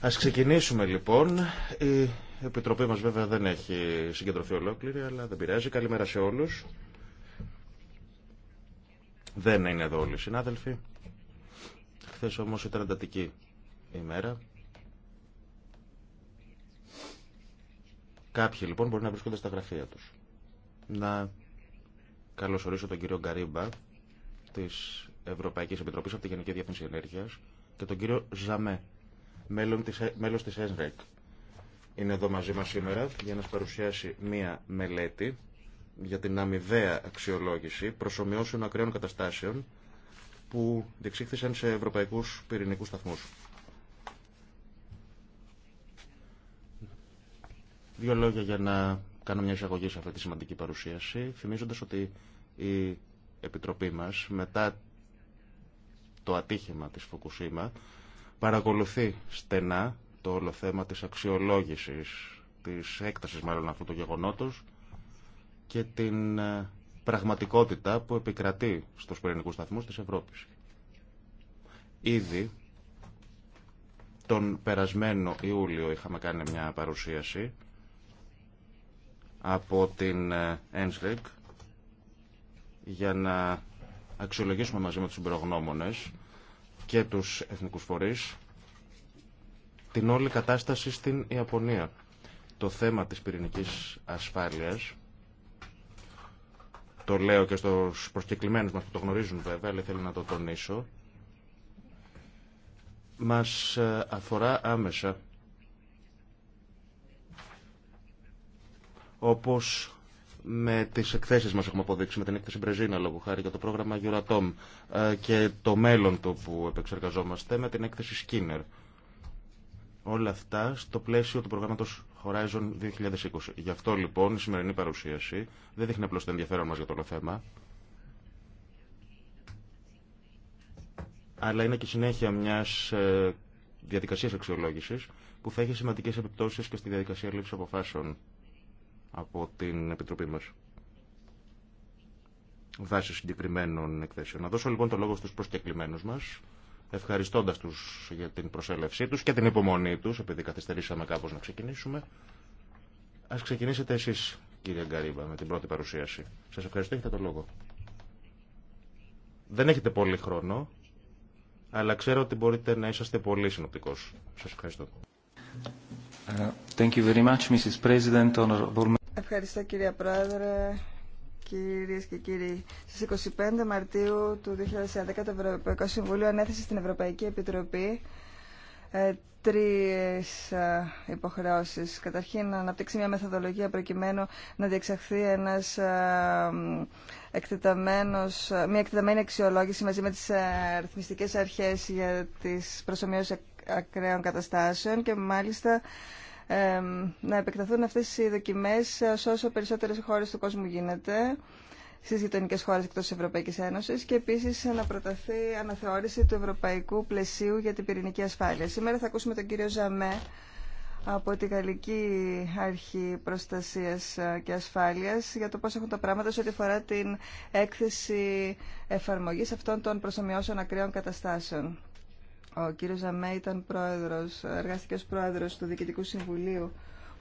Ας ξεκινήσουμε λοιπόν. Η Επιτροπή μας βέβαια δεν έχει συγκεντρωθεί ολόκληρη, αλλά δεν πειράζει. Καλημέρα σε όλους. Δεν είναι εδώ όλοι οι συνάδελφοι. Χθε όμως ήταν εντατική ημέρα. Κάποιοι λοιπόν μπορεί να βρίσκονται στα γραφεία τους. Να καλωσορίσω τον κύριο Γκαρίμπα της Ευρωπαϊκής Επιτροπής από τη Γενική Διεύθυνση Ενέργεια και τον κύριο Ζαμέ, Μέλο τη μέλος της ΕΣΡΕΚ. Είναι εδώ μαζί μα σήμερα για να σα παρουσιάσει μία μελέτη για την αμοιβαία αξιολόγηση προσωμιώσεων ακραίων καταστάσεων που διεξήχθησαν σε ευρωπαϊκούς πυρηνικού σταθμού. Δύο λόγια για να κάνω μια εισαγωγή σε αυτή τη σημαντική παρουσίαση, θυμίζοντα ότι η Επιτροπή μας μετά το ατύχημα της Φουκουσίμα παρακολουθεί στενά το όλο θέμα της αξιολόγησης, της έκτασης μάλλον αυτού του γεγονότος και την ε, πραγματικότητα που επικρατεί στους πυρηνικούς σταθμούς της Ευρώπης. Ήδη τον περασμένο Ιούλιο είχαμε κάνει μια παρουσίαση από την ΕΝσρεκ για να αξιολογήσουμε μαζί με τους συμπερογνώμονες και τους εθνικούς φορείς την όλη κατάσταση στην Ιαπωνία. Το θέμα της πυρηνικής ασφάλειας το λέω και στους προσκεκλημένους μας που το γνωρίζουν βέβαια, αλλά θέλω να το τονίσω, μας ε, αφορά άμεσα όπως με τις εκθέσεις μας έχουμε αποδείξει, με την έκθεση Μπρεζίνα λόγω χάρη για το πρόγραμμα Euratom ε, και το μέλλον του που επεξεργαζόμαστε με την έκθεση Skinner. Όλα αυτά στο πλαίσιο του προγράμματος Horizon 2020. Γι' αυτό λοιπόν η σημερινή παρουσίαση δεν δείχνει απλώς το ενδιαφέρον μας για το όλο θέμα, αλλά είναι και συνέχεια μιας ε, διαδικασίας αξιολόγησης που θα έχει σημαντικές επιπτώσεις και στη διαδικασία λήψη αποφάσεων από την Επιτροπή μας βάσει συγκεκριμένων εκθέσεων. Να δώσω λοιπόν το λόγο στους προσκεκλημένους μας, ευχαριστώντας τους για την προσέλευσή τους και την υπομονή τους, επειδή καθυστερήσαμε κάπως να ξεκινήσουμε. Ας ξεκινήσετε εσείς, κύριε Γκαρίβα, με την πρώτη παρουσίαση. Σας ευχαριστώ, έχετε το λόγο. Δεν έχετε πολύ χρόνο, αλλά ξέρω ότι μπορείτε να είσαστε πολύ συνοπτικός. Σας ευχαριστώ. Uh, thank you very much, Mrs. President, Ευχαριστώ κυρία Πρόεδρε, κυρίες και κύριοι. Στις 25 Μαρτίου του 2011 το Ευρωπαϊκό Συμβούλιο ανέθεσε στην Ευρωπαϊκή Επιτροπή ε, τρεις ε, υποχρεώσεις. Καταρχήν να αναπτύξει μια μεθοδολογία προκειμένου να διεξαχθεί ένας ε, εκτεταμένος, ε, μια εκτεταμένη αξιολόγηση μαζί με τις ε, ρυθμιστικές αρχές για τις προσωμιώσεις ακραίων καταστάσεων και μάλιστα να επεκταθούν αυτές οι δοκιμές σε όσο περισσότερες χώρες του κόσμου γίνεται στις γειτονικέ χώρες εκτός της Ευρωπαϊκής Ένωσης και επίσης να προταθεί αναθεώρηση του ευρωπαϊκού πλαισίου για την πυρηνική ασφάλεια. Σήμερα θα ακούσουμε τον κύριο Ζαμέ από τη Γαλλική Αρχή Προστασίας και Ασφάλειας για το πώς έχουν τα πράγματα σε ό,τι αφορά την έκθεση εφαρμογής αυτών των προσωμιώσεων ακραίων καταστάσεων. Ο κύριος Ζαμέ ήταν πρόεδρος, εργαστικός πρόεδρος του Διοικητικού Συμβουλίου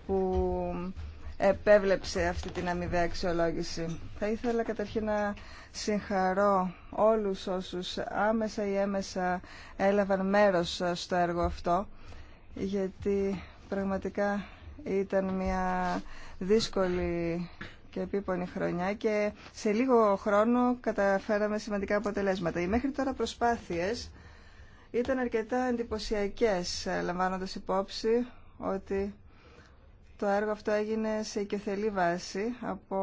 που επέβλεψε αυτή την αμοιβαία αξιολόγηση. Θα ήθελα καταρχήν να συγχαρώ όλους όσους άμεσα ή έμεσα έλαβαν μέρος στο έργο αυτό, γιατί πραγματικά ήταν μια δύσκολη και επίπονη χρονιά και σε λίγο χρόνο καταφέραμε σημαντικά αποτελέσματα. Οι μέχρι τώρα προσπάθειες ήταν αρκετά εντυπωσιακέ, ε, λαμβάνοντα υπόψη ότι το έργο αυτό έγινε σε οικειοθελή βάση από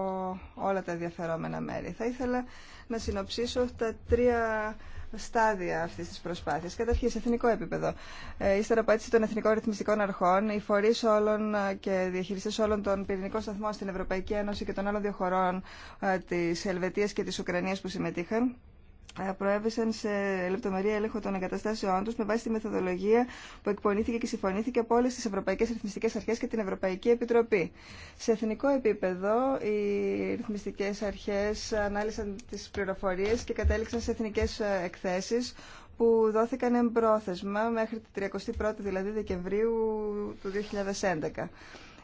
όλα τα ενδιαφερόμενα μέρη. Θα ήθελα να συνοψίσω τα τρία στάδια αυτή τη προσπάθεια. Καταρχήν, σε εθνικό επίπεδο. Ε, ύστερα από έτσι των εθνικών ρυθμιστικών αρχών, οι φορεί όλων ε, και διαχειριστέ όλων των πυρηνικών σταθμών στην Ευρωπαϊκή Ένωση και των άλλων δύο χωρών ε, τη Ελβετία και τη Ουκρανία που συμμετείχαν, ε, προέβησαν σε λεπτομερή έλεγχο των εγκαταστάσεών του με βάση τη μεθοδολογία που εκπονήθηκε και συμφωνήθηκε από όλε τι Ευρωπαϊκέ Ρυθμιστικέ Αρχέ και την Ευρωπαϊκή Επιτροπή. Σε εθνικό επίπεδο, οι ρυθμιστικέ αρχέ ανάλυσαν τι πληροφορίε και κατέληξαν σε εθνικέ ε, εκθέσει που δόθηκαν εμπρόθεσμα μέχρι την 31η δηλαδή Δεκεμβρίου του 2011.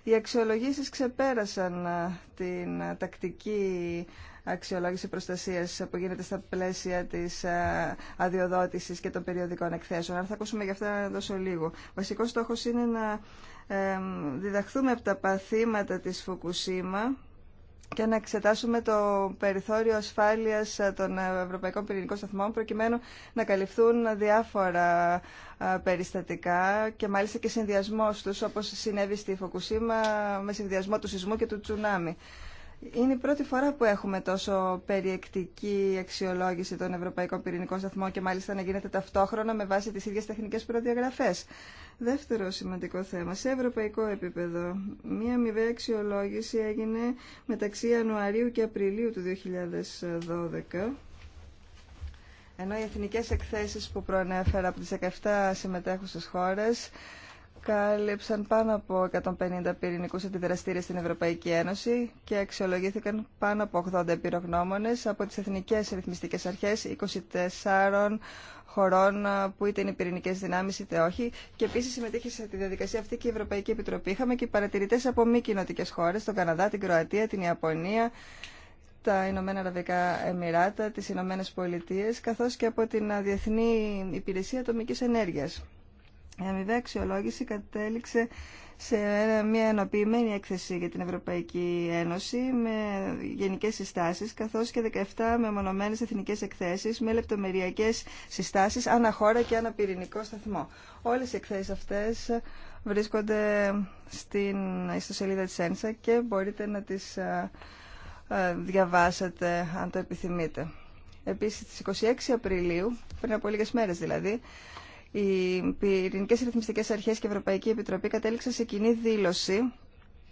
Οι αξιολογήσεις ξεπέρασαν ε, την τακτική αξιολόγηση προστασία που γίνεται στα πλαίσια τη ε, αδειοδότηση και των περιοδικών εκθέσεων. Αλλά θα ακούσουμε για αυτά τόσο λίγο. Βασικό στόχο είναι να ε, διδαχθούμε από τα παθήματα τη Φουκουσίμα και να εξετάσουμε το περιθώριο ασφάλειας ε, των Ευρωπαϊκών Πυρηνικών Σταθμών προκειμένου να καλυφθούν διάφορα περιστατικά και μάλιστα και συνδυασμό τους όπως συνέβη στη Φοκουσίμα με συνδυασμό του σεισμού και του τσουνάμι. Είναι η πρώτη φορά που έχουμε τόσο περιεκτική αξιολόγηση των Ευρωπαϊκών Πυρηνικών Σταθμών και μάλιστα να γίνεται ταυτόχρονα με βάση τις ίδιες τεχνικές προδιαγραφές. Δεύτερο σημαντικό θέμα, σε ευρωπαϊκό επίπεδο, μία αμοιβαία αξιολόγηση έγινε μεταξύ Ιανουαρίου και Απριλίου του 2012 ενώ οι εθνικές εκθέσεις που προανέφερα από τις 17 συμμετέχουσες χώρες κάλυψαν πάνω από 150 πυρηνικού αντιδραστήρε στην Ευρωπαϊκή Ένωση και αξιολογήθηκαν πάνω από 80 εμπειρογνώμονε από τι εθνικέ ρυθμιστικέ αρχέ 24 χωρών που είτε είναι πυρηνικέ δυνάμει είτε όχι. Και επίση συμμετείχε σε τη διαδικασία αυτή και η Ευρωπαϊκή Επιτροπή. Είχαμε και παρατηρητέ από μη κοινοτικέ χώρε, τον Καναδά, την Κροατία, την Ιαπωνία, τα Ηνωμένα Αραβικά Εμμυράτα, τι Ηνωμένε Πολιτείε, καθώ και από την Διεθνή Υπηρεσία Ατομική Ενέργεια. Η αμοιβαία αξιολόγηση κατέληξε σε μια ενοποιημένη έκθεση για την Ευρωπαϊκή Ένωση με γενικές συστάσεις καθώς και 17 μεμονωμένες εθνικές εκθέσεις με λεπτομεριακές συστάσεις ανά χώρα και ανά πυρηνικό σταθμό. Όλες οι εκθέσεις αυτές βρίσκονται στην ιστοσελίδα της ΕΝΣΑ και μπορείτε να τις διαβάσετε αν το επιθυμείτε. Επίσης, στις 26 Απριλίου, πριν από λίγες μέρες δηλαδή, οι πυρηνικές ρυθμιστικές αρχές και η Ευρωπαϊκή Επιτροπή κατέληξαν σε κοινή δήλωση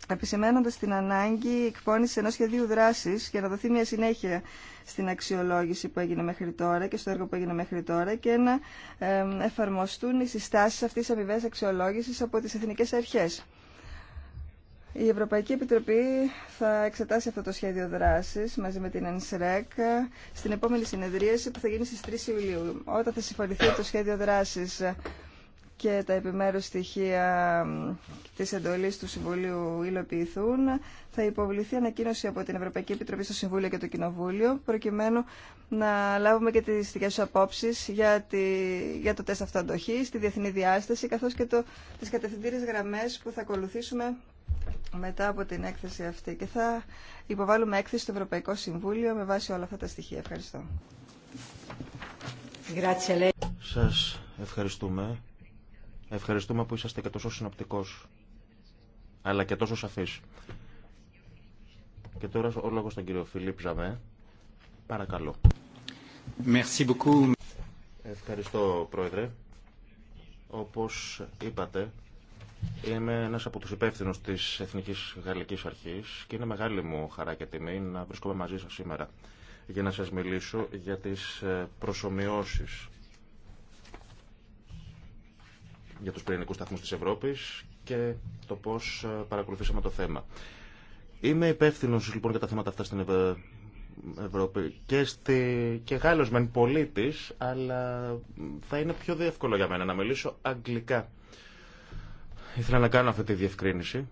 επισημένοντας την ανάγκη εκπόνησης ενός σχεδίου δράσης για να δοθεί μια συνέχεια στην αξιολόγηση που έγινε μέχρι τώρα και στο έργο που έγινε μέχρι τώρα και να εφαρμοστούν οι συστάσεις αυτής της αμοιβές αξιολόγησης από τις εθνικές αρχές. Η Ευρωπαϊκή Επιτροπή θα εξετάσει αυτό το σχέδιο δράσης μαζί με την ΕΝΣΡΕΚ στην επόμενη συνεδρίαση που θα γίνει στις 3 Ιουλίου. Όταν θα συμφωνηθεί το σχέδιο δράσης και τα επιμέρους στοιχεία της εντολής του Συμβουλίου υλοποιηθούν, θα υποβληθεί ανακοίνωση από την Ευρωπαϊκή Επιτροπή στο Συμβούλιο και το Κοινοβούλιο, προκειμένου να λάβουμε και τις δικές σου απόψεις για, τη, για το τεστ αυτοαντοχής, τη διεθνή διάσταση, καθώς και το, τις γραμμέ γραμμές που θα ακολουθήσουμε μετά από την έκθεση αυτή και θα υποβάλουμε έκθεση στο Ευρωπαϊκό Συμβούλιο με βάση όλα αυτά τα στοιχεία. Ευχαριστώ. Σας ευχαριστούμε. Ευχαριστούμε που είσαστε και τόσο συνοπτικός, αλλά και τόσο σαφής. Και τώρα ο λόγος στον κύριο Φιλίπ Ζαμέ. Παρακαλώ. Merci beaucoup. Ευχαριστώ, Πρόεδρε. Όπως είπατε, Είμαι ένα από του υπεύθυνου τη Εθνική Γαλλική Αρχή και είναι μεγάλη μου χαρά και τιμή να βρισκόμαι μαζί σα σήμερα για να σας μιλήσω για τις ε, προσωμιώσει για τους πυρηνικού σταθμού της Ευρώπης και το πώς ε, παρακολουθήσαμε το θέμα. Είμαι υπεύθυνο λοιπόν για τα θέματα αυτά στην ε, Ευρώπη και, στη... και Γάλλος μεν πολίτης, αλλά θα είναι πιο δύσκολο για μένα να μιλήσω αγγλικά Ήθελα να κάνω αυτή τη διευκρίνηση.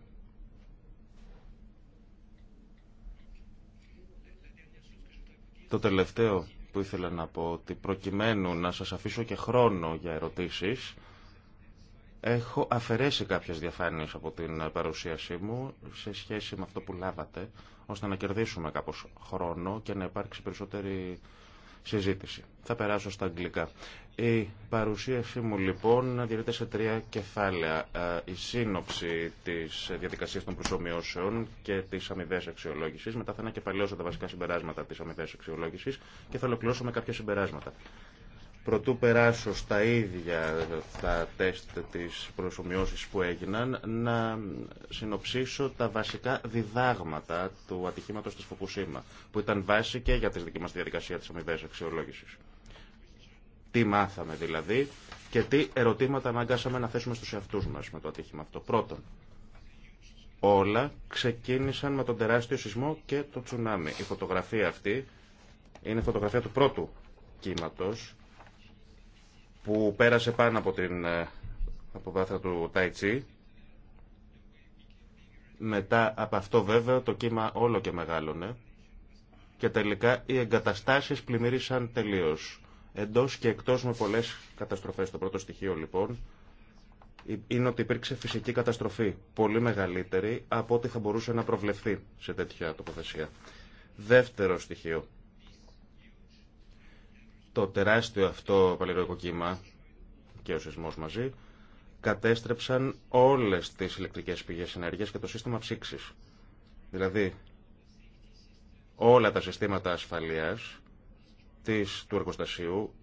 Το τελευταίο που ήθελα να πω ότι προκειμένου να σας αφήσω και χρόνο για ερωτήσεις έχω αφαιρέσει κάποιες διαφάνειες από την παρουσίασή μου σε σχέση με αυτό που λάβατε ώστε να κερδίσουμε κάπως χρόνο και να υπάρξει περισσότερη συζήτηση. Θα περάσω στα αγγλικά. Η παρουσίαση μου λοιπόν διαιρείται σε τρία κεφάλαια. Ε, η σύνοψη τη διαδικασία των προσωμιώσεων και τη αμοιβέ αξιολόγηση. Μετά θα ανακεφαλαιώσω τα βασικά συμπεράσματα τη αμοιβέ αξιολόγηση και θα ολοκληρώσω με κάποια συμπεράσματα. Προτού περάσω στα ίδια τα τεστ της προσωμιώσης που έγιναν, να συνοψίσω τα βασικά διδάγματα του ατυχήματος της Φουκουσίμα, που ήταν βάση και για τη δική μας διαδικασία της αμοιβαίας αξιολόγησης. Τι μάθαμε δηλαδή και τι ερωτήματα αναγκάσαμε να θέσουμε στους εαυτούς μας με το ατύχημα αυτό. Πρώτον, όλα ξεκίνησαν με τον τεράστιο σεισμό και το τσουνάμι. Η φωτογραφία αυτή είναι φωτογραφία του πρώτου κύματος που πέρασε πάνω από την ε, από του Ταϊτσί. Μετά από αυτό βέβαια το κύμα όλο και μεγάλωνε και τελικά οι εγκαταστάσεις πλημμύρισαν τελείως. Εντός και εκτός με πολλές καταστροφές. Το πρώτο στοιχείο λοιπόν είναι ότι υπήρξε φυσική καταστροφή, πολύ μεγαλύτερη από ό,τι θα μπορούσε να προβλεφθεί σε τέτοια τοποθεσία. Δεύτερο στοιχείο το τεράστιο αυτό παλαιροϊκό κύμα και ο σεισμός μαζί κατέστρεψαν όλες τις ηλεκτρικές πηγές ενέργειας και το σύστημα ψήξης. Δηλαδή, όλα τα συστήματα ασφαλείας της, του εργοστασίου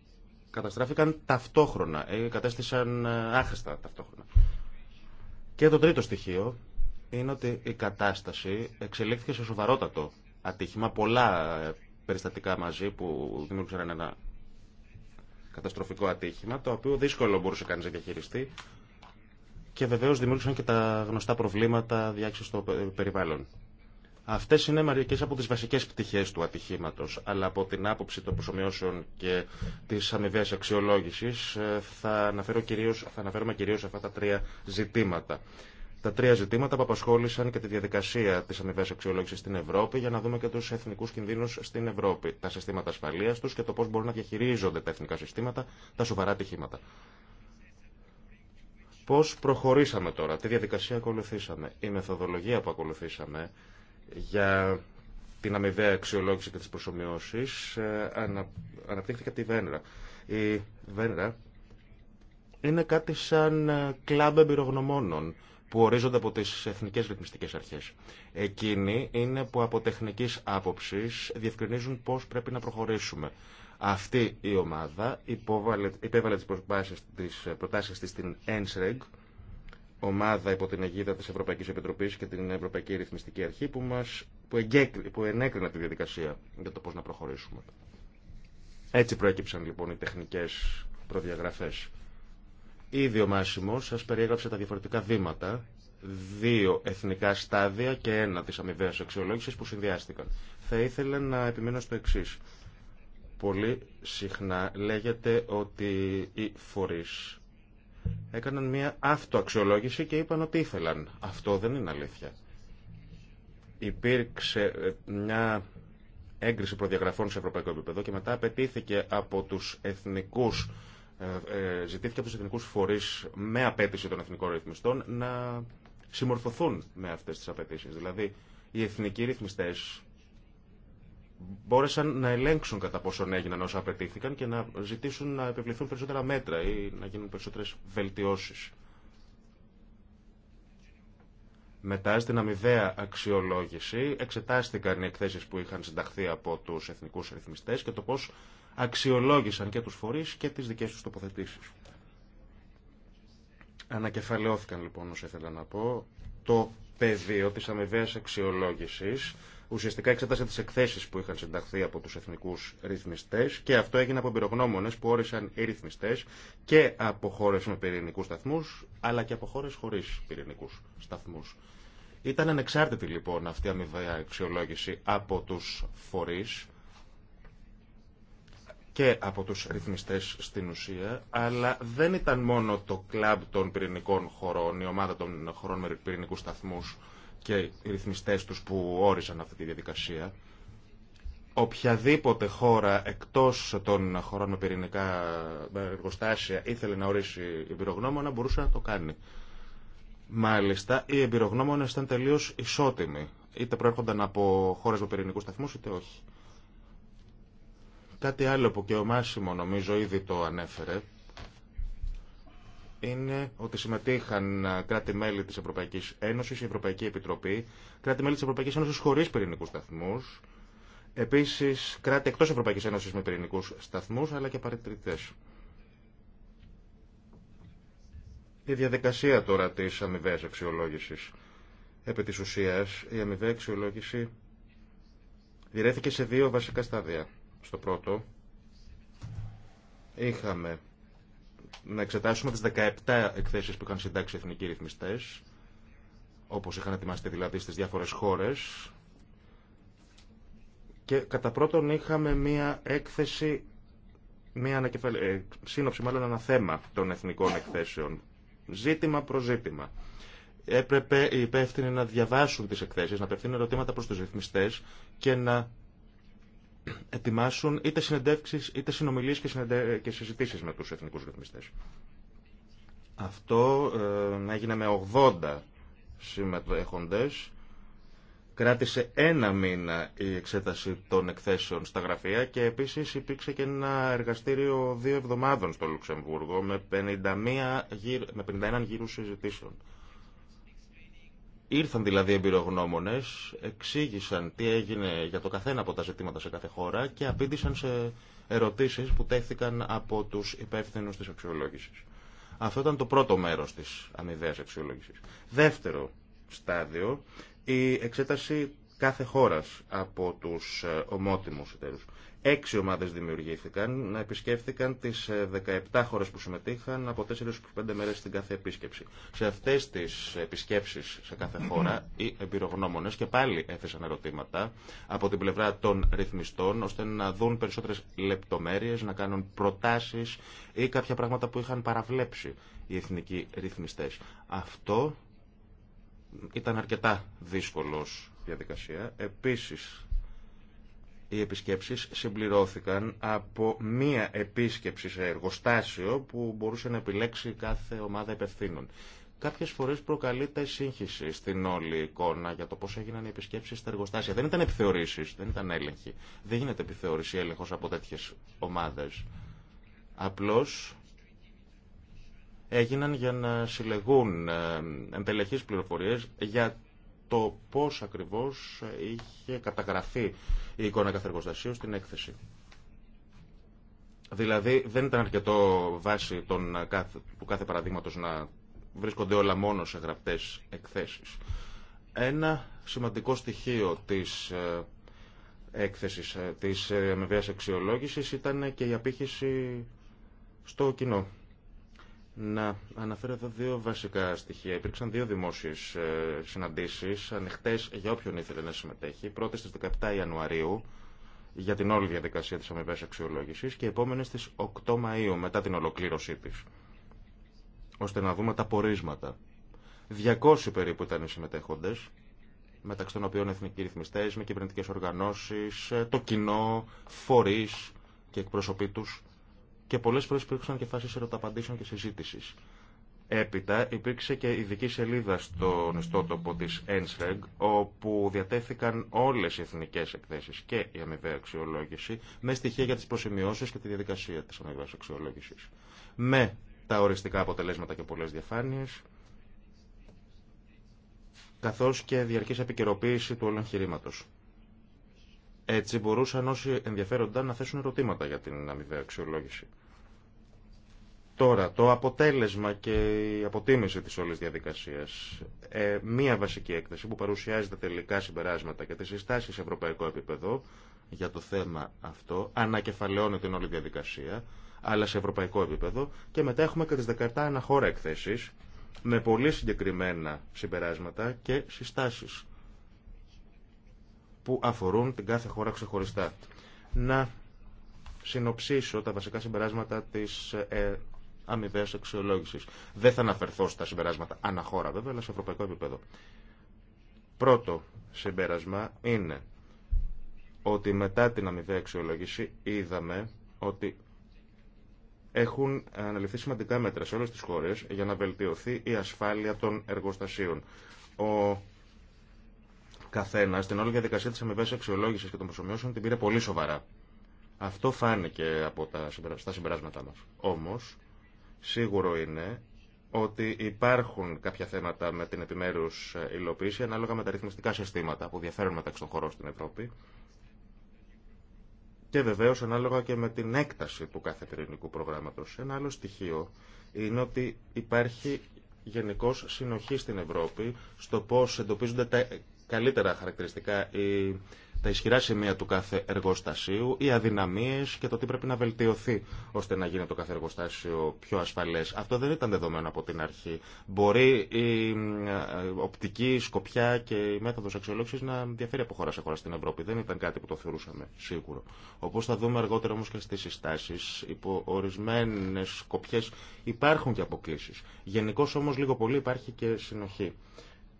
καταστράφηκαν ταυτόχρονα, ε, κατέστησαν ε, άχρηστα ταυτόχρονα. Και το τρίτο στοιχείο είναι ότι η κατάσταση εξελίχθηκε σε σοβαρότατο ατύχημα, πολλά ε, περιστατικά μαζί που δημιούργησαν ένα καταστροφικό ατύχημα, το οποίο δύσκολο μπορούσε κανεί να διαχειριστεί και βεβαίω δημιούργησαν και τα γνωστά προβλήματα διάξηση των περιβάλλων. Αυτέ είναι μερικέ από τι βασικέ πτυχέ του ατυχήματο, αλλά από την άποψη των προσωμιώσεων και τη αμοιβαία αξιολόγηση ε, θα, αναφέρω θα αναφέρομαι κυρίω αυτά τα τρία ζητήματα τα τρία ζητήματα που απασχόλησαν και τη διαδικασία τη αμοιβέ αξιολόγηση στην Ευρώπη για να δούμε και του εθνικού κινδύνου στην Ευρώπη, τα συστήματα ασφαλεία του και το πώ μπορούν να διαχειρίζονται τα εθνικά συστήματα, τα σοβαρά ατυχήματα. Πώ προχωρήσαμε τώρα, τι διαδικασία ακολουθήσαμε, η μεθοδολογία που ακολουθήσαμε για την αμοιβαία αξιολόγηση και τι προσωμιώσει ε, ανα, αναπτύχθηκε από τη Βένρα. Η Βένρα είναι κάτι σαν ε, κλαμπ εμπειρογνωμόνων που ορίζονται από τις εθνικές ρυθμιστικές αρχές. Εκείνοι είναι που από τεχνικής άποψης διευκρινίζουν πώς πρέπει να προχωρήσουμε. Αυτή η ομάδα υπέβαλε τις προτάσεις της, προτάσεις της στην ENSREG, ομάδα υπό την αιγίδα της Ευρωπαϊκής Επιτροπής και την Ευρωπαϊκή Ρυθμιστική Αρχή που, μας, που, εγκέκρι, που ενέκρινε τη διαδικασία για το πώς να προχωρήσουμε. Έτσι προέκυψαν λοιπόν οι τεχνικές προδιαγραφές. Ήδη ο Μάσιμο σας περιέγραψε τα διαφορετικά βήματα, δύο εθνικά στάδια και ένα τη αμοιβαία αξιολόγηση που συνδυάστηκαν. Θα ήθελα να επιμείνω στο εξή. Πολύ συχνά λέγεται ότι οι φορεί έκαναν μια αυτοαξιολόγηση και είπαν ότι ήθελαν. Αυτό δεν είναι αλήθεια. Υπήρξε ε, μια έγκριση προδιαγραφών σε ευρωπαϊκό επίπεδο και μετά απαιτήθηκε από τους εθνικούς ε, ε, ζητήθηκε από του εθνικού φορεί με απέτηση των εθνικών ρυθμιστών να συμμορφωθούν με αυτέ τι απαιτήσει. Δηλαδή, οι εθνικοί ρυθμιστέ μπόρεσαν να ελέγξουν κατά πόσον έγιναν όσα απαιτήθηκαν και να ζητήσουν να επιβληθούν περισσότερα μέτρα ή να γίνουν περισσότερες βελτιώσεις. Μετά στην αμοιβαία αξιολόγηση εξετάστηκαν οι εκθέσεις που είχαν συνταχθεί από τους εθνικούς ρυθμιστές και το πώς αξιολόγησαν και τους φορείς και τις δικές τους τοποθετήσεις. Ανακεφαλαιώθηκαν λοιπόν όσο ήθελα να πω το πεδίο της αμοιβαίας αξιολόγησης ουσιαστικά εξέτασε τις εκθέσεις που είχαν συνταχθεί από τους εθνικούς ρυθμιστές και αυτό έγινε από εμπειρογνώμονες που όρισαν οι ρυθμιστές και από χώρε με πυρηνικούς σταθμούς αλλά και από χώρε χωρίς πυρηνικούς σταθμούς. Ήταν ανεξάρτητη λοιπόν αυτή η αμοιβαία αξιολόγηση από τους φορείς και από τους ρυθμιστές στην ουσία, αλλά δεν ήταν μόνο το κλαμπ των πυρηνικών χωρών, η ομάδα των χωρών με πυρηνικούς σταθμούς και οι ρυθμιστές τους που όριζαν αυτή τη διαδικασία. Οποιαδήποτε χώρα εκτός των χωρών με πυρηνικά εργοστάσια ήθελε να ορίσει εμπειρογνώμονα μπορούσε να το κάνει. Μάλιστα, οι εμπειρογνώμονες ήταν τελείως ισότιμοι. Είτε προέρχονταν από χώρες με πυρηνικούς σταθμούς είτε όχι. Κάτι άλλο που και ο Μάσιμο νομίζω ήδη το ανέφερε είναι ότι συμμετείχαν ε, κράτη-μέλη της Ευρωπαϊκής Ένωσης, η Ευρωπαϊκή Επιτροπή, κράτη-μέλη της Ευρωπαϊκής Ένωσης χωρίς πυρηνικούς σταθμούς, επίσης κράτη εκτός Ευρωπαϊκής Ένωσης με πυρηνικούς σταθμούς, αλλά και παρατηρητές. Η διαδικασία τώρα της αμοιβαίας αξιολόγησης. Επί της ουσίας, η αμοιβαία αξιολόγηση διρέθηκε σε δύο βασικά στάδια στο πρώτο είχαμε να εξετάσουμε τις 17 εκθέσεις που είχαν συντάξει οι εθνικοί ρυθμιστές, όπως είχαν ετοιμαστεί δηλαδή στις διάφορες χώρες, και κατά πρώτον είχαμε μία έκθεση, μία ανακεφαλ... Ε, σύνοψη μάλλον ένα θέμα των εθνικών εκθέσεων, ζήτημα προς ζήτημα. Έπρεπε οι υπεύθυνοι να διαβάσουν τις εκθέσεις, να απευθύνουν ερωτήματα προς τους ρυθμιστές και να ετοιμάσουν είτε συνεντεύξει, είτε συνομιλίες και, συνεντε... συζητήσεις με τους εθνικούς ρυθμιστές. Αυτό ε, έγινε με 80 συμμετέχοντες. Κράτησε ένα μήνα η εξέταση των εκθέσεων στα γραφεία και επίσης υπήρξε και ένα εργαστήριο δύο εβδομάδων στο Λουξεμβούργο με 51, γύρ... με 51 γύρους συζητήσεων. Ήρθαν δηλαδή εμπειρογνώμονε, εξήγησαν τι έγινε για το καθένα από τα ζητήματα σε κάθε χώρα και απήντησαν σε ερωτήσεις που τέθηκαν από τους υπεύθυνου της αξιολόγηση. Αυτό ήταν το πρώτο μέρος της αμοιβαίας αξιολόγηση. Δεύτερο στάδιο, η εξέταση κάθε χώρας από τους ε, ομότιμους εταίρους. Έξι ομάδες δημιουργήθηκαν, να επισκέφθηκαν τις 17 ε, χώρες που συμμετείχαν από 4-5 μέρες στην κάθε επίσκεψη. Σε αυτές τις επισκέψεις σε κάθε χώρα οι εμπειρογνώμονες και πάλι έθεσαν ερωτήματα από την πλευρά των ρυθμιστών ώστε να δουν περισσότερες λεπτομέρειες, να κάνουν προτάσεις ή κάποια πράγματα που είχαν παραβλέψει οι εθνικοί ρυθμιστές. Αυτό ήταν αρκετά δύσκολος διαδικασία. Επίσης οι επισκέψεις συμπληρώθηκαν από μία επίσκεψη σε εργοστάσιο που μπορούσε να επιλέξει κάθε ομάδα υπευθύνων. Κάποιες φορές προκαλείται σύγχυση στην όλη εικόνα για το πώς έγιναν οι επισκέψεις στα εργοστάσια. Δεν ήταν επιθεωρήσεις, δεν ήταν έλεγχοι. Δεν γίνεται επιθεώρηση έλεγχος από τέτοιες ομάδες. Απλώς έγιναν για να συλλεγούν ε, εντελεχείς πληροφορίες για το πώς ακριβώς είχε καταγραφεί η εικόνα κάθε στην έκθεση. Δηλαδή δεν ήταν αρκετό βάση των, του κάθε παραδείγματος να βρίσκονται όλα μόνο σε γραπτές εκθέσεις. Ένα σημαντικό στοιχείο της ε, έκθεσης ε, της ε, αμοιβαίας αξιολόγησης ήταν και η απήχηση στο κοινό. Να αναφέρω εδώ δύο βασικά στοιχεία. Υπήρξαν δύο δημόσιες ε, συναντήσεις ανοιχτέ για όποιον ήθελε να συμμετέχει. Πρώτη στις 17 Ιανουαρίου για την όλη διαδικασία της αμοιβές αξιολόγηση και επόμενη στις 8 Μαΐου μετά την ολοκλήρωσή της. Ώστε να δούμε τα πορίσματα. 200 περίπου ήταν οι συμμετέχοντε, μεταξύ των οποίων εθνικοί ρυθμιστές, με κυβερνητικέ οργανώσει, ε, το κοινό, φορεί και εκπροσωπή του και πολλέ φορέ υπήρξαν και φάσει ερωταπαντήσεων και συζήτηση. Έπειτα υπήρξε και ειδική σελίδα στον ιστότοπο τη ENSREG, όπου διατέθηκαν όλε οι εθνικέ εκθέσει και η αμοιβαία αξιολόγηση, με στοιχεία για τι προσημειώσει και τη διαδικασία τη αμοιβαία αξιολόγηση. Με τα οριστικά αποτελέσματα και πολλέ διαφάνειε, καθώ και διαρκή επικαιροποίηση του όλου εγχειρήματο. Έτσι μπορούσαν όσοι ενδιαφέρονταν να θέσουν ερωτήματα για την αμοιβαία αξιολόγηση. Τώρα, το αποτέλεσμα και η αποτίμηση της όλης διαδικασίας. Ε, μία βασική έκθεση που παρουσιάζει τα τελικά συμπεράσματα και τις συστάσεις σε ευρωπαϊκό επίπεδο για το θέμα αυτό, ανακεφαλαιώνει την όλη διαδικασία, αλλά σε ευρωπαϊκό επίπεδο και μετά έχουμε και τις 17 αναχώρα εκθέσεις με πολύ συγκεκριμένα συμπεράσματα και συστάσεις που αφορούν την κάθε χώρα ξεχωριστά. Να συνοψίσω τα βασικά συμπεράσματα της ε, αμοιβαίας Δεν θα αναφερθώ στα συμπεράσματα αναχώρα βέβαια, αλλά σε ευρωπαϊκό επίπεδο. Πρώτο συμπέρασμα είναι ότι μετά την αμοιβαία αξιολόγηση είδαμε ότι έχουν αναλυθεί σημαντικά μέτρα σε όλες τις χώρες για να βελτιωθεί η ασφάλεια των εργοστασίων. Ο καθένα στην όλη διαδικασία τη αμοιβή αξιολόγηση και των προσωμιώσεων την πήρε πολύ σοβαρά. Αυτό φάνηκε από τα στα συμπεράσματά μα. Όμω, σίγουρο είναι ότι υπάρχουν κάποια θέματα με την επιμέρου ε, υλοποίηση ανάλογα με τα ρυθμιστικά συστήματα που διαφέρουν μεταξύ των χωρών στην Ευρώπη και βεβαίω ανάλογα και με την έκταση του κάθε πυρηνικού προγράμματο. Ένα άλλο στοιχείο είναι ότι υπάρχει γενικώ συνοχή στην Ευρώπη στο πώ εντοπίζονται τα καλύτερα χαρακτηριστικά τα ισχυρά σημεία του κάθε εργοστασίου, οι αδυναμίες και το τι πρέπει να βελτιωθεί ώστε να γίνει το κάθε εργοστάσιο πιο ασφαλές. Αυτό δεν ήταν δεδομένο από την αρχή. Μπορεί η ε, οπτική, σκοπιά και η μέθοδος αξιολόγησης να διαφέρει από χώρα σε χώρα στην Ευρώπη. Δεν ήταν κάτι που το θεωρούσαμε σίγουρο. Όπως θα δούμε αργότερα όμως και στις συστάσεις, υπό ορισμένες σκοπιές υπάρχουν και αποκλήσεις. Γενικώ όμως λίγο πολύ υπάρχει και συνοχή.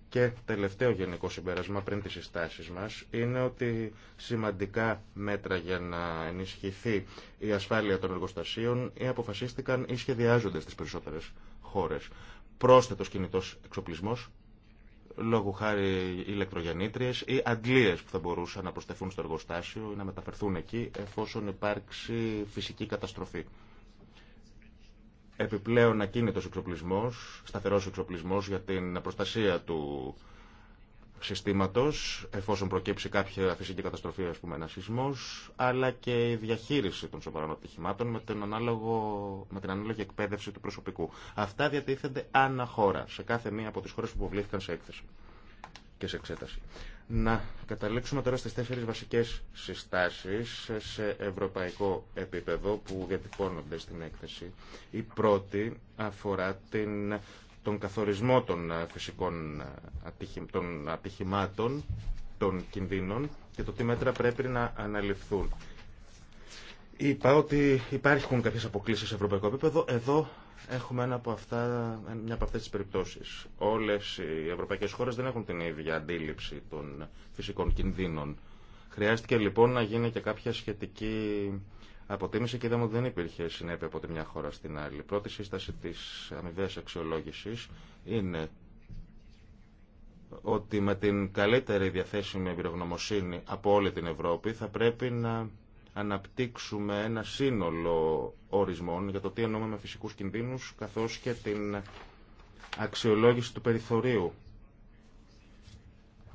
Και τελευταίο γενικό συμπέρασμα πριν τις συστάσεις μας είναι ότι σημαντικά μέτρα για να ενισχυθεί η ασφάλεια των εργοστασίων ή αποφασίστηκαν ή σχεδιάζονται στις περισσότερες χώρες. Πρόσθετος κινητός εξοπλισμός, λόγω χάρη ηλεκτρογεννήτριες ή αντλίες που θα μπορούσαν να προσθεθούν στο εργοστάσιο ή να μεταφερθούν εκεί εφόσον υπάρξει φυσική καταστροφή επιπλέον ακίνητο εξοπλισμό, σταθερό εξοπλισμό για την προστασία του συστήματος, εφόσον προκύψει κάποια φυσική καταστροφή, ας πούμε ένα σεισμός, αλλά και η διαχείριση των σοβαρών ατυχημάτων με την, ανάλογο, με την ανάλογη εκπαίδευση του προσωπικού. Αυτά διατίθενται ανά χώρα, σε κάθε μία από τις χώρες που βλήθηκαν σε έκθεση και σε εξέταση να καταλήξουμε τώρα στις τέσσερις βασικές συστάσεις σε ευρωπαϊκό επίπεδο που διατυπώνονται στην έκθεση. Η πρώτη αφορά την, τον καθορισμό των φυσικών ατυχημάτων, των κινδύνων και το τι μέτρα πρέπει να αναλυφθούν. Είπα ότι υπάρχουν κάποιες αποκλήσεις σε ευρωπαϊκό επίπεδο. Εδώ έχουμε ένα από αυτά, μια από αυτές τις περιπτώσεις. Όλες οι ευρωπαϊκές χώρες δεν έχουν την ίδια αντίληψη των φυσικών κινδύνων. Χρειάστηκε λοιπόν να γίνει και κάποια σχετική αποτίμηση και είδαμε ότι δεν υπήρχε συνέπεια από τη μια χώρα στην άλλη. Η πρώτη σύσταση της αμοιβαίας αξιολόγησης είναι ότι με την καλύτερη διαθέσιμη εμπειρογνωμοσύνη από όλη την Ευρώπη θα πρέπει να αναπτύξουμε ένα σύνολο ορισμών για το τι εννοούμε με φυσικούς κινδύνους καθώς και την αξιολόγηση του περιθωρίου.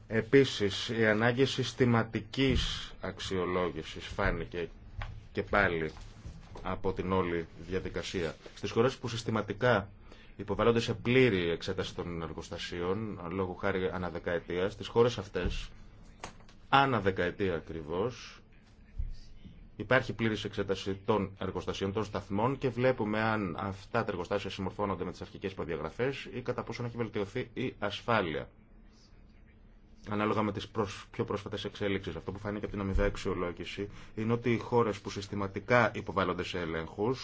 Επίσης, η ανάγκη συστηματικής αξιολόγησης φάνηκε και πάλι από την όλη διαδικασία. Στις χώρες που συστηματικά υποβάλλονται σε πλήρη εξέταση των εργοστασίων, λόγω χάρη αναδεκαετία, στις χώρες αυτές, αναδεκαετία ακριβώς, Υπάρχει πλήρη εξέταση των εργοστασίων, των σταθμών και βλέπουμε αν αυτά τα εργοστάσια συμμορφώνονται με τι αρχικέ προδιαγραφέ ή κατά πόσον έχει βελτιωθεί η ασφάλεια. Ανάλογα με τι πιο πρόσφατε εξέλιξει, αυτό που φάνηκε από την αμοιβαία αξιολόγηση είναι ότι οι χώρε που συστηματικά υποβάλλονται σε έλεγχου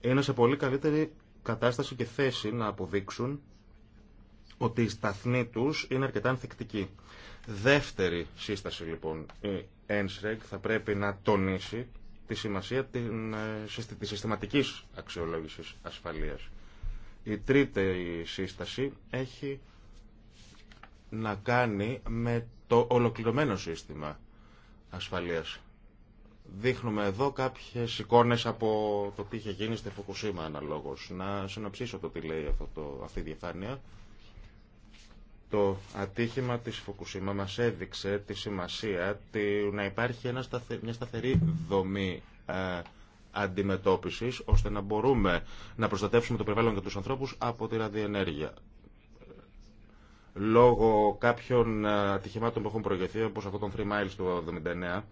είναι σε πολύ καλύτερη κατάσταση και θέση να αποδείξουν ότι οι σταθμοί του είναι αρκετά ανθεκτικοί. Δεύτερη σύσταση λοιπόν, ΕΝΣΡΕΚ θα πρέπει να τονίσει τη σημασία ε, της συστηματικής αξιολόγησης ασφαλείας. Η τρίτη σύσταση έχει να κάνει με το ολοκληρωμένο σύστημα ασφαλείας. Δείχνουμε εδώ κάποιες εικόνες από το τι είχε γίνει στη Φουκουσίμα αναλόγως. Να συνοψίσω το τι λέει αυτό το, αυτή η διαφάνεια. Το ατύχημα της Φουκουσίμα μας έδειξε τη σημασία να υπάρχει μια σταθερή δομή ε, αντιμετώπισης ώστε να μπορούμε να προστατεύσουμε το περιβάλλον και τους ανθρώπους από τη ραδιενέργεια λόγω κάποιων ε, ατυχημάτων που έχουν προηγηθεί, όπως αυτό των 3 miles του 1979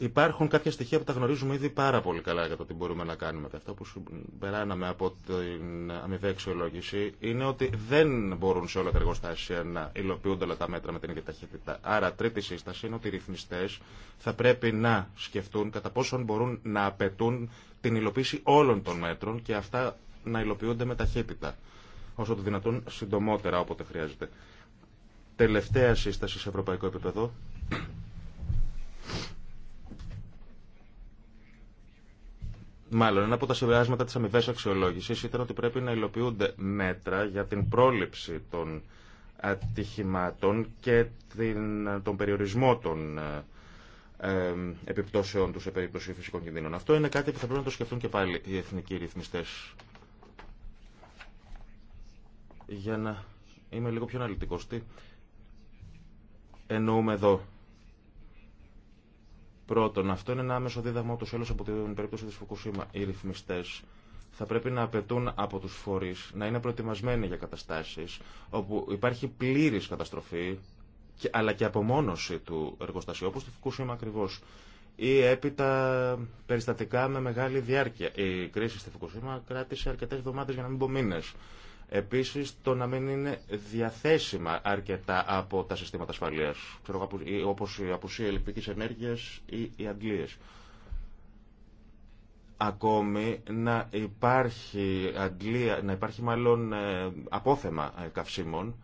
Υπάρχουν κάποια στοιχεία που τα γνωρίζουμε ήδη πάρα πολύ καλά για το τι μπορούμε να κάνουμε. Και αυτό που περάναμε από την αμοιβαία αξιολόγηση είναι ότι δεν μπορούν σε όλα τα εργοστάσια να υλοποιούνται όλα τα μέτρα με την ίδια ταχύτητα. Άρα, τρίτη σύσταση είναι ότι οι ρυθμιστέ θα πρέπει να σκεφτούν κατά πόσον μπορούν να απαιτούν την υλοποίηση όλων των μέτρων και αυτά να υλοποιούνται με ταχύτητα. Όσο το δυνατόν συντομότερα όποτε χρειάζεται. Τελευταία σύσταση σε ευρωπαϊκό επίπεδο Μάλλον, ένα από τα συμβιάσματα τη αμοιβέ αξιολόγηση ήταν ότι πρέπει να υλοποιούνται μέτρα για την πρόληψη των ατυχημάτων και την, τον περιορισμό των ε, επιπτώσεων του σε περίπτωση φυσικών κινδύνων. Αυτό είναι κάτι που θα πρέπει να το σκεφτούν και πάλι οι εθνικοί ρυθμιστέ. Για να είμαι λίγο πιο αναλυτικό, τι εννοούμε εδώ Πρώτον, αυτό είναι ένα άμεσο δίδαγμα του έλος από την περίπτωση της Φουκουσίμα. Οι ρυθμιστές θα πρέπει να απαιτούν από τους φορείς να είναι προετοιμασμένοι για καταστάσεις όπου υπάρχει πλήρης καταστροφή αλλά και απομόνωση του εργοστασίου, όπως στη Φουκουσίμα ακριβώς ή έπειτα περιστατικά με μεγάλη διάρκεια. Η κρίση στη Φουκουσίμα κράτησε αρκετέ εβδομάδε για να μην πω μήνε. Επίσης το να μην είναι διαθέσιμα αρκετά από τα συστήματα ασφαλείας, ξέρω, όπως η απουσία ηλεκτρικής ενέργειας ή οι αντλίες. Ακόμη να υπάρχει, αντλία, να υπάρχει μάλλον ε, απόθεμα ε, καυσίμων,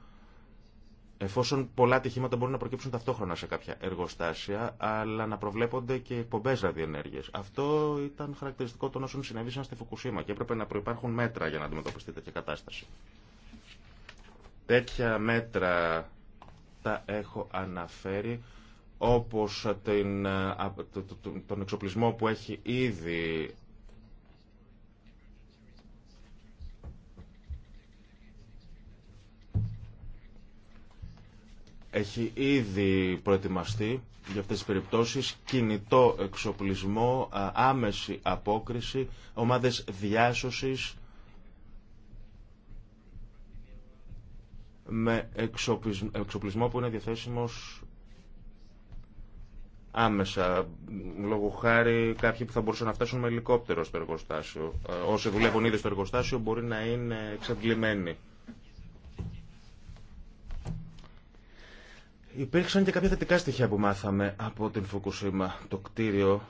Εφόσον πολλά ατυχήματα μπορούν να προκύψουν ταυτόχρονα σε κάποια εργοστάσια, αλλά να προβλέπονται και εκπομπέ ραδιενέργειε. Αυτό ήταν χαρακτηριστικό των όσων συνέβησαν στη Φουκουσίμα και έπρεπε να προπάρχουν μέτρα για να αντιμετωπιστεί τέτοια κατάσταση. Τέτοια μέτρα τα έχω αναφέρει όπως την, τον εξοπλισμό που έχει ήδη έχει ήδη προετοιμαστεί για αυτές τις περιπτώσεις κινητό εξοπλισμό, άμεση απόκριση, ομάδες διάσωσης με εξοπλισμό που είναι διαθέσιμος άμεσα. Λόγω χάρη κάποιοι που θα μπορούσαν να φτάσουν με ελικόπτερο στο εργοστάσιο. Ε, όσοι δουλεύουν ήδη στο εργοστάσιο μπορεί να είναι εξαντλημένοι. Υπήρξαν και κάποια θετικά στοιχεία που μάθαμε από την Φουκουσίμα. Το κτίριο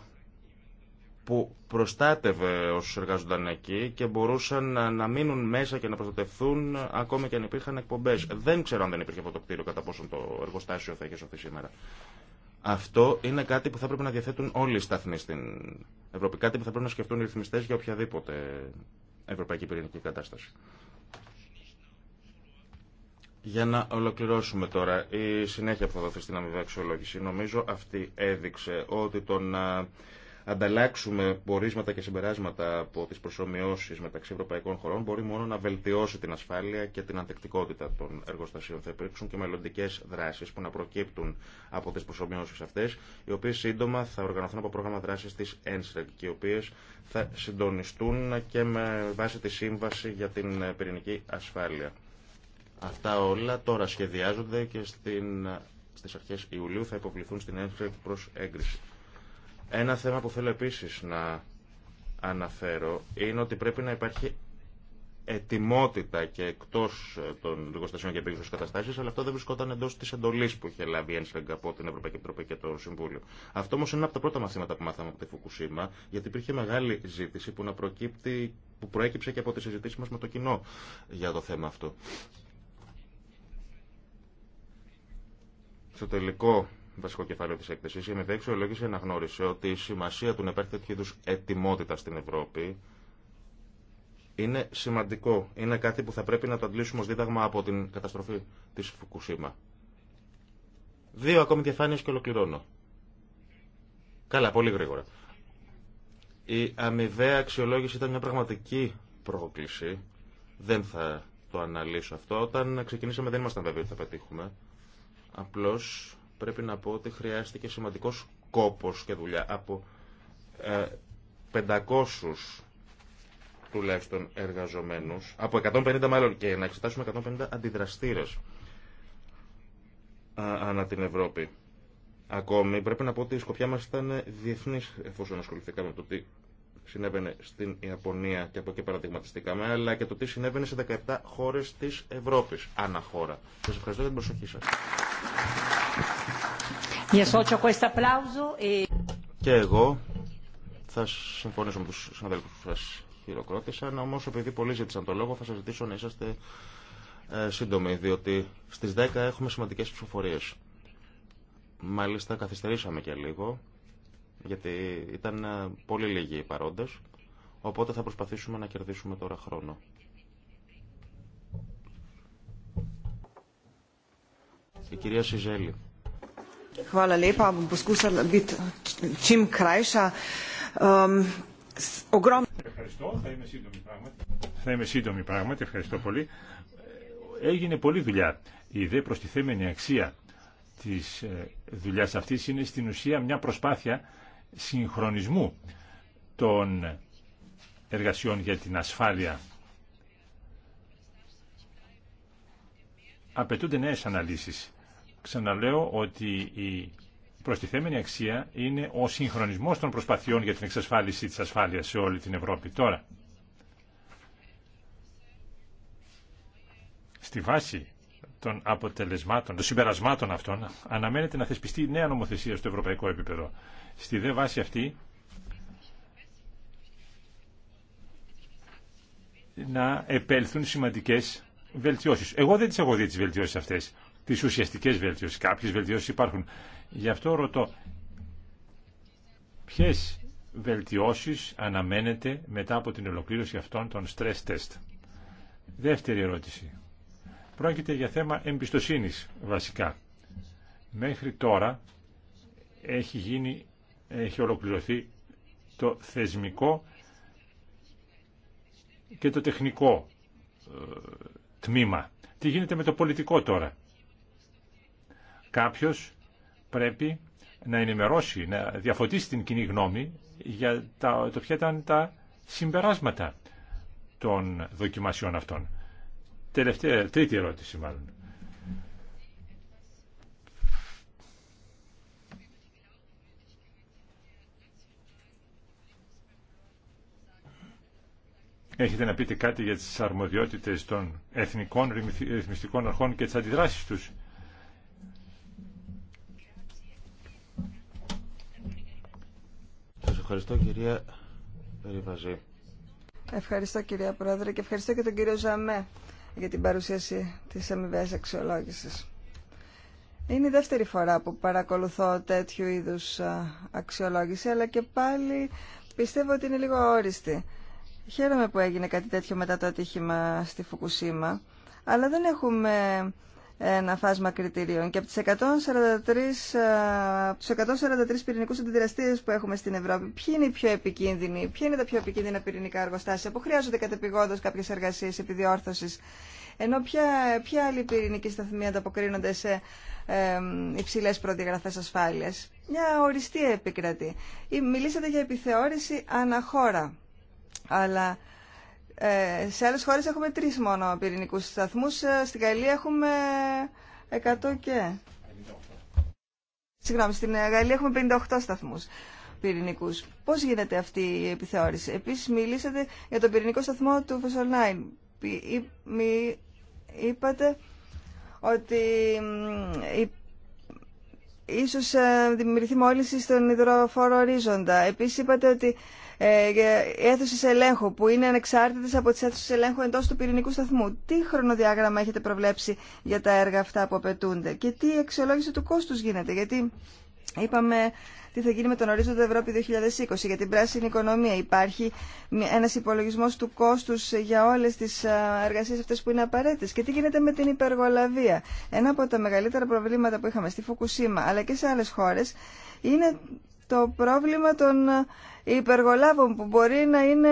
που προστάτευε όσου εργάζονταν εκεί και μπορούσαν να, μείνουν μέσα και να προστατευθούν ακόμα και αν υπήρχαν εκπομπέ. Δεν ξέρω αν δεν υπήρχε αυτό το κτίριο κατά πόσο το εργοστάσιο θα είχε σωθεί σήμερα. Αυτό είναι κάτι που θα πρέπει να διαθέτουν όλοι οι σταθμοί στην Ευρώπη. Κάτι που θα πρέπει να σκεφτούν οι ρυθμιστέ για οποιαδήποτε ευρωπαϊκή πυρηνική κατάσταση. Για να ολοκληρώσουμε τώρα, η συνέχεια που θα δοθεί στην αμοιβή αξιολόγηση, νομίζω αυτή έδειξε ότι το να ανταλλάξουμε πορίσματα και συμπεράσματα από τις προσωμιώσεις μεταξύ ευρωπαϊκών χωρών μπορεί μόνο να βελτιώσει την ασφάλεια και την αντεκτικότητα των εργοστασίων. Θα υπήρξουν και μελλοντικέ δράσεις που να προκύπτουν από τις προσωμιώσεις αυτές, οι οποίες σύντομα θα οργανωθούν από πρόγραμμα δράσης της ENSREG και οι οποίες θα συντονιστούν και με βάση τη σύμβαση για την πυρηνική ασφάλεια. Αυτά όλα τώρα σχεδιάζονται και στην, στις αρχές Ιουλίου θα υποβληθούν στην έντρη προς έγκριση. Ένα θέμα που θέλω επίσης να αναφέρω είναι ότι πρέπει να υπάρχει ετοιμότητα και εκτός των εργοστασίων και επίγουσε καταστάσει, αλλά αυτό δεν βρισκόταν εντός της εντολής που είχε λάβει η Ένσφεγγ από την Ευρωπαϊκή Επιτροπή και το Συμβούλιο. Αυτό όμω είναι ένα από τα πρώτα μαθήματα που μάθαμε από τη Φουκουσίμα, γιατί υπήρχε μεγάλη ζήτηση που, να προκύπτει, που προέκυψε και από τις συζητήσει μα με το κοινό για το θέμα αυτό. Στο τελικό βασικό κεφάλαιο τη έκθεση, η αμοιβαία αξιολόγηση αναγνώρισε ότι η σημασία του να υπάρχει τέτοιου είδου ετοιμότητα στην Ευρώπη είναι σημαντικό. Είναι κάτι που θα πρέπει να το αντλήσουμε ω δίδαγμα από την καταστροφή τη Φουκουσίμα. Δύο ακόμη διαφάνειε και ολοκληρώνω. Καλά, πολύ γρήγορα. Η αμοιβαία αξιολόγηση ήταν μια πραγματική πρόκληση. Δεν θα το αναλύσω αυτό. Όταν ξεκινήσαμε δεν ήμασταν βέβαιοι ότι θα πετύχουμε. Απλώς πρέπει να πω ότι χρειάστηκε σημαντικός κόπος και δουλειά από 500 ε, τουλάχιστον εργαζομένους, από 150 μάλλον και να εξετάσουμε 150 αντιδραστήρες ανά την Ευρώπη. Ακόμη πρέπει να πω ότι η σκοπιά μας ήταν διεθνής εφόσον ασχοληθήκαμε το τι συνέβαινε στην Ιαπωνία και από εκεί παραδειγματιστήκαμε, αλλά και το τι συνέβαινε σε 17 χώρες της Ευρώπης, ανά χώρα. Σας ευχαριστώ για την προσοχή σας. E- και εγώ θα συμφωνήσω με τους συναδέλφους που σας χειροκρότησαν, όμως επειδή πολλοί ζήτησαν το λόγο θα σας ζητήσω να είσαστε ε, σύντομοι, διότι στις 10 έχουμε σημαντικές ψηφοφορίες. Μάλιστα καθυστερήσαμε και λίγο, γιατί ήταν ε, πολύ λίγοι οι παρόντες, οπότε θα προσπαθήσουμε να κερδίσουμε τώρα χρόνο. Η κυρία Σιζέλη. Ehm, ευχαριστώ, θα είμαι σύντομη πράγματι. Θα ευχαριστώ πολύ. Έγινε πολλή δουλειά. Η δε θέμενη αξία της ε, δουλειάς αυτής είναι στην ουσία μια προσπάθεια συγχρονισμού των εργασιών για την ασφάλεια. Απαιτούνται νέες αναλύσεις ξαναλέω ότι η προστιθέμενη αξία είναι ο συγχρονισμός των προσπαθειών για την εξασφάλιση της ασφάλειας σε όλη την Ευρώπη. Τώρα, στη βάση των αποτελεσμάτων, των συμπερασμάτων αυτών, αναμένεται να θεσπιστεί νέα νομοθεσία στο ευρωπαϊκό επίπεδο. Στη δε βάση αυτή, να επέλθουν σημαντικές βελτιώσεις. Εγώ δεν τις έχω δει τις βελτιώσεις αυτές τις ουσιαστικές βελτιώσεις. Κάποιες βελτιώσεις υπάρχουν. Γι' αυτό ρωτώ, ποιες βελτιώσεις αναμένεται μετά από την ολοκλήρωση αυτών των stress test. Δεύτερη ερώτηση. Πρόκειται για θέμα εμπιστοσύνης βασικά. Μέχρι τώρα έχει, γίνει, έχει ολοκληρωθεί το θεσμικό και το τεχνικό ε, τμήμα. Τι γίνεται με το πολιτικό τώρα κάποιος πρέπει να ενημερώσει, να διαφωτίσει την κοινή γνώμη για τα, το ποια ήταν τα συμπεράσματα των δοκιμασιών αυτών. Τελευταία, τρίτη ερώτηση μάλλον. Έχετε να πείτε κάτι για τις αρμοδιότητες των εθνικών ρυθμιστικών αρχών και τις αντιδράσεις τους ευχαριστώ κυρία Ριβαζή. Ευχαριστώ κυρία Πρόεδρε και ευχαριστώ και τον κύριο Ζαμέ για την παρουσίαση της αμοιβαίας αξιολόγησης. Είναι η δεύτερη φορά που παρακολουθώ τέτοιου είδους αξιολόγηση, αλλά και πάλι πιστεύω ότι είναι λίγο όριστη. Χαίρομαι που έγινε κάτι τέτοιο μετά το ατύχημα στη Φουκουσίμα, αλλά δεν έχουμε ένα φάσμα κριτηρίων. Και από τις 143, ε, από 143 πυρηνικούς αντιδραστήρες που έχουμε στην Ευρώπη, ποιοι είναι οι πιο επικίνδυνοι, ποιοι είναι τα πιο επικίνδυνα πυρηνικά εργοστάσια που χρειάζονται κατεπηγόντως κάποιες εργασίες επιδιόρθωσης, ενώ ποια, ποια άλλη πυρηνική σταθμή ανταποκρίνονται σε ε, υψηλέ προδιαγραφέ ασφάλεια. Μια οριστή επικρατή. Μιλήσατε για επιθεώρηση αναχώρα. Αλλά ε, σε άλλε χώρε έχουμε τρει μόνο πυρηνικούς σταθμούς. Ε, στην Γαλλία έχουμε 100 και... 58. Συγγνώμη, στην Γαλλία έχουμε 58 σταθμούς πυρηνικούς. Πώς γίνεται αυτή η επιθεώρηση. Επίσης μιλήσατε για τον πυρηνικό σταθμό του Φεσολνάιν. Είπατε ότι ίσως ε, δημιουργηθεί μόλυνση στον υδροφόρο ορίζοντα. Επίσης είπατε ότι ε, αίθουσε ελέγχου που είναι ανεξάρτητε από τι αίθουσε ελέγχου εντό του πυρηνικού σταθμού. Τι χρονοδιάγραμμα έχετε προβλέψει για τα έργα αυτά που απαιτούνται και τι αξιολόγηση του κόστου γίνεται. Γιατί είπαμε τι θα γίνει με τον ορίζοντα Ευρώπη 2020 για την πράσινη οικονομία. Υπάρχει ένα υπολογισμό του κόστου για όλε τι εργασίε αυτέ που είναι απαραίτητε. Και τι γίνεται με την υπεργολαβία. Ένα από τα μεγαλύτερα προβλήματα που είχαμε στη Φουκουσίμα αλλά και σε άλλε χώρε είναι το πρόβλημα των υπεργολάβων που μπορεί να είναι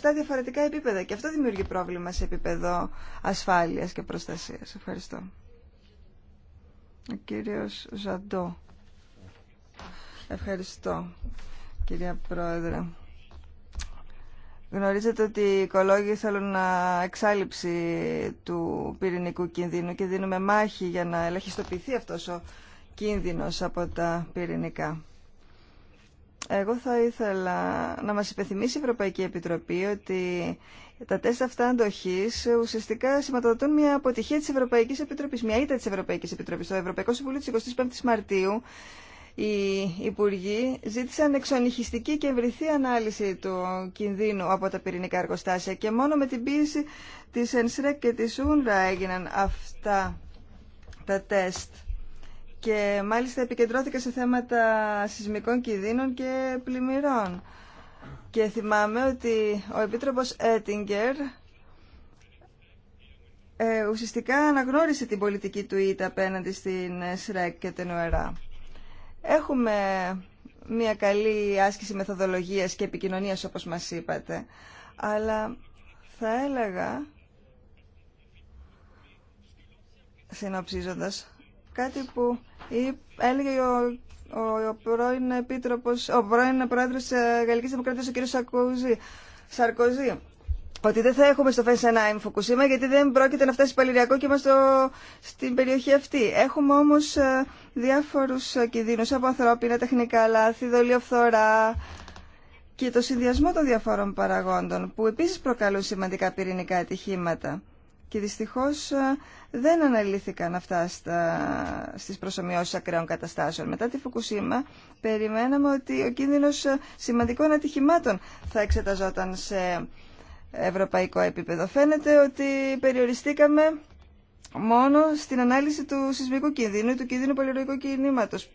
7 διαφορετικά επίπεδα και αυτό δημιουργεί πρόβλημα σε επίπεδο ασφάλειας και προστασίας. Ευχαριστώ. Ο κύριος Ζαντό. Ευχαριστώ, κυρία Πρόεδρε. Γνωρίζετε ότι οι οικολόγοι θέλουν εξάλληψη του πυρηνικού κινδύνου και δίνουμε μάχη για να ελαχιστοποιηθεί αυτός ο κίνδυνος από τα πυρηνικά. Εγώ θα ήθελα να μας υπενθυμίσει η Ευρωπαϊκή Επιτροπή ότι τα τεστ αυτά αντοχής ουσιαστικά σηματοδοτούν μια αποτυχία της Ευρωπαϊκής Επιτροπής, μια ήττα της Ευρωπαϊκής Επιτροπής. Το Ευρωπαϊκό Συμβουλίο της 25ης Μαρτίου οι Υπουργοί ζήτησαν εξονυχιστική και ευρυθή ανάλυση του κινδύνου από τα πυρηνικά εργοστάσια και μόνο με την πίεση της ΕΝΣΡΕΚ και της ΟΥΝΡΑ έγιναν αυτά τα τεστ και μάλιστα επικεντρώθηκε σε θέματα σεισμικών κινδύνων και πλημμυρών. Και θυμάμαι ότι ο Επίτροπος Έτιγκερ ε, ουσιαστικά αναγνώρισε την πολιτική του ΙΤ απέναντι στην ΣΡΕΚ και την ΟΕΡΑ. Έχουμε μια καλή άσκηση μεθοδολογίας και επικοινωνίας όπως μας είπατε, αλλά θα έλεγα, συνοψίζοντας, Κάτι που έλεγε ο ο πρώην, επίτροπος, ο πρώην πρόεδρος της ε, Γαλλικής Δημοκρατίας, ο κ. Σαρκοζή, Σαρκοζή ότι δεν θα έχουμε στο Φενσενάιμ Φουκουσίμα γιατί δεν πρόκειται να φτάσει Παλιριακό και είμαστε στην περιοχή αυτή. Έχουμε όμως ε, διάφορους ε, κινδύνους από ανθρώπινα, τεχνικά λάθη, δολιοφθορά και το συνδυασμό των διαφόρων παραγόντων που επίσης προκαλούν σημαντικά πυρηνικά ατυχήματα και δυστυχώς ε, δεν αναλύθηκαν αυτά στα, στις προσωμιώσεις ακραίων καταστάσεων. Μετά τη Φουκουσίμα περιμέναμε ότι ο κίνδυνος ε, σημαντικών ατυχημάτων θα εξεταζόταν σε ευρωπαϊκό επίπεδο. Φαίνεται ότι περιοριστήκαμε μόνο στην ανάλυση του σεισμικού κινδύνου ή του κινδύνου πολυεργικού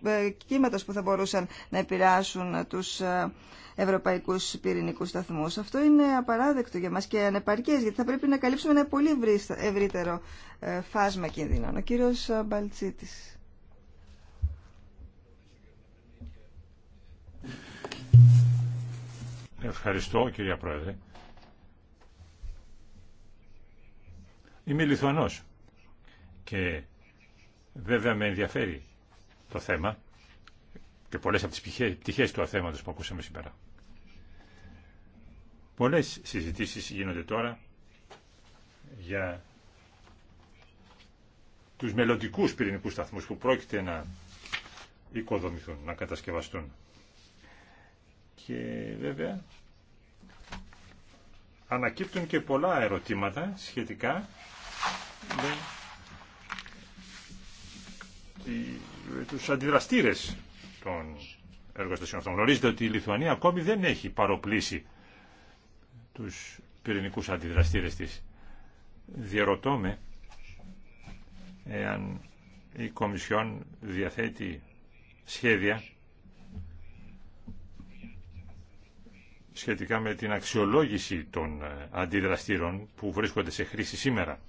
ε, κύματος που θα μπορούσαν να επηρεάσουν τους Ευρωπαϊκού πυρηνικού σταθμού. Αυτό είναι απαράδεκτο για μας και ανεπαρκές, γιατί θα πρέπει να καλύψουμε ένα πολύ ευρύτερο ε, φάσμα κινδύνων. Ο κύριο ε, Μπαλτσίτης. Ευχαριστώ κυρία Πρόεδρε. Είμαι Λιθουανός και βέβαια με ενδιαφέρει το θέμα και πολλές από τις πτυχές του αθέματος που ακούσαμε σήμερα. Πολλές συζητήσεις γίνονται τώρα για τους μελλοντικού πυρηνικούς σταθμούς που πρόκειται να οικοδομηθούν, να κατασκευαστούν. Και βέβαια ανακύπτουν και πολλά ερωτήματα σχετικά με τους αντιδραστήρες των εργοστασιών αυτών. Γνωρίζετε ότι η Λιθουανία ακόμη δεν έχει παροπλήσει τους πυρηνικούς αντιδραστήρες της. Διερωτώ με εάν η Κομισιόν διαθέτει σχέδια σχετικά με την αξιολόγηση των ε, αντιδραστήρων που βρίσκονται σε χρήση σήμερα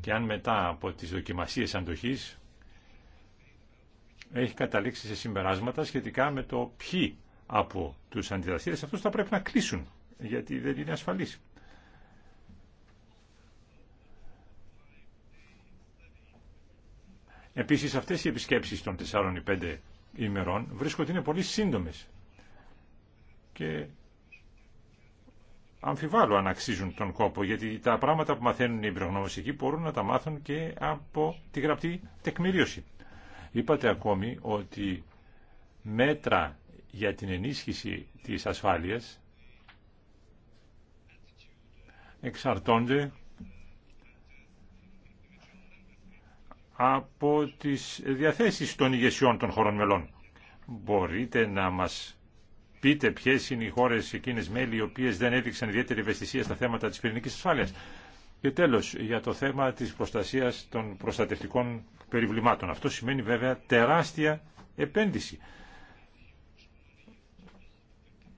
και αν μετά από τις δοκιμασίες αντοχής έχει καταλήξει σε συμπεράσματα σχετικά με το ποιοι από τους αντιδραστήρες αυτούς θα πρέπει να κλείσουν γιατί δεν είναι ασφαλής. Επίσης αυτές οι επισκέψεις των 4 ή 5 ημερών βρίσκω ότι είναι πολύ σύντομες και αμφιβάλλω αν αξίζουν τον κόπο γιατί τα πράγματα που μαθαίνουν οι εμπειρογνώμες μπορούν να τα μάθουν και από τη γραπτή τεκμηρίωση. Είπατε ακόμη ότι μέτρα για την ενίσχυση της ασφάλειας εξαρτώνται από τις διαθέσεις των ηγεσιών των χωρών μελών. Μπορείτε να μας πείτε ποιες είναι οι χώρες εκείνες μέλη οι οποίες δεν έδειξαν ιδιαίτερη ευαισθησία στα θέματα της πυρηνικής ασφάλειας. Και τέλος, για το θέμα της προστασίας των προστατευτικών περιβλημάτων. Αυτό σημαίνει βέβαια τεράστια επένδυση.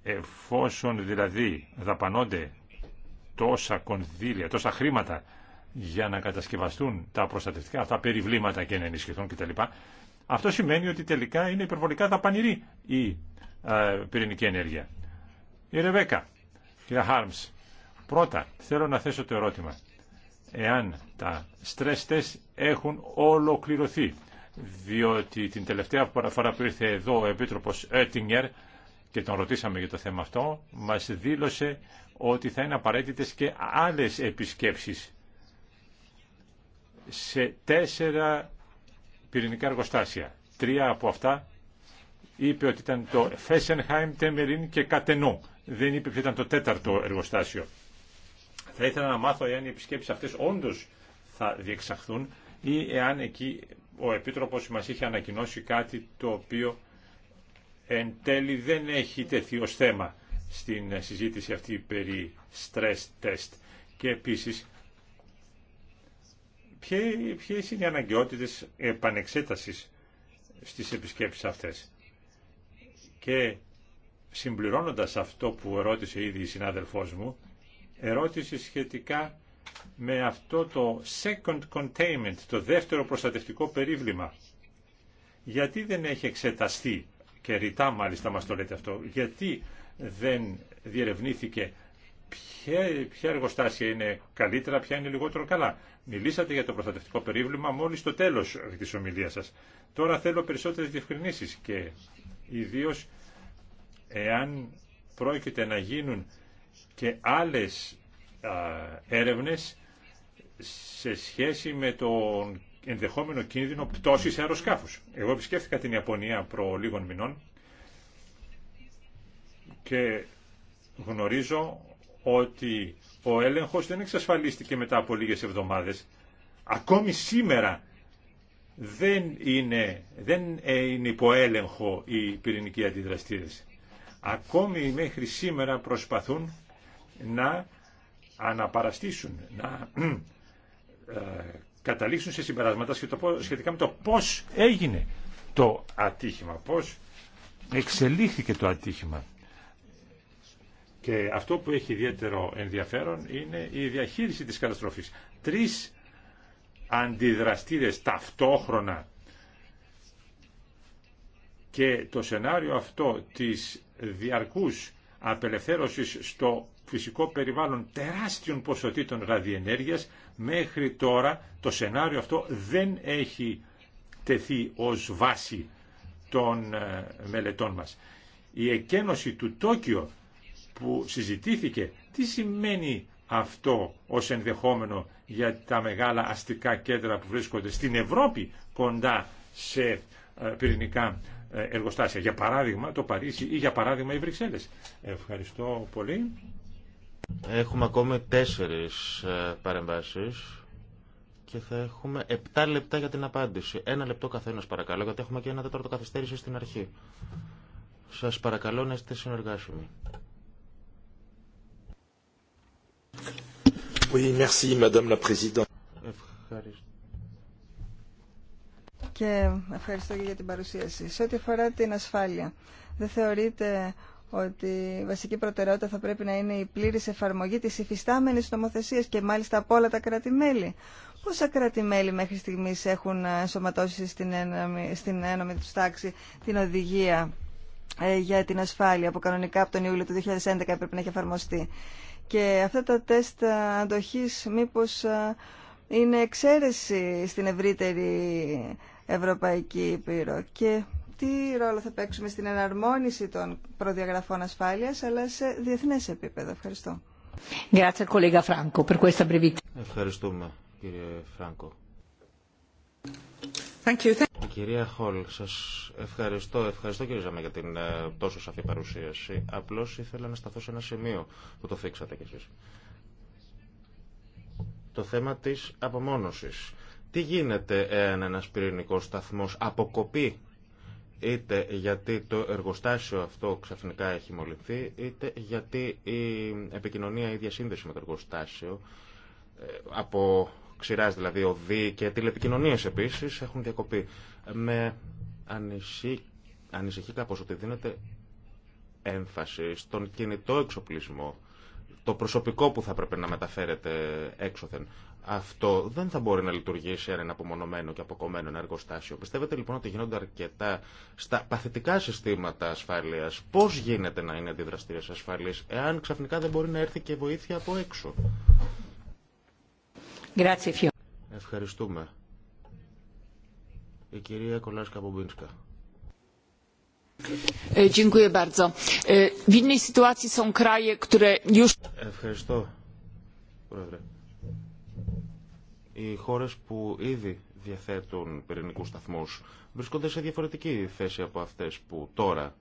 Εφόσον δηλαδή δαπανώνται τόσα κονδύλια, τόσα χρήματα για να κατασκευαστούν τα προστατευτικά αυτά περιβλήματα και να ενισχυθούν κτλ. Αυτό σημαίνει ότι τελικά είναι υπερβολικά δαπανηρή η ε, πυρηνική ενέργεια. Η Ρεβέκα, κυρία Χάρμς, πρώτα θέλω να θέσω το ερώτημα. Εάν τα stress test έχουν ολοκληρωθεί, διότι την τελευταία φορά που ήρθε εδώ ο Επίτροπος Oettinger και τον ρωτήσαμε για το θέμα αυτό, μας δήλωσε ότι θα είναι απαραίτητες και άλλες επισκέψεις σε τέσσερα πυρηνικά εργοστάσια. Τρία από αυτά είπε ότι ήταν το Φέσενχάιμ, Τέμεριν και Κατενού. Δεν είπε ότι ήταν το τέταρτο εργοστάσιο. Θα ήθελα να μάθω εάν οι επισκέψεις αυτές όντως θα διεξαχθούν ή εάν εκεί ο Επίτροπος μας είχε ανακοινώσει κάτι το οποίο εν τέλει δεν έχει τεθεί ως θέμα στην συζήτηση αυτή περί stress test και επίσης ποιες είναι οι αναγκαιότητες επανεξέτασης στις επισκέψεις αυτές. Και συμπληρώνοντας αυτό που ερώτησε ήδη η συνάδελφός μου, ερώτησε σχετικά με αυτό το second containment, το δεύτερο προστατευτικό περίβλημα. Γιατί δεν έχει εξεταστεί, και ρητά μάλιστα μας το λέτε αυτό, γιατί δεν διερευνήθηκε ποια, εργοστάσια είναι καλύτερα, ποια είναι λιγότερο καλά. Μιλήσατε για το προστατευτικό περίβλημα μόλις στο τέλος της ομιλίας σας. Τώρα θέλω περισσότερες διευκρινήσεις και ιδίως εάν πρόκειται να γίνουν και άλλες έρευνε έρευνες σε σχέση με τον ενδεχόμενο κίνδυνο πτώσης αεροσκάφους. Εγώ επισκέφθηκα την Ιαπωνία προ λίγων μηνών και γνωρίζω ότι ο έλεγχος δεν εξασφαλίστηκε μετά από λίγες εβδομάδες. Ακόμη σήμερα δεν είναι, δεν είναι υποέλεγχο οι πυρηνικοί αντιδραστήρες. Ακόμη μέχρι σήμερα προσπαθούν να αναπαραστήσουν, να ε, καταλήξουν σε συμπεράσματα σχετικά με το πώς έγινε το ατύχημα, πώς εξελίχθηκε το ατύχημα. Και αυτό που έχει ιδιαίτερο ενδιαφέρον είναι η διαχείριση της καταστροφής. Τρεις αντιδραστήρες ταυτόχρονα και το σενάριο αυτό της διαρκούς απελευθέρωσης στο φυσικό περιβάλλον τεράστιων ποσοτήτων ραδιενέργειας μέχρι τώρα το σενάριο αυτό δεν έχει τεθεί ως βάση των ε, μελετών μας. Η εκένωση του Τόκιο που συζητήθηκε τι σημαίνει αυτό ως ενδεχόμενο για τα μεγάλα αστικά κέντρα που βρίσκονται στην Ευρώπη κοντά σε ε, πυρηνικά ε, εργοστάσια. Για παράδειγμα το Παρίσι ή για παράδειγμα οι Βρυξέλλες. Ευχαριστώ πολύ. Έχουμε ακόμη τέσσερις ε, παρεμβάσεις και θα έχουμε 7 λεπτά για την απάντηση. Ένα λεπτό καθένας παρακαλώ, γιατί έχουμε και ένα τέταρτο καθυστέρηση στην αρχή. Σας παρακαλώ να είστε συνεργάσιμοι. Και ευχαριστώ και για την παρουσίαση. Σε ό,τι αφορά την ασφάλεια, δεν θεωρείτε ότι η βασική προτεραιότητα θα πρέπει να είναι η πλήρης εφαρμογή της υφιστάμενης νομοθεσίας και μάλιστα από όλα τα κράτη-μέλη. Πόσα κράτη-μέλη μέχρι στιγμής έχουν ενσωματώσει στην ένωμη, στην του τάξη την οδηγία ε, για την ασφάλεια που κανονικά από τον Ιούλιο του 2011 έπρεπε να έχει εφαρμοστεί. Και αυτά τα τεστ αντοχής μήπως ε, είναι εξαίρεση στην ευρύτερη Ευρωπαϊκή πύρο. και τι ρόλο θα παίξουμε στην εναρμόνιση των προδιαγραφών ασφάλειας αλλά σε διεθνές επίπεδο. Ευχαριστώ. Ευχαριστούμε κύριε Φράγκο. Κυρία Χολ, σας ευχαριστώ. Ευχαριστώ κύριε Ζαμέ για την ε, τόσο σαφή παρουσίαση. Απλώς ήθελα να σταθώ σε ένα σημείο που το θίξατε κι εσείς. Το θέμα της απομόνωσης. Τι γίνεται εάν ένας πυρηνικός σταθμός αποκοπεί είτε γιατί το εργοστάσιο αυτό ξαφνικά έχει μολυνθεί, είτε γιατί η επικοινωνία, η διασύνδεση με το εργοστάσιο ε, από ξηράς δηλαδή οδοί και τηλεπικοινωνίες επίσης έχουν διακοπεί. Με ανησυχεί, ανησυχεί κάπως ότι δίνεται έμφαση στον κινητό εξοπλισμό, το προσωπικό που θα πρέπει να μεταφέρεται έξωθεν. Αυτό δεν θα μπορεί να λειτουργήσει ένα απομονωμένο και αποκομμένο ένα εργοστάσιο. Πιστεύετε λοιπόν ότι γίνονται αρκετά στα παθητικά συστήματα ασφαλεία. Πώ γίνεται να είναι αντιδραστήρε ασφαλή, εάν ξαφνικά δεν μπορεί να έρθει και βοήθεια από έξω. Ευχαριστούμε. Η κυρία Κολάσκα Μπομπίνσκα. Ε, ε, Ευχαριστώ, Πρόεδρε. Οι χώρες που ήδη διαθέτουν πυρηνικού σταθμούς βρισκόνται σε διαφορετική θέση από αυτές που τώρα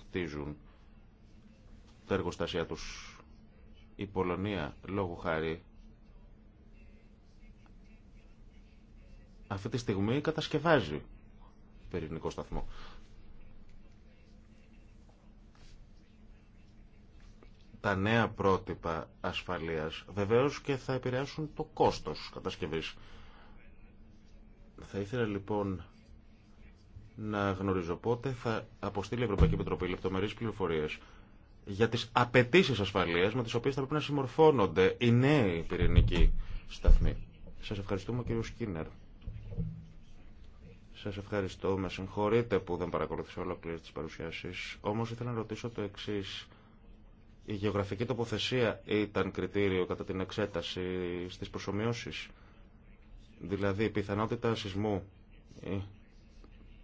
χτίζουν τα εργοστάσια τους. Η Πολωνία, λόγω χάρη, αυτή τη στιγμή κατασκευάζει πυρηνικό σταθμό. Τα νέα πρότυπα ασφαλείας βεβαίως και θα επηρεάσουν το κόστος κατασκευής. Θα ήθελα λοιπόν να γνωρίζω πότε θα αποστείλει η Ευρωπαϊκή Επιτροπή λεπτομερείς πληροφορίες για τις απαιτήσει ασφαλείας με τις οποίες θα πρέπει να συμμορφώνονται οι νέοι πυρηνικοί σταθμοί. Σας ευχαριστούμε κύριο Σκίνερ. Σας ευχαριστώ. Με συγχωρείτε που δεν παρακολουθήσα ολόκληρη τις παρουσιάσεις. Όμως ήθελα να ρωτήσω το προσωπώση. Δηλαδή Η γεωγραφική τοποθεσία ήταν κριτήριο κατά την εξέταση στις προσωμιώσεις. Δηλαδή η πιθανότητα σεισμού ή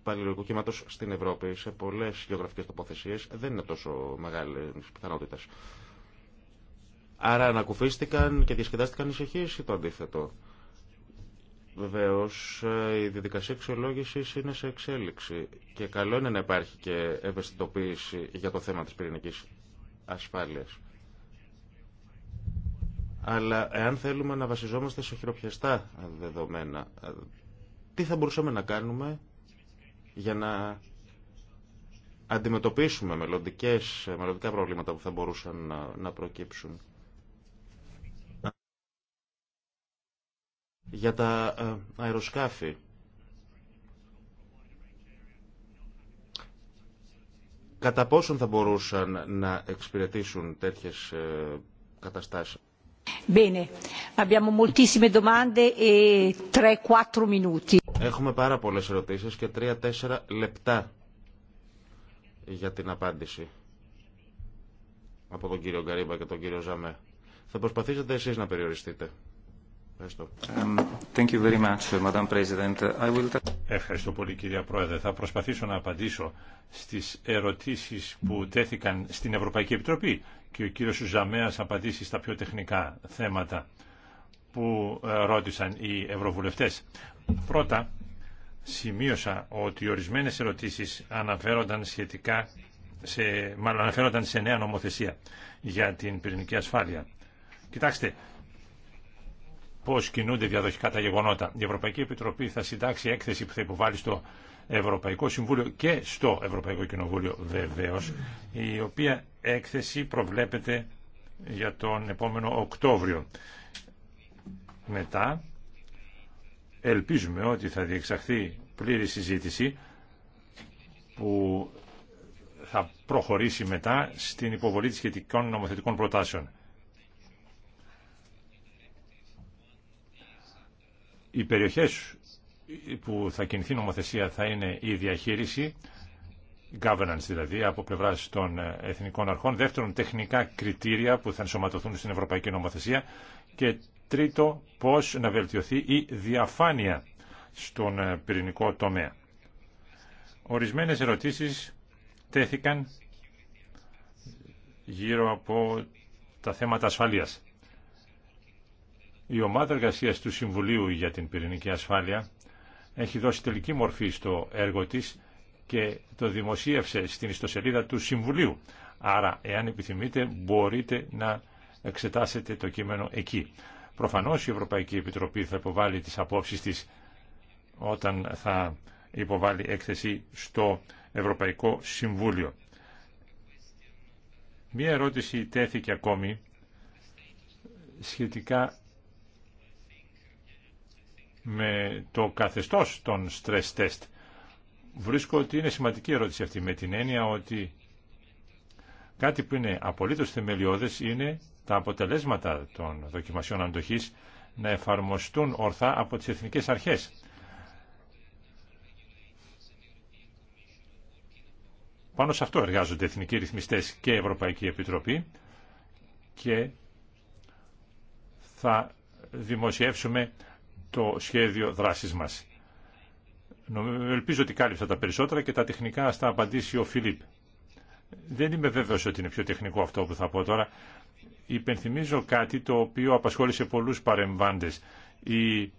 παλιολογικού κύματος στην Ευρώπη σε πολλές γεωγραφικές τοποθεσίες δεν είναι τόσο μεγάλη πιθανότητα. Άρα ανακουφίστηκαν και διασκεδάστηκαν ησυχίες ή το αντίθετο. Βεβαίω, ε, η διαδικασία αξιολόγηση είναι σε εξέλιξη και καλό είναι να υπάρχει και ευαισθητοποίηση για το θέμα τη πυρηνική ασφάλεια. Αλλά εάν θέλουμε να βασιζόμαστε σε χειροπιαστά δεδομένα, ε, τι θα μπορούσαμε να κάνουμε για να αντιμετωπίσουμε μελλοντικά προβλήματα που θα μπορούσαν να προκύψουν. για τα ε, αεροσκάφη. Κατά πόσον θα μπορούσαν να εξυπηρετήσουν τέτοιες ε, καταστάσεις. Bene, abbiamo moltissime domande e 3-4 minuti. Έχουμε πάρα πολλές ερωτήσεις και 3-4 λεπτά για την απάντηση από τον κύριο Γκαρίμπα και τον κύριο Ζαμέ. Θα προσπαθήσετε εσείς να περιοριστείτε. Ευχαριστώ. πολύ κυρία Πρόεδρε. Θα προσπαθήσω να απαντήσω στις ερωτήσεις που τέθηκαν στην Ευρωπαϊκή Επιτροπή και ο κύριος Ζαμέας απαντήσει στα πιο τεχνικά θέματα που ε, ρώτησαν οι ευρωβουλευτές. Πρώτα, σημείωσα ότι ορισμένες ερωτήσεις αναφέρονταν σχετικά σε, μάλλον αναφέρονταν σε νέα νομοθεσία για την πυρηνική ασφάλεια. Κοιτάξτε, Πώ κινούνται διαδοχικά τα γεγονότα. Η Ευρωπαϊκή Επιτροπή θα συντάξει έκθεση που θα υποβάλει στο Ευρωπαϊκό Συμβούλιο και στο Ευρωπαϊκό Κοινοβούλιο βεβαίω, η οποία έκθεση προβλέπεται για τον επόμενο Οκτώβριο. Μετά ελπίζουμε ότι θα διεξαχθεί πλήρη συζήτηση που θα προχωρήσει μετά στην υποβολή της σχετικών νομοθετικών προτάσεων. Οι περιοχές που θα κινηθεί νομοθεσία θα είναι η διαχείριση, governance δηλαδή, από πλευρά των ε, εθνικών αρχών. Δεύτερον, τεχνικά κριτήρια που θα ενσωματωθούν στην Ευρωπαϊκή Νομοθεσία. Και τρίτο, πώς να βελτιωθεί η διαφάνεια στον ε, πυρηνικό τομέα. Ορισμένες ερωτήσεις τέθηκαν γύρω από τα θέματα ασφαλείας. Η ομάδα εργασία του Συμβουλίου για την Πυρηνική Ασφάλεια έχει δώσει τελική μορφή στο έργο της και το δημοσίευσε στην ιστοσελίδα του Συμβουλίου. Άρα, εάν επιθυμείτε, μπορείτε να εξετάσετε το κείμενο εκεί. Προφανώς η Ευρωπαϊκή Επιτροπή θα υποβάλει τις απόψεις της όταν θα υποβάλει έκθεση στο Ευρωπαϊκό Συμβούλιο. Μία ερώτηση τέθηκε ακόμη σχετικά με το καθεστώς των stress test. Βρίσκω ότι είναι σημαντική ερώτηση αυτή με την έννοια ότι κάτι που είναι απολύτως θεμελιώδες είναι τα αποτελέσματα των δοκιμασιών αντοχής να εφαρμοστούν ορθά από τις εθνικές αρχές. Πάνω σε αυτό εργάζονται εθνικοί ρυθμιστές και Ευρωπαϊκή Επιτροπή και θα δημοσιεύσουμε το σχέδιο δράσης μας. Ελπίζω ότι κάλυψα τα περισσότερα και τα τεχνικά θα απαντήσει ο Φιλίπ. Δεν είμαι βέβαιος ότι είναι πιο τεχνικό αυτό που θα πω τώρα. Υπενθυμίζω κάτι το οποίο απασχόλησε πολλούς παρεμβάντες. Η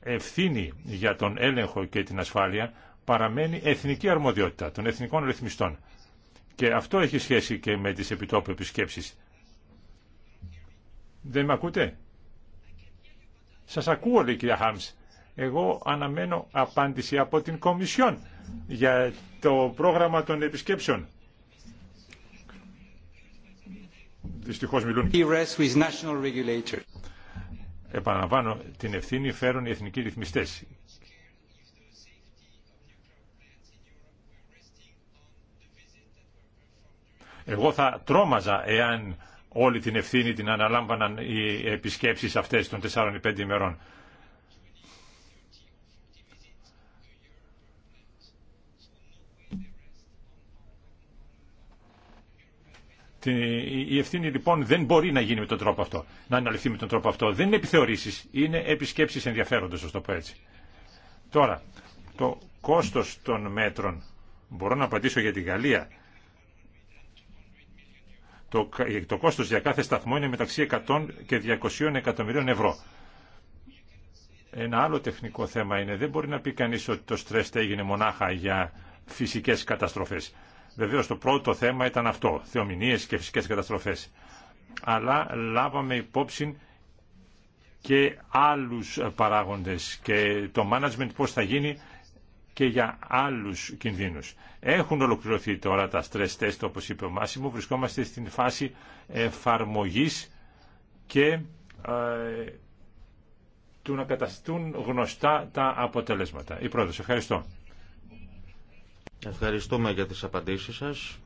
ευθύνη για τον έλεγχο και την ασφάλεια παραμένει εθνική αρμοδιότητα των εθνικών ρυθμιστών. Και αυτό έχει σχέση και με τις επιτόπου επισκέψεις. Δεν με ακούτε? Σας ακούω, λέει η κυρία Χάμς. Εγώ αναμένω απάντηση από την Κομισιόν για το πρόγραμμα των επισκέψεων. Δυστυχώς μιλούν. Επαναλαμβάνω, την ευθύνη φέρουν οι εθνικοί ρυθμιστές. Εγώ θα τρόμαζα εάν όλη την ευθύνη την αναλάμβαναν οι επισκέψεις αυτές των 4-5 ημερών. Η ευθύνη λοιπόν δεν μπορεί να γίνει με τον τρόπο αυτό, να αναλυθεί με τον τρόπο αυτό. Δεν είναι επιθεωρήσεις, είναι επισκέψεις ενδιαφέροντος, α το πω έτσι. Τώρα, το κόστος των μέτρων, μπορώ να απαντήσω για τη Γαλλία, το, το κόστος για κάθε σταθμό είναι μεταξύ 100 και 200 εκατομμυρίων ευρώ. Ένα άλλο τεχνικό θέμα είναι, δεν μπορεί να πει κανείς ότι το στρες έγινε μονάχα για φυσικές καταστροφές. Βεβαίως το πρώτο θέμα ήταν αυτό, θεομηνίες και φυσικές καταστροφές. Αλλά λάβαμε υπόψη και άλλους παράγοντες και το management πώς θα γίνει και για άλλους κινδύνους. Έχουν ολοκληρωθεί τώρα τα stress test, όπως είπε ο Μάσιμο. Βρισκόμαστε στην φάση εφαρμογής και ε, του να καταστούν γνωστά τα αποτελέσματα. Η πρόεδρος, ευχαριστώ. Ευχαριστούμε για τις απαντήσεις σας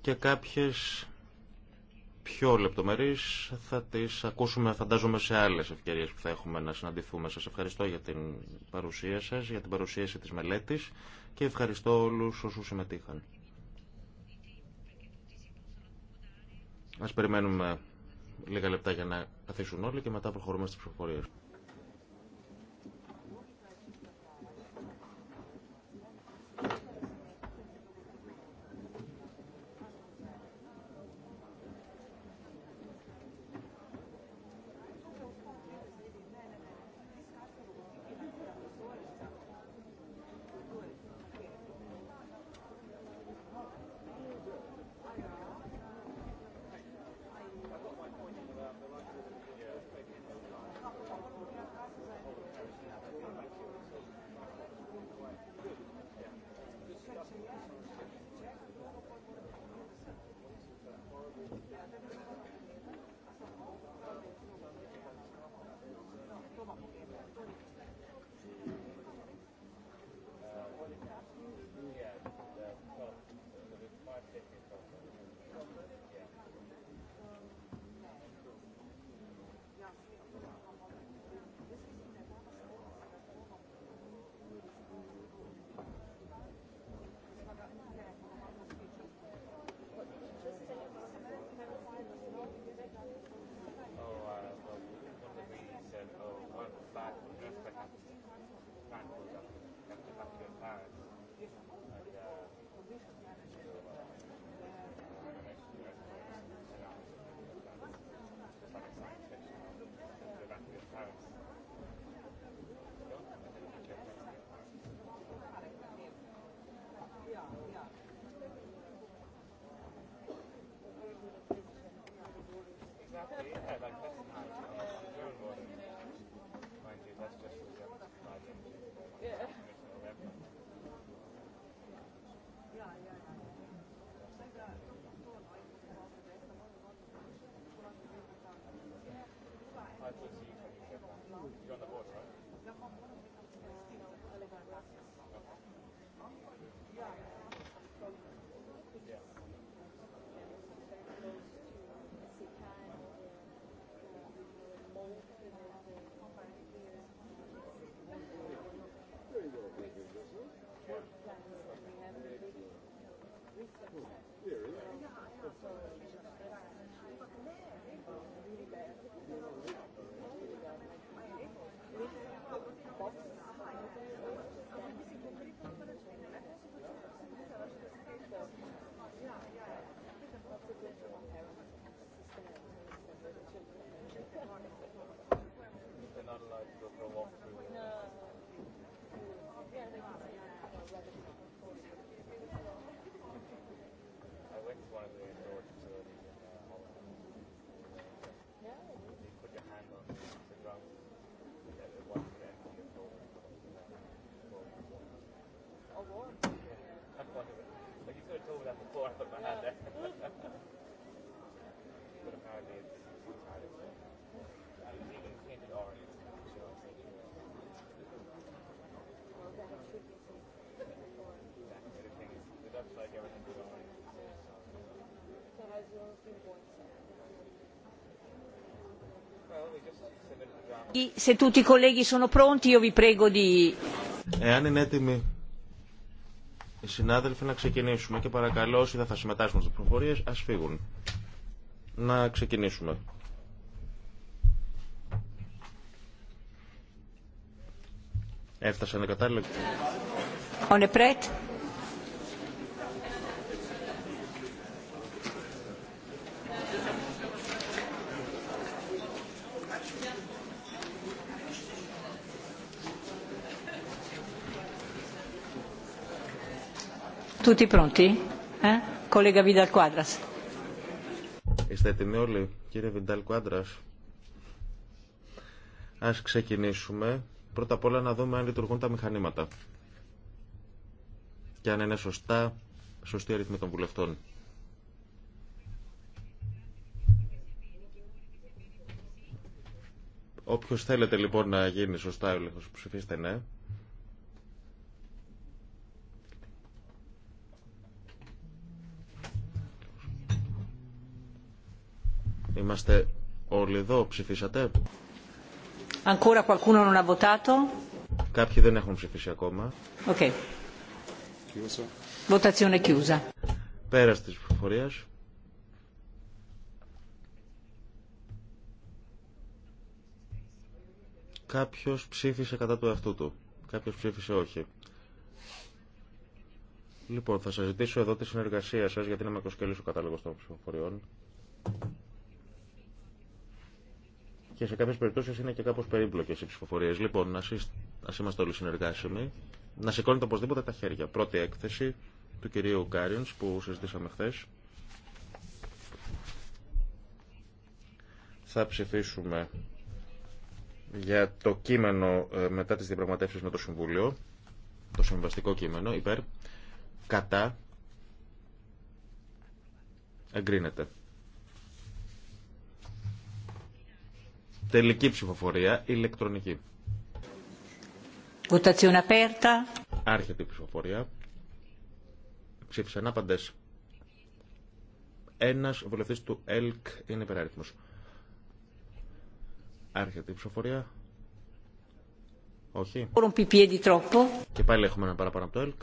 και κάποιες πιο λεπτομερείς θα τις ακούσουμε φαντάζομαι σε άλλες ευκαιρίες που θα έχουμε να συναντηθούμε. Σας ευχαριστώ για την παρουσία σας, για την παρουσίαση της μελέτης και ευχαριστώ όλους όσους συμμετείχαν. Ας περιμένουμε λίγα λεπτά για να καθίσουν όλοι και μετά προχωρούμε στις ψηφοφορίες. Yeah, like that's, that's just Εάν είναι έτοιμοι οι συνάδελφοι να ξεκινήσουμε και παρακαλώ όσοι δεν θα συμμετάσχουν στις προφορίες ας φύγουν. Να ξεκινήσουμε. Έφτασαν οι κατάλληλοι. tutti eh? όλοι, κύριε Βιντάλ Ας ξεκινήσουμε. Πρώτα απ' όλα να δούμε αν λειτουργούν τα μηχανήματα. Και αν είναι σωστά, σωστή αριθμή των βουλευτών. Όποιος θέλετε λοιπόν να γίνει σωστά ο έλεγχος, ψηφίστε ναι. Είμαστε όλοι εδώ, ψηφίσατε. Ancora qualcuno Κάποιοι δεν έχουν ψηφίσει ακόμα. Οκ. Votazione chiusa. Πέρας της ψηφοφορίας. Κάποιος ψήφισε κατά του εαυτού του. Κάποιος ψήφισε όχι. Λοιπόν, θα σας ζητήσω εδώ τη συνεργασία σας γιατί να με ο κατάλογος των ψηφοφοριών και σε κάποιε περιπτώσει είναι και κάπως περίπλοκες οι ψηφοφορίες. Λοιπόν, ας είμαστε όλοι συνεργάσιμοι, να σηκώνετε οπωσδήποτε τα χέρια. Πρώτη έκθεση του κυρίου Κάριον που συζητήσαμε χθε. Θα ψηφίσουμε για το κείμενο ε, μετά τις διαπραγματεύσει με το Συμβούλιο, το συμβαστικό κείμενο, υπέρ, κατά, εγκρίνεται. Τελική ψηφοφορία, ηλεκτρονική. Votazione aperta. Άρχεται η ψηφοφορία. Ψήφισαν άπαντε. Ένα βουλευτή του ΕΛΚ είναι υπεράριθμο. Άρχεται η ψηφοφορία. Όχι. Και πάλι έχουμε ένα παραπάνω από το ΕΛΚ.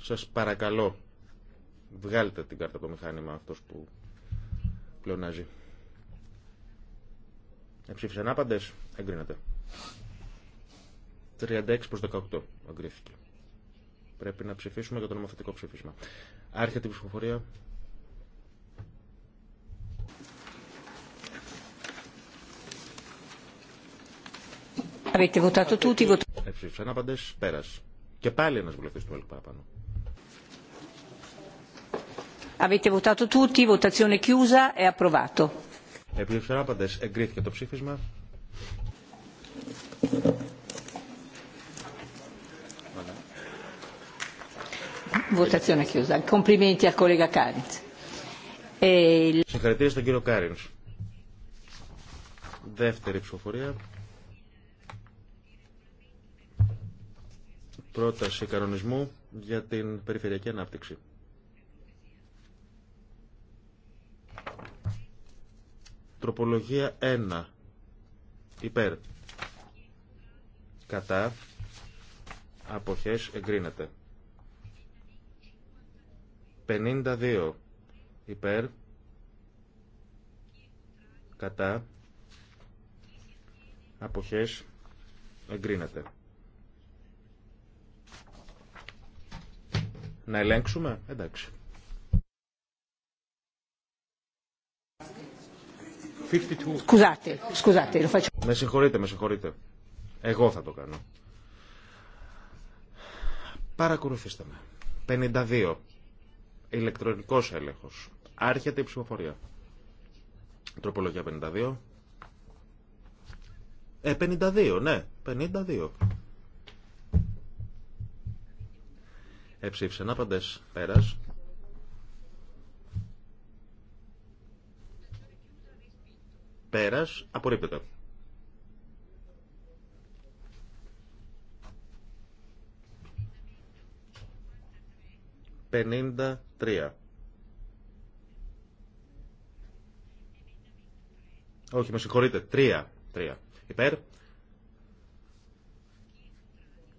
Σας παρακαλώ, βγάλτε την κάρτα από το μηχάνημα αυτός που πλεονάζει. Εψήφισαν άπαντες, εγκρίνεται. 36 προς 18 εγκρίθηκε. Πρέπει να ψηφίσουμε για το νομοθετικό ψήφισμα. Άρχεται η ψηφοφορία. Avete votato άπαντες, πέρας. Και πάλι ένας βουλευτής του ΕΛΚ παραπάνω. Avete votato tutti, votazione chiusa, è approvato. εγκρίθηκε το ψήφισμα. Votazione chiusa. Complimenti al collega Karinz. E Συγχαρητήρια στον κύριο Κάριντς. Δεύτερη ψηφοφορία. Πρόταση κανονισμού για την περιφερειακή ανάπτυξη. Τροπολογία 1. Υπέρ. Κατά. Αποχές εγκρίνεται. 52. Υπέρ. Κατά. Αποχές εγκρίνεται. Να ελέγξουμε. Εντάξει. 52. Με συγχωρείτε, με συγχωρείτε. Εγώ θα το κάνω. Παρακολουθήστε με. 52. Ηλεκτρονικός έλεγχος. Άρχεται η ψηφοφορία. Τροπολογία 52. Ε, 52, ναι. 52. Εψήφισε να παντές πέρας. Πέρας. Απορρίπτεται. Πενήντα τρία. Όχι, με συγχωρείτε. Τρία. Τρία. Υπέρ.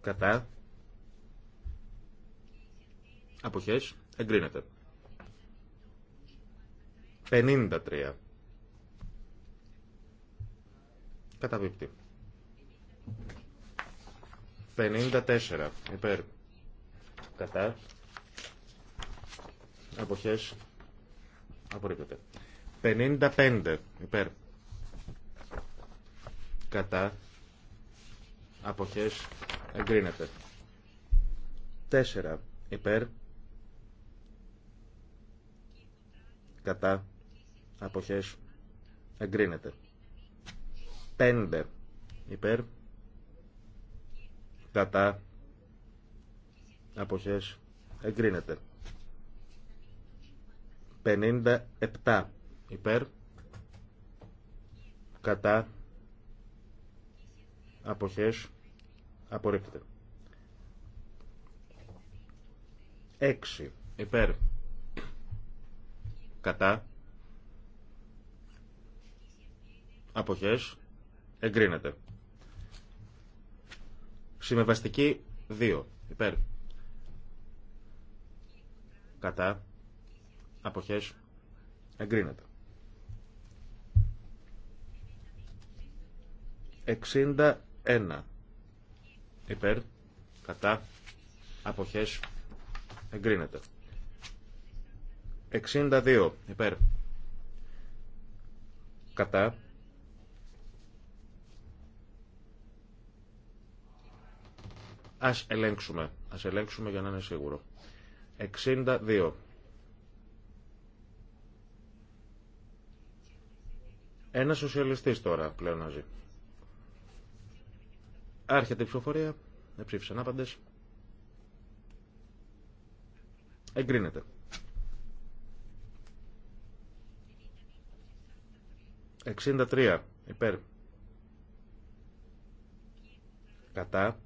Κατά. Αποχές. Εγκρίνεται. Πενήντα τρία. Καταπίπτει. 54. Υπέρ. Κατά. Αποχές. Απορρίπτεται. 55. Υπέρ. Κατά. Αποχές. Εγκρίνεται. 4. Υπέρ. Κατά. Αποχές. Εγκρίνεται. 5 υπέρ κατά αποχές εγκρίνεται Πενήντα επτά υπέρ κατά αποχές απορρίπτεται Έξι υπέρ κατά αποχές Εγκρίνεται. Συμμεβαστική 2. Υπέρ. Κατά. Αποχές. Εγκρίνεται. 61. Υπέρ. Κατά. Αποχές. Εγκρίνεται. 62. Υπέρ. Κατά. Ας ελέγξουμε. Ας ελέγξουμε για να είναι σίγουρο. 62. Ένα σοσιαλιστής τώρα πλέον να ζει. Άρχεται η ψηφοφορία. Δεν ψήφισαν άπαντες. Εγκρίνεται. 63 υπέρ. Κατά.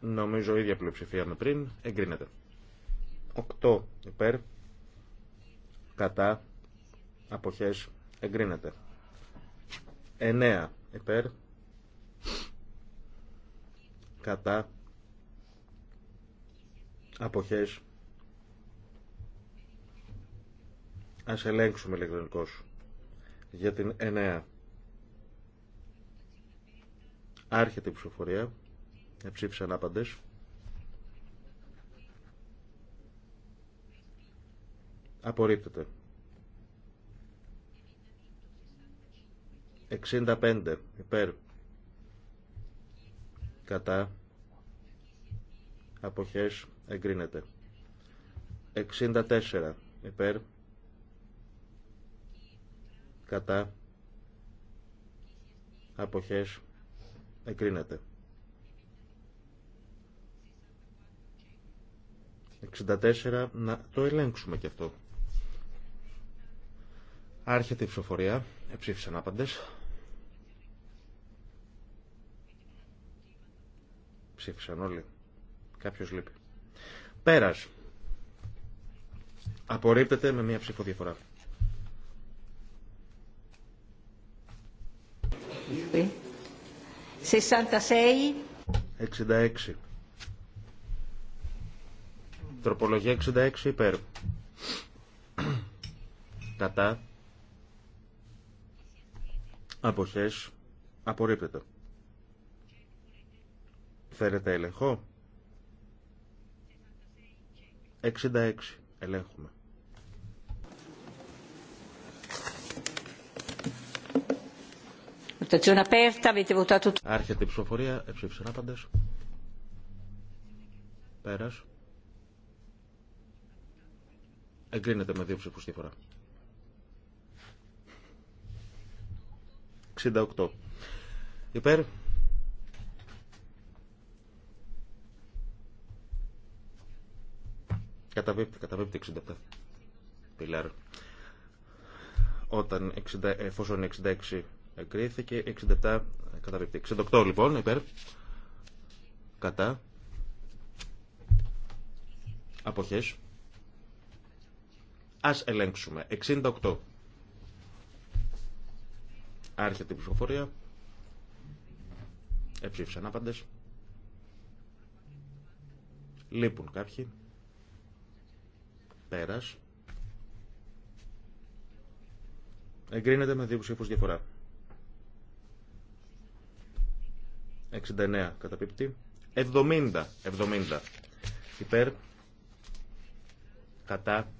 Νομίζω ίδια πλειοψηφία με πριν. Εγκρίνεται. 8 υπέρ. Κατά. Αποχές. Εγκρίνεται. 9 υπέρ. Κατά. Αποχές. Ας ελέγξουμε ηλεκτρονικός. Για την 9. Άρχεται η ψηφοφορία. Εψήφισαν άπαντες. Απορρίπτεται. 65 υπέρ κατά αποχές εγκρίνεται 64 υπέρ κατά αποχές εγκρίνεται 64 να το ελέγξουμε και αυτό. Άρχεται η ψηφοφορία. Εψήφισαν άπαντες. Ψήφισαν όλοι. Κάποιος λείπει. Πέρας. Απορρίπτεται με μία ψηφοδιαφορά. 66. 66. Τροπολογία 66 υπέρ. Κατά. Αποχές. Απορρίπτεται. Θέλετε έλεγχο. 66. Ελέγχουμε. Άρχεται η ψηφοφορία. Εψήφισαν άπαντες. Πέρας. Εγκρίνεται με δύο ψήφους διαφορά. 68. Υπέρ. Καταβίπτει, καταβίπτει 67. Πιλάρ. Όταν, 60, εφόσον 66 εγκρίθηκε, 67 καταβίπτει. 68 λοιπόν, υπέρ. Κατά. Αποχές. Ας ελέγξουμε. 68. Άρχεται η ψηφοφορία. Εψήφισαν άπαντες. Λείπουν κάποιοι. Πέρας. Εγκρίνεται με δύο ψήφους διαφορά. 69 καταπίπτει. 70. 70. Υπέρ. Κατά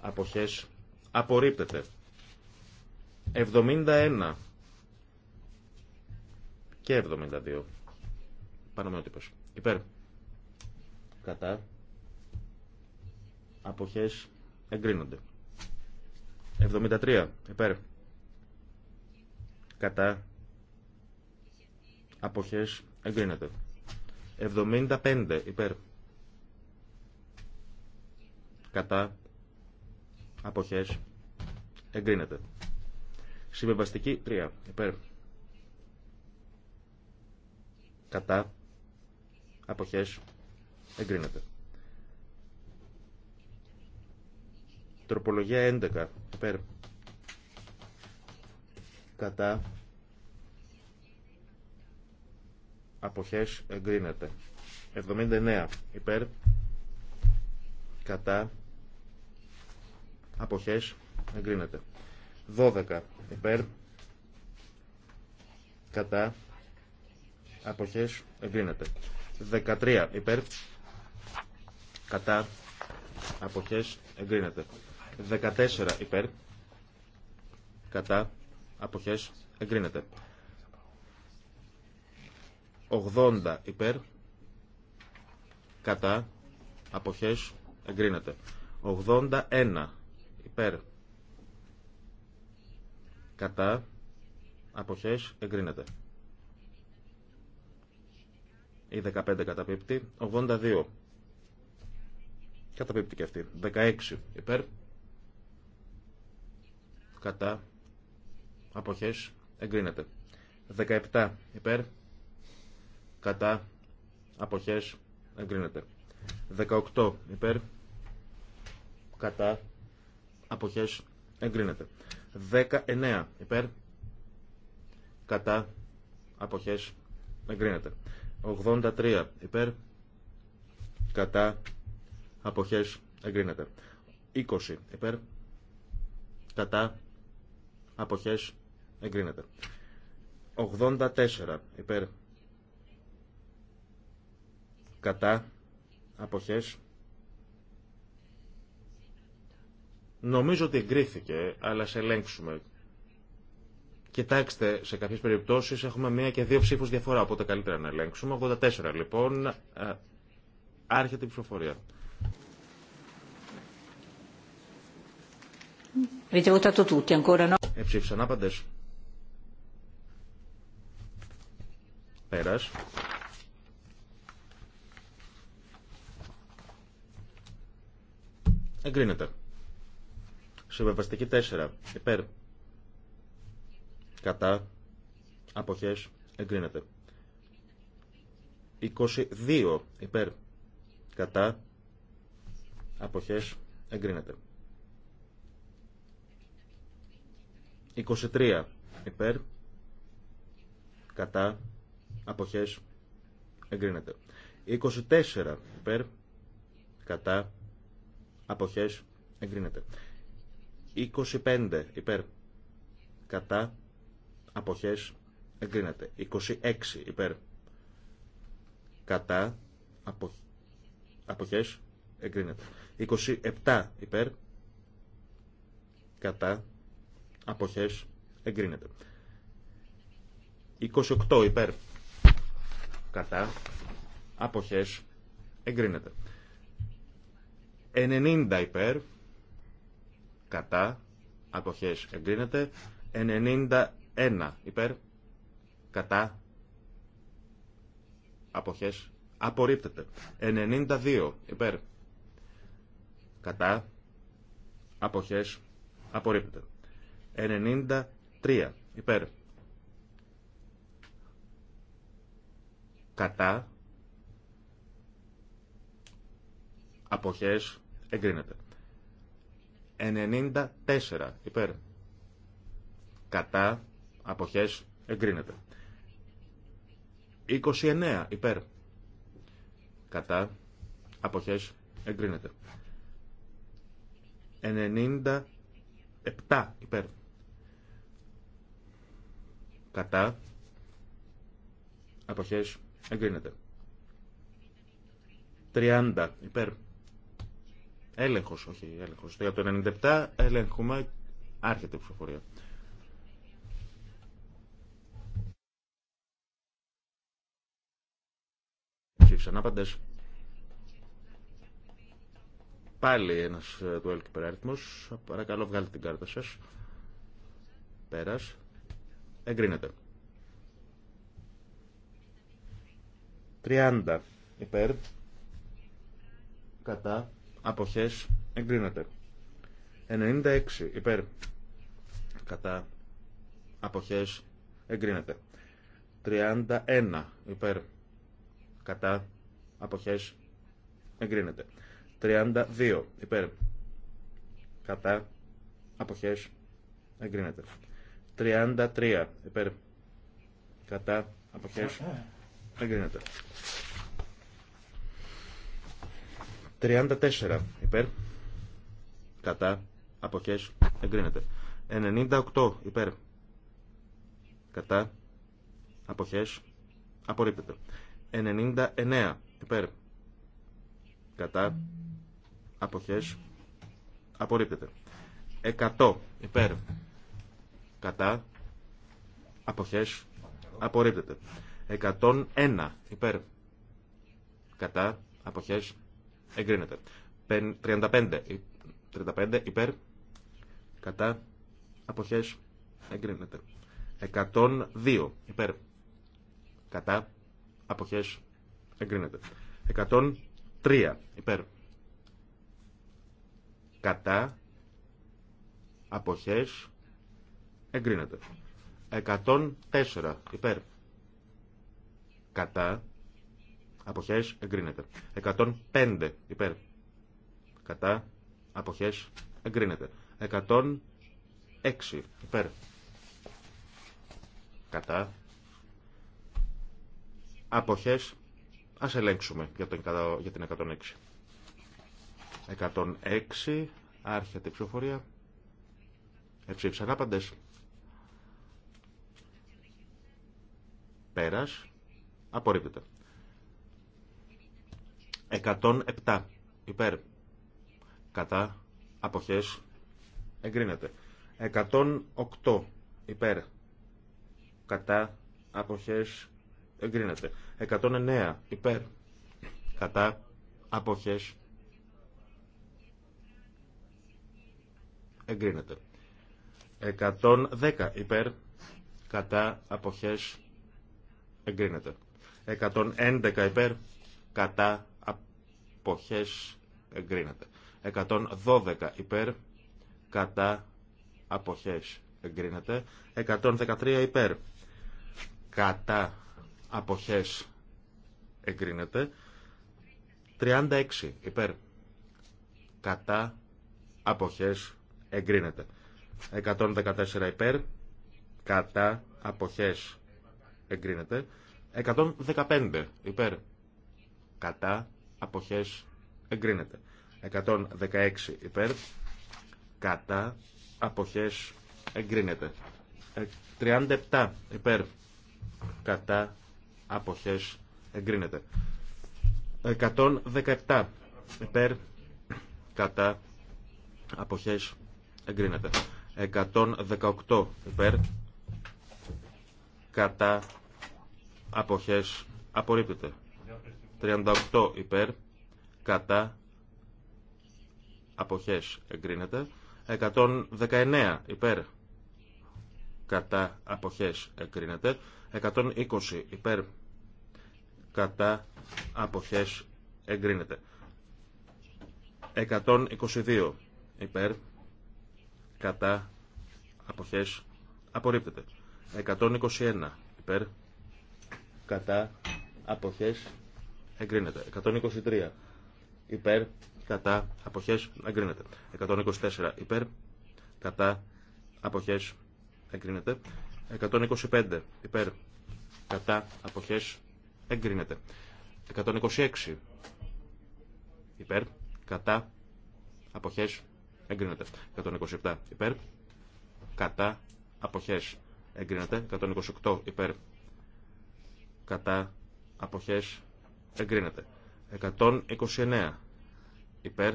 αποχές απορρίπτεται. 71 και 72. Πανομοιότυπος. Υπέρ. Κατά. Αποχές εγκρίνονται. 73. Υπέρ. Κατά. Αποχές εγκρίνεται. 75. Υπέρ. Κατά. Αποχές. Εγκρίνεται. Συμβεβαστική 3. Υπέρ. Κατά. Αποχές. Εγκρίνεται. Τροπολογία 11. Υπέρ. Κατά. Αποχές εγκρίνεται. 79. Υπέρ. Κατά. Αποχές. Εγκρίνεται. 12. Υπέρ. Κατά. Αποχές. Εγκρίνεται. 13. Υπέρ. Κατά. Αποχές. Εγκρίνεται. 14. Υπέρ. Κατά. Αποχές. Εγκρίνεται. 80 υπέρ, κατά, αποχές, εγκρίνεται. 81 Κατά. Αποχές. Εγκρίνεται. Η 15 καταπίπτει. 82. Καταπίπτει και αυτή. 16. Υπέρ. Κατά. Αποχές. Εγκρίνεται. 17. Υπέρ. Κατά. Αποχές. Εγκρίνεται. 18. Υπέρ. Κατά αποχές εγκρίνεται. 19 υπέρ κατά αποχές εγκρίνεται. 83 υπέρ κατά αποχές εγκρίνεται. 20 υπέρ κατά αποχές εγκρίνεται. 84 υπέρ κατά αποχές Νομίζω ότι εγκρίθηκε, αλλά σε ελέγξουμε. Κοιτάξτε, σε κάποιες περιπτώσεις έχουμε μία και δύο ψήφους διαφορά, οπότε καλύτερα να ελέγξουμε. 84 λοιπόν, ε, άρχεται η ψηφοφορία. Εψήφισαν άπαντες. Πέρας. Εγκρίνεται. Συμβεβαστική 4. Υπέρ. Κατά. Αποχές. Εγκρίνεται. 22. Υπέρ. Κατά. Αποχές. Εγκρίνεται. 23. Υπέρ. Κατά. Αποχές. Εγκρίνεται. 24. Υπέρ. Κατά. Αποχές. Εγκρίνεται. 25 υπέρ κατά αποχές εγκρίνεται 26 υπέρ κατά απο, αποχές εγκρίνεται 27 υπέρ κατά αποχές εγκρίνεται 28 υπέρ κατά αποχές εγκρίνεται 90 υπέρ κατά, αποχές εγκρίνεται, 91 υπέρ, κατά, αποχές απορρίπτεται, 92 υπέρ, κατά, αποχές απορρίπτεται, 93 υπέρ, κατά, αποχές εγκρίνεται. 94 υπέρ. Κατά αποχές εγκρίνεται. 29 υπέρ. Κατά αποχές εγκρίνεται. 97 υπέρ. Κατά αποχές εγκρίνεται. 30 υπέρ. Έλεγχο, όχι έλεγχο. Για το 97 έλεγχουμε, άρχεται η ψηφοφορία. Ψήφισαν άπαντες. Πάλι ένας ε, του ΕΛΚ υπεράριθμο. Παρακαλώ βγάλτε την κάρτα σα. Πέρα. Εγκρίνεται. 30 υπέρ. Κατά Αποχές. Εγκρίνεται. 96 υπέρ. Κατά. Αποχές. Εγκρίνεται. 31 υπέρ. Κατά. Αποχές. Εγκρίνεται. 32 υπέρ. Κατά. Αποχές. Εγκρίνεται. 33 υπέρ. Κατά. Αποχές. Εγκρίνεται. 34 υπέρ. Κατά. Αποχές. Εγκρίνεται. 98 υπέρ. Κατά. Αποχές. Απορρίπτεται. 99 υπέρ. Κατά. Αποχές. Απορρίπτεται. 100 υπέρ. Κατά. Αποχές. Απορρίπτεται. 101 υπέρ. Κατά. Αποχές. Εγκρίνεται. 35, 35 υπέρ. Κατά. Αποχές. Εγκρίνεται. 102 υπέρ. Κατά. Αποχές. Εγκρίνεται. 103 υπέρ. Κατά. Αποχές. Εγκρίνεται. 104 υπέρ. Κατά. Αποχές εγκρίνεται. 105 υπέρ. Κατά. Αποχές εγκρίνεται. 106 υπέρ. Κατά. Αποχές. Ας ελέγξουμε για, τον, για την 106. 106. Άρχεται η ψηφοφορία. Εψήφισαν άπαντες. Πέρας. Απορρίπτεται. 107 υπέρ κατά αποχές εγκρίνεται 108 υπέρ κατά αποχές εγκρίνεται 109 υπέρ κατά αποχές εγκρίνεται 110 υπέρ κατά αποχές εγκρίνεται 111 υπέρ κατά αποχές εγκρίνεται. 112 υπέρ κατά αποχές εγκρίνεται. 113 υπέρ κατά αποχές εγκρίνεται. 36 υπέρ κατά αποχές εγκρίνεται. 114 υπέρ κατά αποχές εγκρίνεται. 115 υπέρ κατά αποχές εγκρίνεται. 116 υπέρ, κατά, αποχές εγκρίνεται. 37 ε, υπέρ, κατά, αποχές εγκρίνεται. 117 υπέρ, κατά, αποχές εγκρίνεται. 118 υπέρ, κατά, αποχές απορρίπτεται. 38 υπέρ, κατά, αποχές εγκρίνεται. 119 υπέρ, κατά, αποχές εγκρίνεται. 120 υπέρ, κατά, αποχές εγκρίνεται. 122 υπέρ, κατά, αποχές απορρίπτεται. 121 υπέρ, κατά, αποχές εγκρίνεται. 123 υπέρ, κατά, αποχές, εγκρίνεται. 124 υπέρ, κατά, αποχές, εγκρίνεται. 125 υπέρ, κατά, αποχές, εγκρίνεται. 126 υπέρ, κατά, αποχές, εγκρίνεται. 127 υπέρ, κατά, αποχές, εγκρίνεται. 128 υπέρ, κατά, αποχές, εγκρίνεται. 129 υπέρ,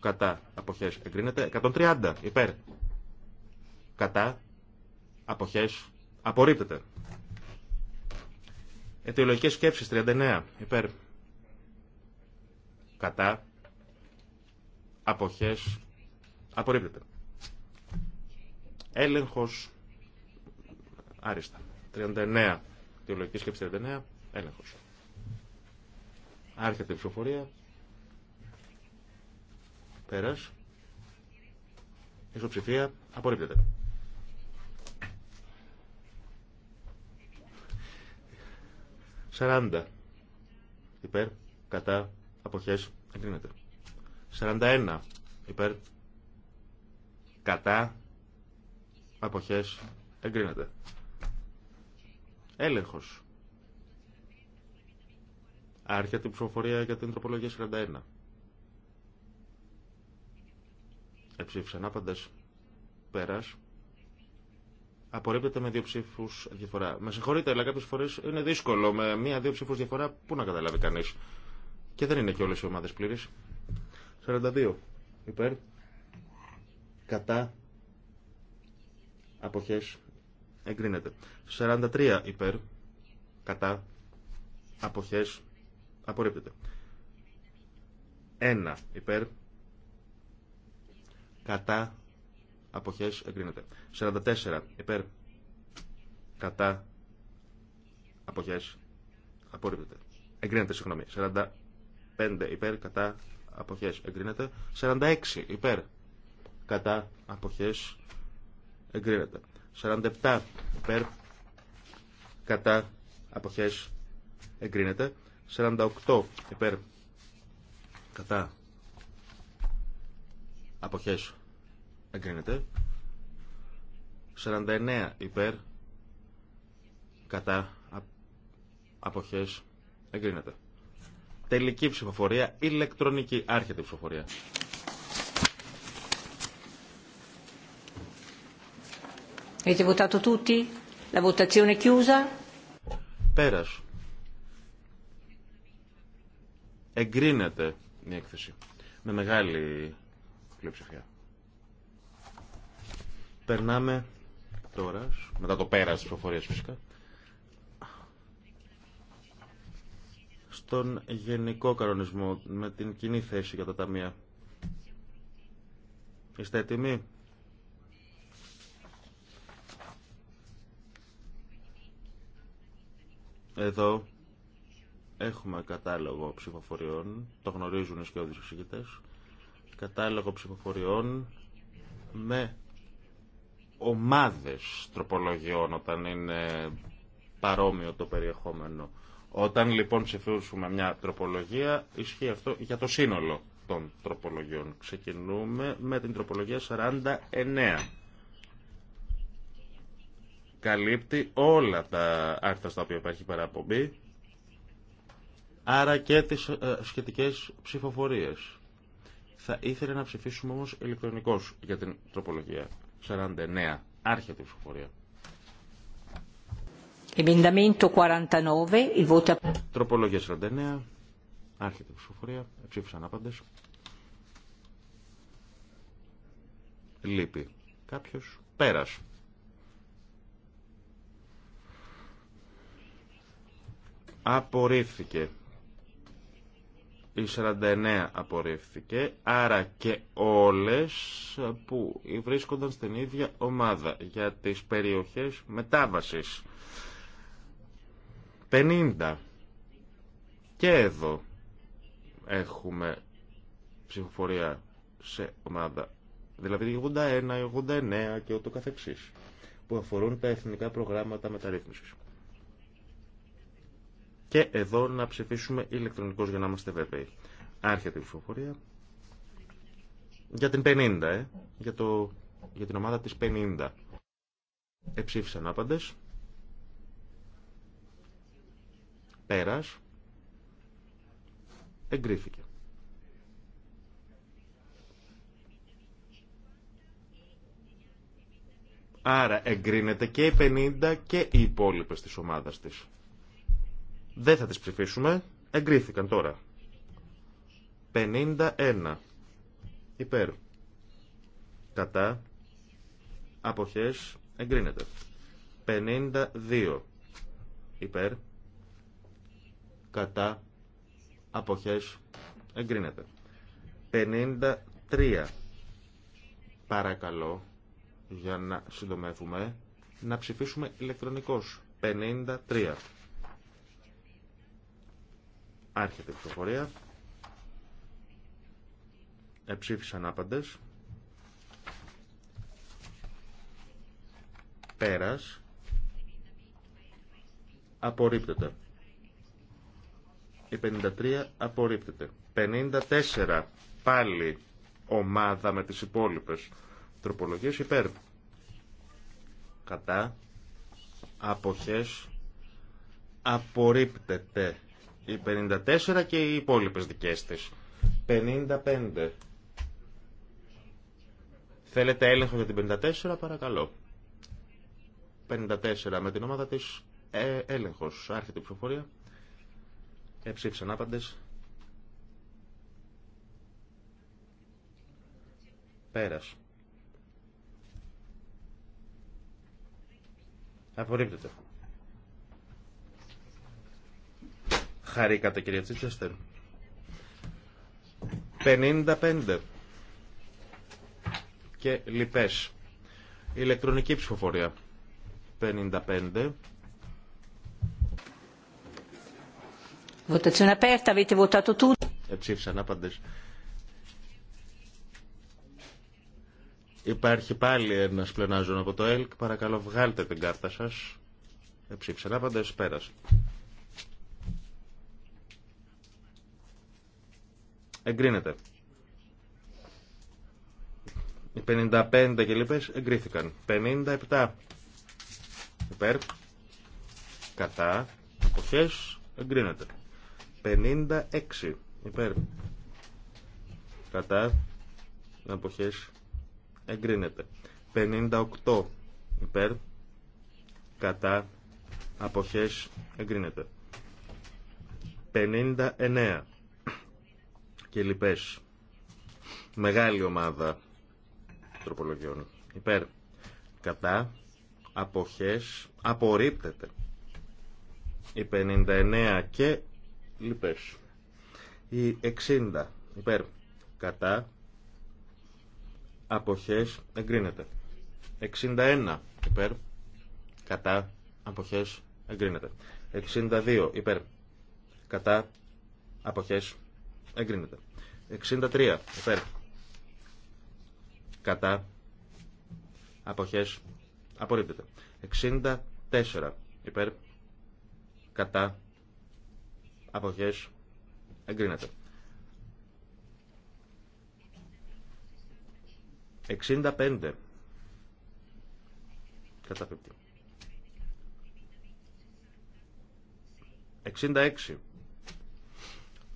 κατά, αποχές, εγκρίνεται. 130 υπέρ, κατά, αποχές, απορρίπτεται. Αιτιολογικές σκέψεις 39 υπέρ, κατά, αποχές, απορρίπτεται. Έλεγχος, άριστα. 39, αιτιολογικές σκέψη 39, έλεγχος. Άρχεται η ψηφοφορία. πέρα. Ισοψηφία. Απορρίπτεται. Σαράντα. Υπέρ. Κατά. Αποχές. Εγκρίνεται. Σαράντα ένα. Υπέρ. Κατά. Αποχές. Εγκρίνεται. Έλεγχος. Άρχεται την ψηφοφορία για την τροπολογία 41. Εψήφισαν άπαντες. Πέρας. Απορρίπτεται με δύο ψήφου διαφορά. Με συγχωρείτε, αλλά κάποιε φορέ είναι δύσκολο. Με μία-δύο ψήφου διαφορά, πού να καταλάβει κανεί. Και δεν είναι και όλε οι ομάδε πλήρε. 42. Υπέρ. Κατά. Αποχές. Εγκρίνεται. 43 υπέρ. Κατά. Αποχές. Απορρίπτεται. 1 υπέρ. Κατά. Αποχές εγκρίνεται. 44 υπέρ. Κατά. Αποχές. Απορρίπτεται. Εγκρίνεται, συγγνώμη. 45 υπέρ. Κατά. Αποχές εγκρίνεται. 46 υπέρ. Κατά. Αποχές εγκρίνεται. 47 υπέρ. Κατά. Αποχές εγκρίνεται. 48 υπέρ κατά αποχές εγκρίνεται 49 υπέρ κατά αποχές εγκρίνεται τελική ψηφοφορία ηλεκτρονική άρχεται η ψηφοφορία Avete votato tutti? La votazione è chiusa. Peras. Εγκρίνεται η έκθεση. Με μεγάλη πλειοψηφία. Περνάμε τώρα, μετά το πέρας της προφορίας φυσικά, στον γενικό κανονισμό με την κοινή θέση για τα ταμεία. Είστε έτοιμοι? Εδώ Έχουμε κατάλογο ψηφοφοριών, το γνωρίζουν οι σκιώδεις εξηγητές, κατάλογο ψηφοφοριών με ομάδες τροπολογιών όταν είναι παρόμοιο το περιεχόμενο. Όταν λοιπόν ψηφίσουμε μια τροπολογία, ισχύει αυτό για το σύνολο των τροπολογιών. Ξεκινούμε με την τροπολογία 49. Καλύπτει όλα τα άρθρα στα οποία υπάρχει παραπομπή άρα και τις ε, σχετικέ ψηφοφορίες. Θα ήθελε να ψηφίσουμε όμως ηλεκτρονικώ για την τροπολογία 49, άρχεται η ψηφοφορία. 49, η Τροπολογία 49, άρχεται η ψηφοφορία, ψήφισαν άπαντε. Λείπει Κάποιο, πέρα. Απορρίφθηκε. Η 49 απορρίφθηκε, άρα και όλες που βρίσκονταν στην ίδια ομάδα για τις περιοχές μετάβασης. 50. Και εδώ έχουμε ψηφοφορία σε ομάδα. Δηλαδή 81, 89 και ούτω καθεξής που αφορούν τα εθνικά προγράμματα μεταρρύθμισης και εδώ να ψηφίσουμε ηλεκτρονικώς για να είμαστε βέβαιοι. Άρχεται η ψηφοφορία. Για την 50, ε. Για, το, για την ομάδα της 50. Εψήφισαν άπαντες. Πέρας. Εγκρίθηκε. Άρα εγκρίνεται και η 50 και οι υπόλοιπε της ομάδας της. Δεν θα τις ψηφίσουμε. Εγκρίθηκαν τώρα. 51. Υπέρ. Κατά. Αποχές. Εγκρίνεται. 52. Υπέρ. Κατά. Αποχές. Εγκρίνεται. 53. Παρακαλώ, για να συντομεύουμε, να ψηφίσουμε ηλεκτρονικός. 53. Άρχεται η ψηφοφορία. Εψήφισαν άπαντες. Πέρας. Απορρίπτεται. Η 53 απορρίπτεται. 54 πάλι ομάδα με τις υπόλοιπες τροπολογίες υπέρ. Κατά. Αποχές. Απορρίπτεται. Οι 54 και οι υπόλοιπε δικές της. 55. Θέλετε έλεγχο για την 54, παρακαλώ. 54 με την ομάδα της ε, έλεγχος. Άρχεται η ψηφοφορία. Εψήφισαν άπαντες. Πέρας. Απορρίπτεται. Χαρήκατε κυρία Τσίτσεστερ. 55 και λοιπές. Ηλεκτρονική ψηφοφορία. 55. Votazione aperta, Εψήφισαν άπαντες. Υπάρχει πάλι ένας πλενάζων από το ΕΛΚ. Παρακαλώ βγάλτε την κάρτα σας. Εψήφισαν άπαντες. Πέρασε. Εγκρίνεται. Οι 55 και εγκρίθηκαν. 57 υπέρ. Κατά. Αποχές. Εγκρίνεται. 56 υπέρ. Κατά. Αποχές. Εγκρίνεται. 58 υπέρ. Κατά. Αποχές. Εγκρίνεται. 59 και λοιπές. Μεγάλη ομάδα τροπολογιών. Υπέρ. Κατά. Αποχές. Απορρίπτεται. Οι 59 και λοιπές. Η 60. Υπέρ. Κατά. Αποχές. Εγκρίνεται. 61. Υπέρ. Κατά. Αποχές. Εγκρίνεται. 62. Υπέρ. Κατά. Αποχές. Εγκρίνεται. 63 υπέρ. Κατά. Αποχές. Απορρίπτεται. 64 υπέρ. Κατά. Αποχές. Εγκρίνεται. 65 καταπληκτή. 66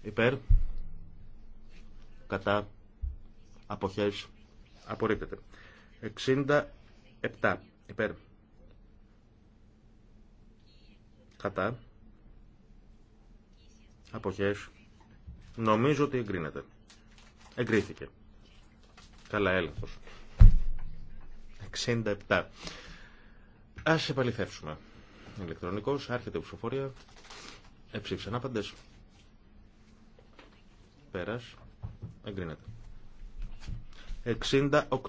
υπέρ κατά αποχές απορρίπτεται. 67 υπέρ κατά αποχές νομίζω ότι εγκρίνεται. Εγκρίθηκε. Καλά έλεγχος. 67. Ας επαληθεύσουμε. Ηλεκτρονικός, άρχεται η ψηφοφορία. Εψήφισαν άπαντες. Πέρας. Εγκρίνεται.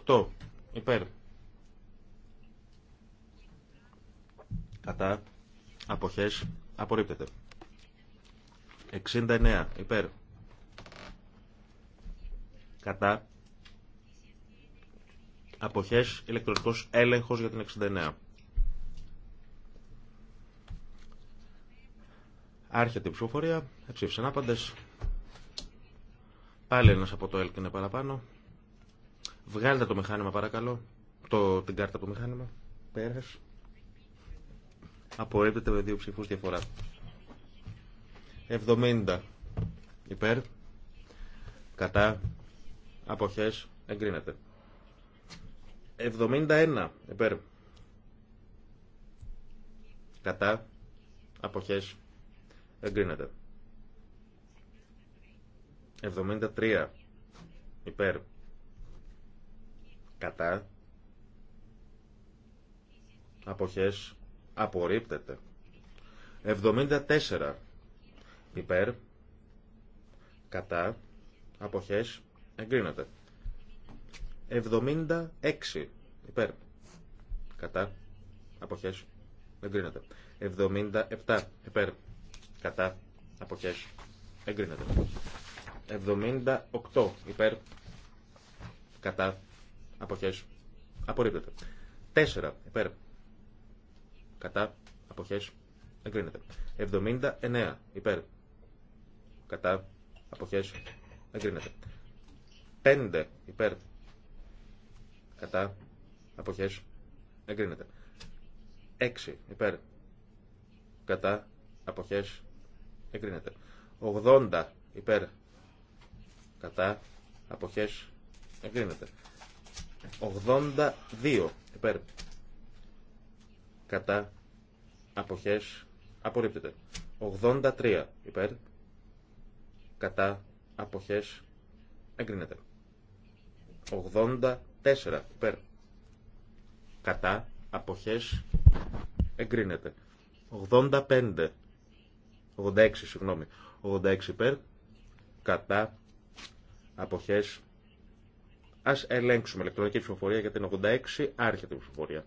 68. Υπέρ. Κατά. Αποχές. Απορρίπτεται. 69. Υπέρ. Κατά. Αποχές. Ηλεκτρονικός έλεγχος για την 69. Άρχεται η ψηφοφορία. να άπαντες. Πάλι ένα από το ΕΛΚ παραπάνω. Βγάλτε το μηχάνημα παρακαλώ. Το, την κάρτα από το μηχάνημα. Πέρας. Απορρίπτεται με δύο ψηφού διαφορά. 70 υπέρ. Κατά. Αποχές. Εγκρίνεται. 71 υπέρ. Κατά. Αποχές. Εγκρίνεται. 73 υπέρ κατά αποχές απορρίπτεται 74 υπέρ κατά αποχές εγκρίνεται 76 υπέρ κατά αποχές εγκρίνεται 77 υπέρ κατά αποχές εγκρίνεται 78 υπέρ κατά αποχές απορρίπτεται 4 υπέρ κατά αποχές εγκρίνεται 79 υπέρ κατά αποχές εγκρίνεται 5 υπέρ κατά αποχές εγκρίνεται 6 υπέρ κατά αποχές εγκρίνεται 80 υπέρ κατά αποχές εγκρίνεται 82 υπέρ κατά αποχές απορρίπτεται 83 υπέρ κατά αποχές εγκρίνεται 84 υπέρ κατά αποχές εγκρίνεται 85 86 συγγνώμη 86 υπέρ κατά αποχές. Ας ελέγξουμε ηλεκτρονική ψηφοφορία για την 86, άρχεται η ψηφοφορία.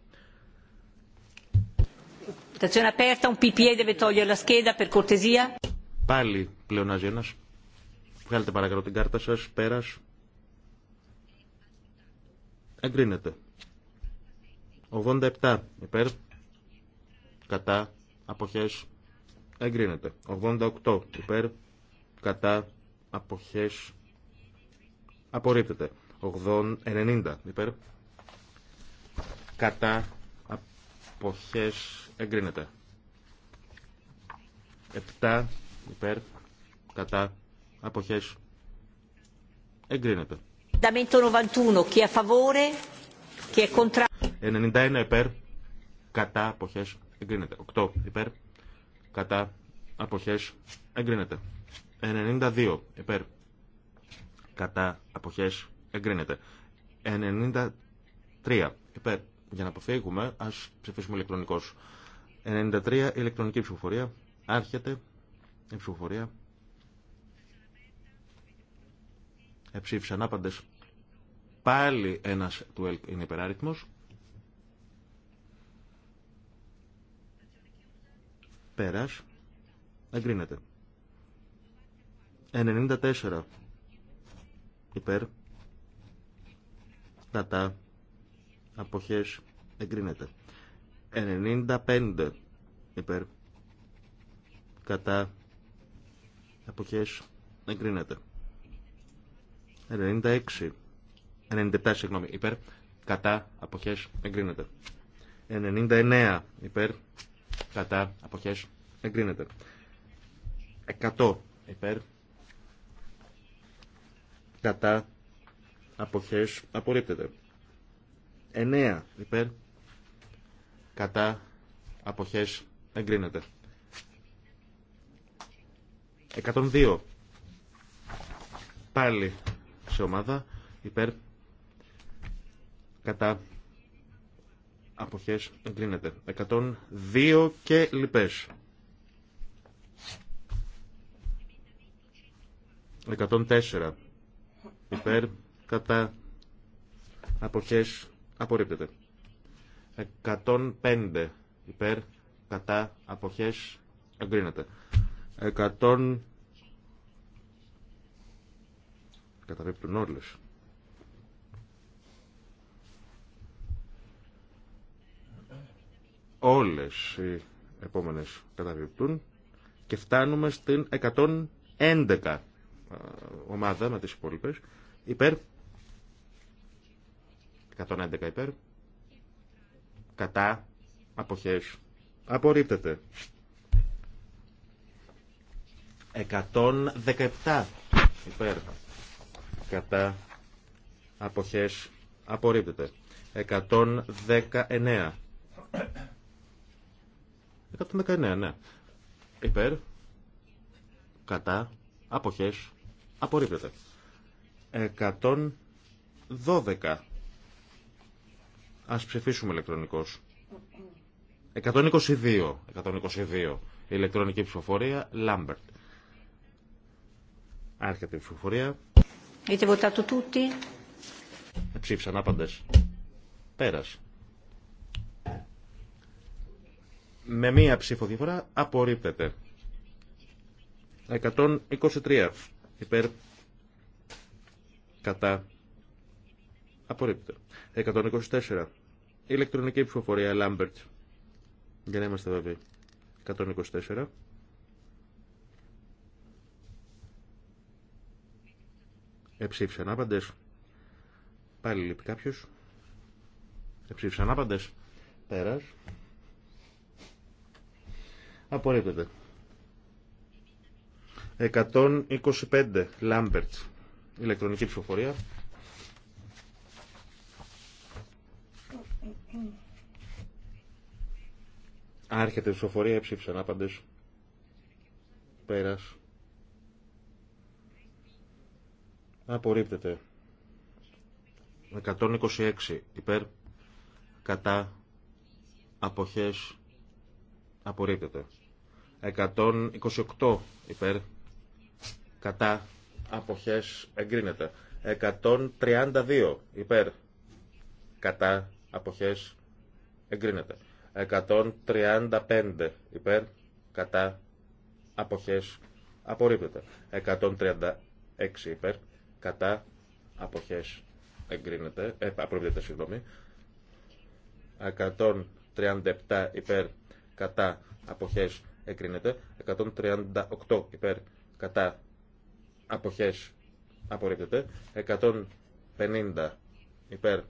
Πάλι πλεονάζει ένας. Βγάλετε παρακαλώ την κάρτα σας, πέρας. Εγκρίνεται. 87 υπέρ, κατά, αποχές, εγκρίνεται. 88 υπέρ, κατά, αποχές, Απορρίπτεται. 90 υπέρ. Κατά αποχές εγκρίνεται. 7 υπέρ. Κατά αποχές εγκρίνεται. 91 chi è 91 υπέρ. Κατά αποχές εγκρίνεται. 8 υπέρ. Κατά αποχές εγκρίνεται. 92 υπέρ κατά αποχές εγκρίνεται. 93 υπέρ. Για να αποφύγουμε ας ψηφίσουμε ηλεκτρονικός. 93 ηλεκτρονική ψηφοφορία. Άρχεται η ψηφοφορία. Εψήφισαν ανάπαντες. Πάλι ένας του ΕΛΚ είναι υπεράριθμος. Πέρας. Εγκρίνεται. 94 υπέρ κατά αποχές εγκρίνεται 95 υπέρ κατά αποχές εγκρίνεται 96 97 συγγνώμη υπέρ κατά αποχές εγκρίνεται 99 υπέρ κατά αποχές εγκρίνεται 100 υπέρ κατά αποχές απορρίπτεται. 9 υπέρ κατά αποχές εγκρίνεται. 102 πάλι σε ομάδα υπέρ κατά αποχές εγκρίνεται. 102 και λοιπές. 104 υπέρ, κατά, αποχές, απορρίπτεται. 105 υπέρ, κατά, αποχές, εγκρίνεται. 100 καταρρύπτουν όλες. Όλες οι επόμενες καταρρύπτουν και φτάνουμε στην 111 ε, ομάδα με τις υπόλοιπες Υπέρ. 111 υπέρ. Κατά. Αποχές. Απορρίπτεται. 117 υπέρ. Κατά. Αποχές. Απορρίπτεται. 119. 119, ναι. Υπέρ. Κατά. Αποχές. Απορρίπτεται. 112. Ας ψηφίσουμε ηλεκτρονικός. 122. 122. Ηλεκτρονική ψηφοφορία. Λάμπερτ. Άρχεται η ψηφοφορία. Είτε votato tutti. Ψήφισαν άπαντες. Πέρας. Με μία ψήφο διαφορά απορρίπτεται. 123. Υπέρ κατά απορρίπτεται. 124. Ηλεκτρονική ψηφοφορία Λάμπερτ. Για να είμαστε βέβαιοι. 124. Εψήφισαν άπαντε. Πάλι λείπει κάποιο. Εψήφισαν άπαντε. Πέρα. Απορρίπτεται. 125. Λάμπερτ ηλεκτρονική ψηφοφορία. Άρχεται η ψηφοφορία, ψήφισαν άπαντες. Πέρας. Απορρίπτεται. 126 υπέρ. Κατά. Αποχές. Απορρίπτεται. 128 υπέρ. Κατά αποχές εγκρίνεται. 132 υπέρ κατά αποχές εγκρίνεται. 135 υπέρ κατά αποχές απορρίπτεται. 136 υπέρ κατά αποχές εγκρίνεται, ε, απορρίπτεται συγγνώμη. 137 υπέρ κατά αποχές εγκρίνεται. 138 υπέρ κατά αποχές απορρίπτεται 150 υπέρ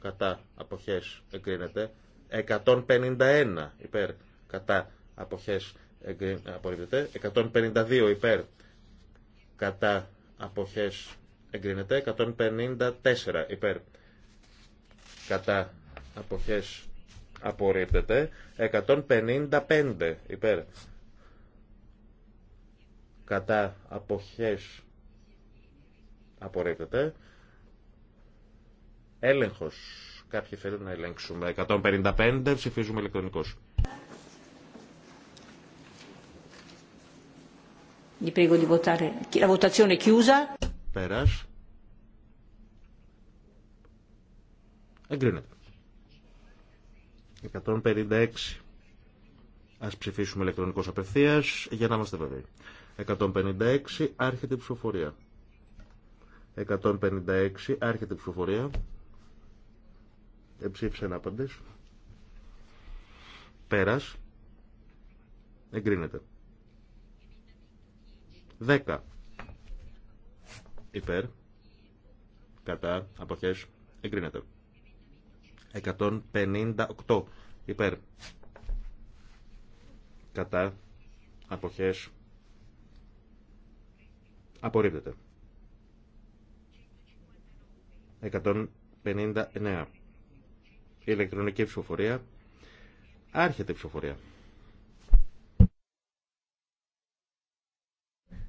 κατά αποχές εγκρίνεται 151 υπέρ κατά αποχές απορρίπτεται 152 υπέρ κατά αποχές εγκρίνεται 154 υπέρ κατά αποχές απορρίπτεται 155 υπέρ κατά αποχές Απορρίπτεται. Έλεγχος. Κάποιοι θέλουν να ελέγξουμε. 155 ψηφίζουμε ηλεκτρονικός. Vi prego di votare. La votazione è chiusa. Εγκρίνεται. 156. Ας ψηφίσουμε ηλεκτρονικός απευθείας για να είμαστε βέβαιοι. 156. Άρχεται η ψηφοφορία. 156. Άρχεται η ψηφοφορία. Εψήφισαν άπαντες. Πέρας. Εγκρίνεται. 10. Υπέρ. Κατά. Αποχές. Εγκρίνεται. 158. Υπέρ. Κατά. Αποχές. Απορρίπτεται. 159. ηλεκτρονική ψηφοφορία. Άρχεται η ψηφοφορία.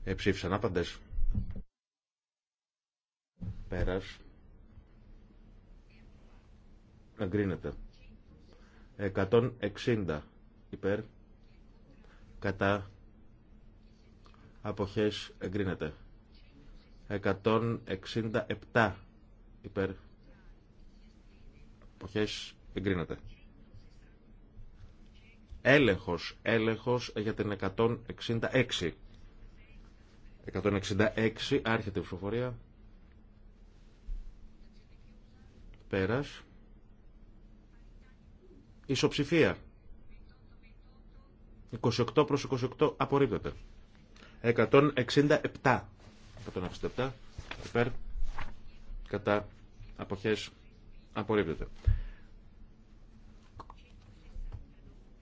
Εψήφισαν άπαντες. Πέρας. Εγκρίνεται. 160 υπέρ. Κατά. Αποχές εγκρίνεται. 167 υπέρ εποχές εγκρίνεται. Έλεγχος, έλεγχος για την 166. 166, άρχεται η ψηφοφορία. Πέρας. Ισοψηφία. 28 προς 28 απορρίπτεται. 167. 167 υπέρ κατά αποχές απορρίπτεται.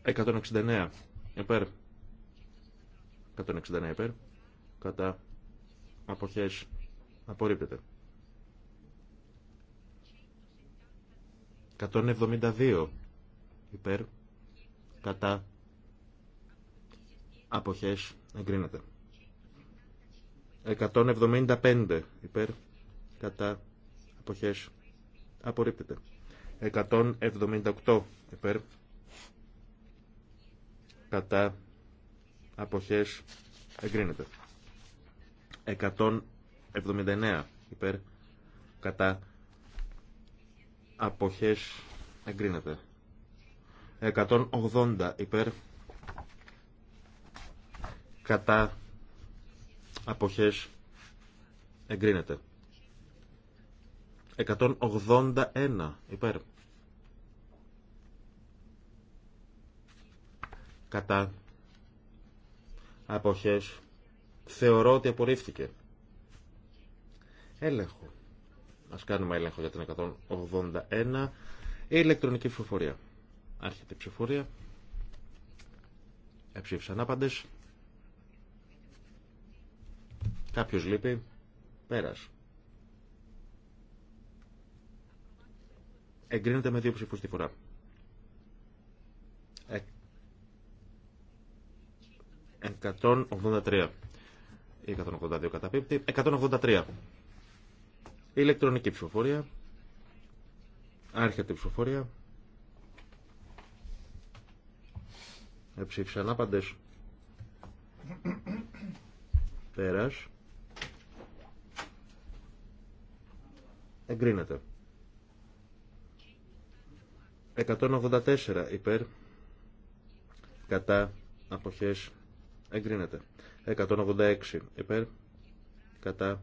169 υπέρ 169 υπέρ κατά αποχές απορρίπτεται. 172 υπέρ κατά αποχές εγκρίνεται. 175 υπέρ κατά αποχές απορρίπτεται. 178 υπέρ κατά αποχές εγκρίνεται. 179 υπέρ κατά αποχές εγκρίνεται. 180 υπέρ κατά αποχές εγκρίνεται. 181 υπέρ. Κατά. Αποχές. Θεωρώ ότι απορρίφθηκε. Έλεγχο. Ας κάνουμε έλεγχο για την 181. Η ηλεκτρονική ψηφοφορία. Άρχεται η ψηφοφορία. Εψήφισαν άπαντες. Κάποιος λείπει. Πέρασε. Εγκρίνεται με δύο ψηφούς τη φορά. Ε, 183 ή 182 καταπίπτει. 183. Ηλεκτρονική ψηφοφορία. Άρχεται η ψηφοφορία. Εψήφισαν αρχεται ψηφοφορια εψηφισαν Πέρας. περά. εγκρινεται 184 υπέρ κατά αποχές εγκρίνεται 186 υπέρ κατά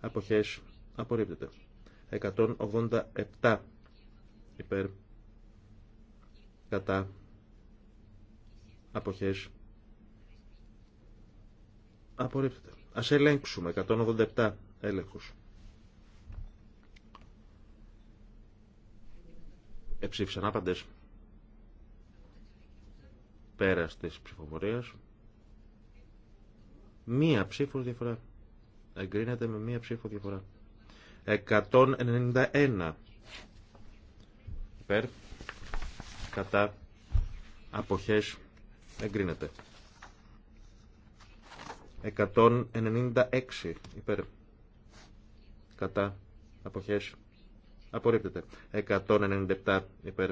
αποχές απορρίπτεται 187 υπέρ κατά αποχές απορρίπτεται ας ελέγξουμε 187 έλεγχος Εψήφισαν άπαντες. Πέρας της ψηφοφορίας. Μία ψήφος διαφορά. Εγκρίνεται με μία ψήφο διαφορά. 191. Υπέρ. Κατά. Αποχές. Εγκρίνεται. 196 υπέρ κατά αποχές Απορρίπτεται. 197 υπέρ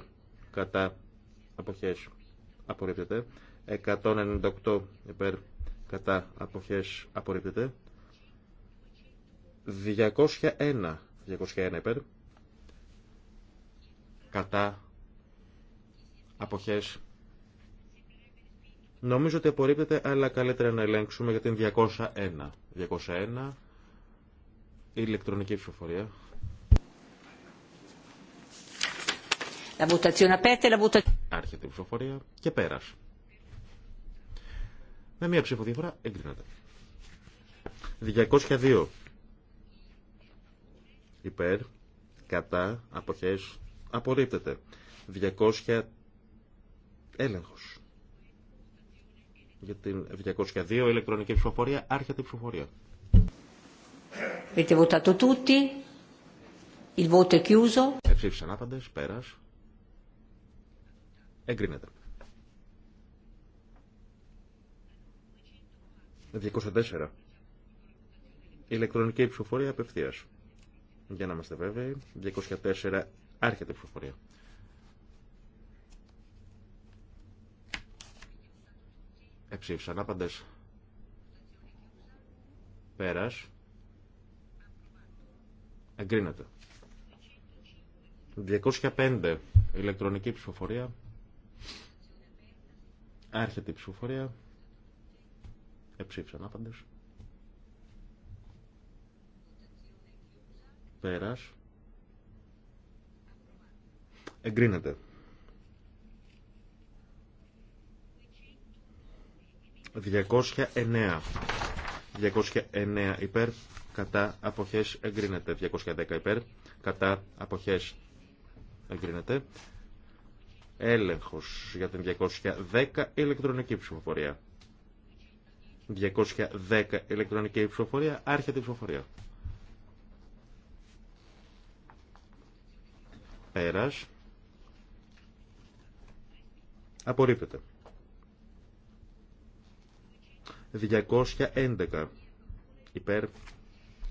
κατά αποχές. Απορρίπτεται. 198 υπέρ κατά αποχές. Απορρίπτεται. 201. 201 υπέρ κατά αποχές. Νομίζω ότι απορρίπτεται, αλλά καλύτερα να ελέγξουμε για την 201. 201, ηλεκτρονική ψηφοφορία. E άρχεται η ψηφοφορία και πέρας. Με μία ψήφο διαφορά εγκρίνεται. 202. Υπέρ, κατά, αποχές, απορρίπτεται. 200 έλεγχος. Για την 202 ηλεκτρονική ψηφοφορία άρχεται η ψηφοφορία. Avete votato tutti? Il voto è Εψήφισαν άπαντες, πέρας. Εγκρίνεται. 204. Ηλεκτρονική ψηφοφορία απευθεία. Για να είμαστε βέβαιοι. 204. Άρχεται η ψηφοφορία. Εψήφισαν άπαντε. Πέρα. Εγκρίνεται. 205. Ηλεκτρονική ψηφοφορία. Έρχεται η ψηφοφορία. Εψήφισαν Πέρας. Εγκρίνεται. 209. 209 υπέρ, κατά αποχές εγκρίνεται. 210 υπέρ, κατά αποχές εγκρίνεται. Έλεγχος για την 210 ηλεκτρονική ψηφοφορία. 210 ηλεκτρονική ψηφοφορία, άρχεται η ψηφοφορία. Πέρας. Απορρίπτεται. 211 υπέρ,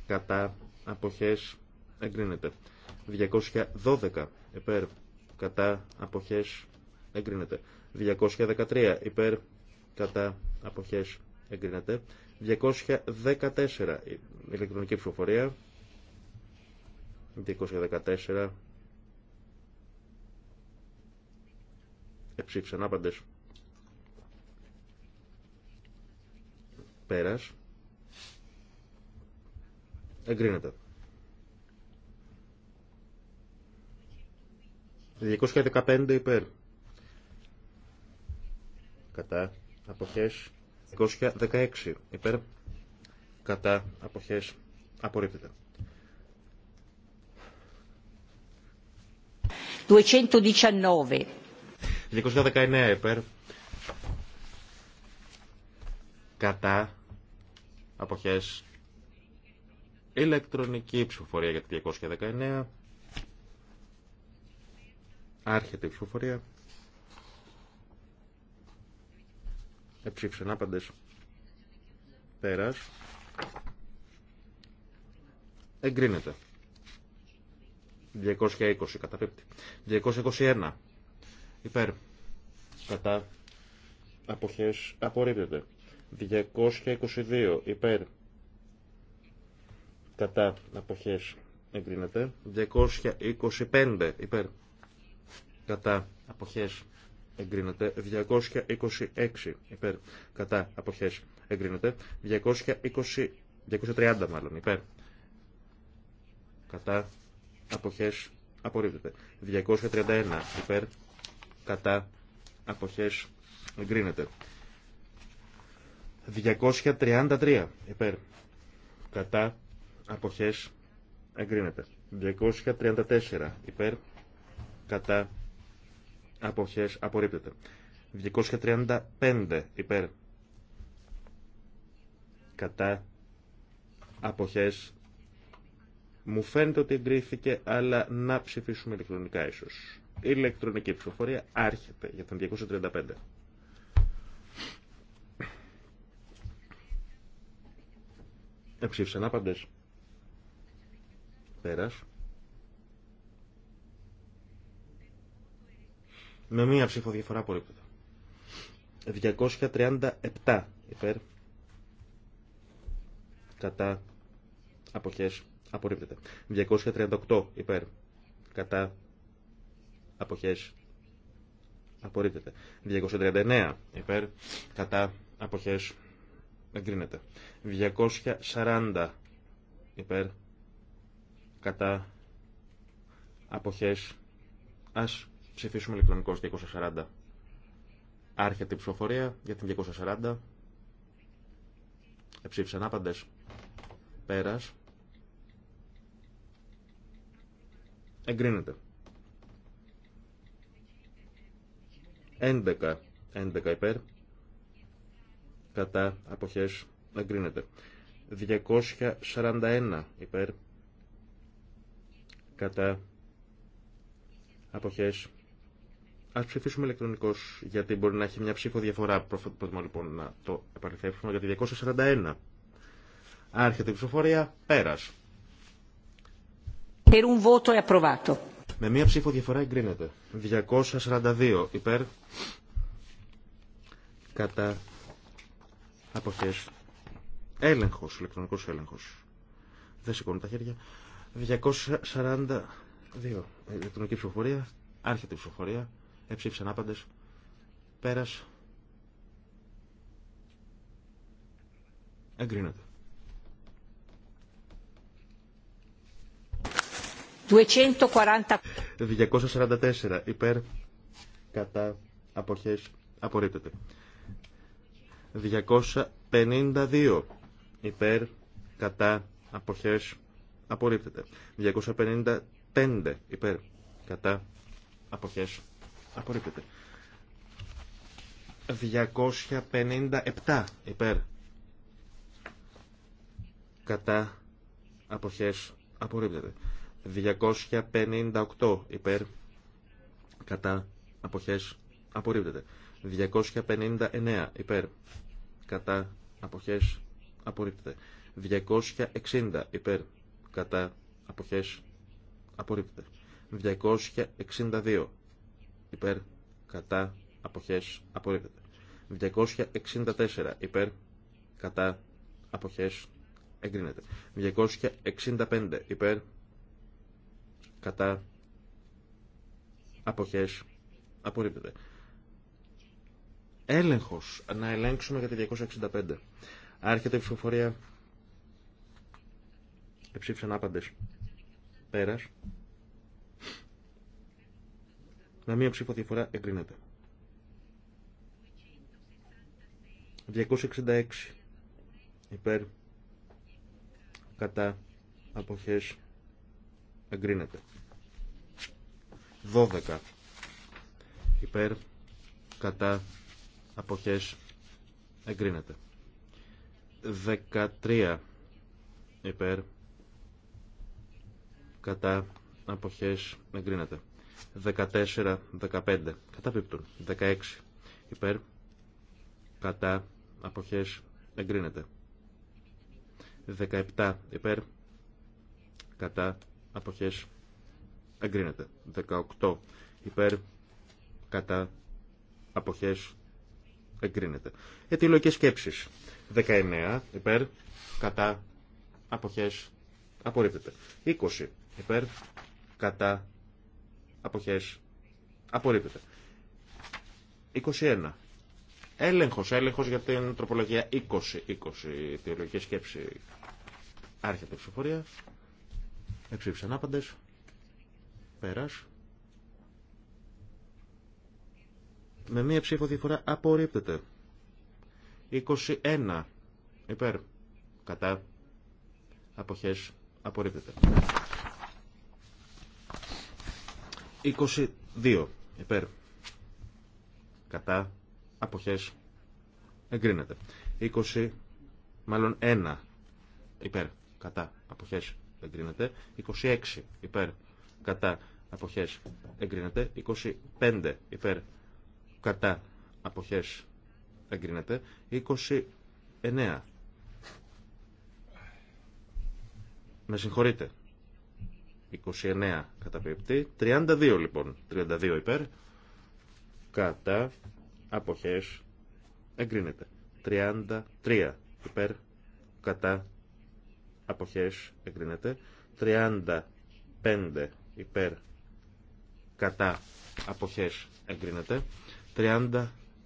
κατά, αποχές, εγκρίνεται. 212 υπέρ, κατά αποχές εγκρίνεται. 213 υπέρ κατά αποχές εγκρίνεται. 214 ηλεκτρονική ψηφοφορία. 214 εψήφισαν άπαντες. Πέρας. Εγκρίνεται. 215 υπέρ. Κατά αποχές 216 υπέρ. Κατά αποχές απορρίπτεται. 219. 219 υπέρ. Κατά αποχές ηλεκτρονική ψηφοφορία για τη 219. Άρχεται η ψηφοφορία. Εψήφισαν άπαντες. Πέρας. Εγκρίνεται. 220 καταπίπτει. 221. Υπέρ. Κατά. Αποχές. Απορρίπτεται. 222. Υπέρ. Κατά. Αποχές. Εγκρίνεται. 225. Υπέρ κατά αποχές εγκρίνεται 226 υπέρ κατά αποχές εγκρίνεται 220, 230 μάλλον υπέρ κατά αποχές απορρίπτεται 231 υπέρ κατά αποχές εγκρίνεται 233 υπέρ κατά αποχές εγκρίνεται 234 υπέρ κατά Αποχές απορρίπτεται. 235 υπέρ. Κατά. Αποχές. Μου φαίνεται ότι εγκρίθηκε, αλλά να ψηφίσουμε ηλεκτρονικά ίσως. Η ηλεκτρονική ψηφοφορία άρχεται για τον 235. Εψήφισαν άπαντες. Πέρας. Με μία ψήφο διαφορά απορρίπτεται. 237 υπέρ. Κατά. Αποχές. Απορρίπτεται. 238 υπέρ. Κατά. Αποχές. Απορρίπτεται. 239 υπέρ. Κατά. Αποχές. Εγκρίνεται. 240 υπέρ. Κατά. Αποχές. Ας Ψηφίσουμε ηλεκτρονικώς 240. Άρχεται η ψηφοφορία για την 240. Εψήφισαν άπαντες. Πέρας. Εγκρίνεται. 11. 11 υπέρ. Κατά αποχές εγκρίνεται. 241 υπέρ. Κατά αποχές Α ψηφίσουμε ηλεκτρονικώ, γιατί μπορεί να έχει μια ψήφο διαφορά. Προσπαθούμε λοιπόν να το επαληθεύσουμε γιατί 241. Άρχεται η ψηφοφορία, Πέρα. Με μία ψήφο διαφορά εγκρίνεται. 242 υπέρ. Κατά. Αποχές. Έλεγχος, ηλεκτρονικός έλεγχος. Δεν σηκώνω τα χέρια. 242. Ηλεκτρονική ψηφοφορία. Άρχεται η ψηφοφορία. Εψήφισαν άπαντε. Πέρας. Εγκρίνεται. 244 υπέρ κατά αποχές απορρίπτεται. 252 υπέρ κατά αποχές απορρίπτεται. 255 υπέρ κατά αποχές Απορρίπτεται. 257 υπέρ. Κατά αποχές απορρίπτεται. 258 υπέρ. Κατά αποχές απορρίπτεται. 259 υπέρ. Κατά αποχές απορρίπτεται. 260 υπέρ. Κατά αποχές απορρίπτεται. 262 υπέρ, κατά, αποχές, απορρίπτεται. 264 υπέρ, κατά, αποχές, εγκρίνεται. 265 υπέρ, κατά, αποχές, απορρίπτεται. Έλεγχος, να ελέγξουμε για τη 265. Άρχεται η ψηφοφορία. Εψήφισαν άπαντες. Πέρας με μία ψήφο διαφορά εγκρίνεται. 266 υπέρ κατά αποχές εγκρίνεται. 12 υπέρ κατά αποχές εγκρίνεται. 13 υπέρ κατά αποχές εγκρίνεται. 14, 15, καταπίπτουν. 16, υπέρ, κατά, αποχές, εγκρίνεται. 17, υπέρ, κατά, αποχές, εγκρίνεται. 18, υπέρ, κατά, αποχές, εγκρίνεται. Ετυλογικές σκέψεις. 19, υπέρ, κατά, αποχές, απορρίπτεται. 20, υπέρ, κατά, αποχέ. Απορρίπτεται. 21. Έλεγχο, έλεγχο για την τροπολογία 20. 20. Θεολογική σκέψη. Άρχεται η ψηφοφορία. Εψήφισαν Πέρας. Με μία ψήφο διαφορά απορρίπτεται. 21. Υπέρ. Κατά. Αποχές. Απορρίπτεται. 22 υπέρ κατά αποχές εγκρίνεται 20 μάλλον 1 υπέρ κατά αποχές εγκρίνεται 26 υπέρ κατά αποχές εγκρίνεται 25 υπέρ κατά αποχές εγκρίνεται 29 με συγχωρείτε 29 πιπτή, 32 λοιπόν. 32 υπέρ. Κατά. Αποχές. Εγκρίνεται. 33 υπέρ. Κατά. Αποχές. Εγκρίνεται. 35 υπέρ. Κατά. Αποχές. Εγκρίνεται.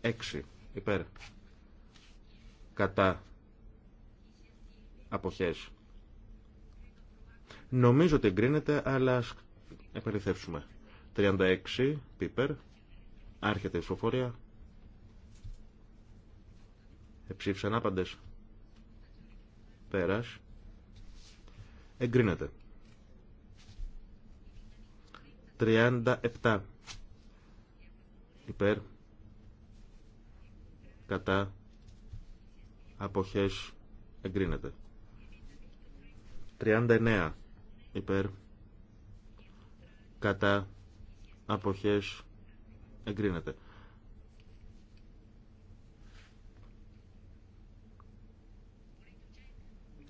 36 υπέρ. Κατά. Αποχές Νομίζω ότι εγκρίνεται, αλλά ας επαληθεύσουμε. 36, Πίπερ. Άρχεται η ψηφοφορία. Εψήφισαν άπαντες. Πέρας. Εγκρίνεται. 37. Υπέρ. Κατά. Αποχές. Εγκρίνεται. 39 υπέρ κατά αποχές εγκρίνεται.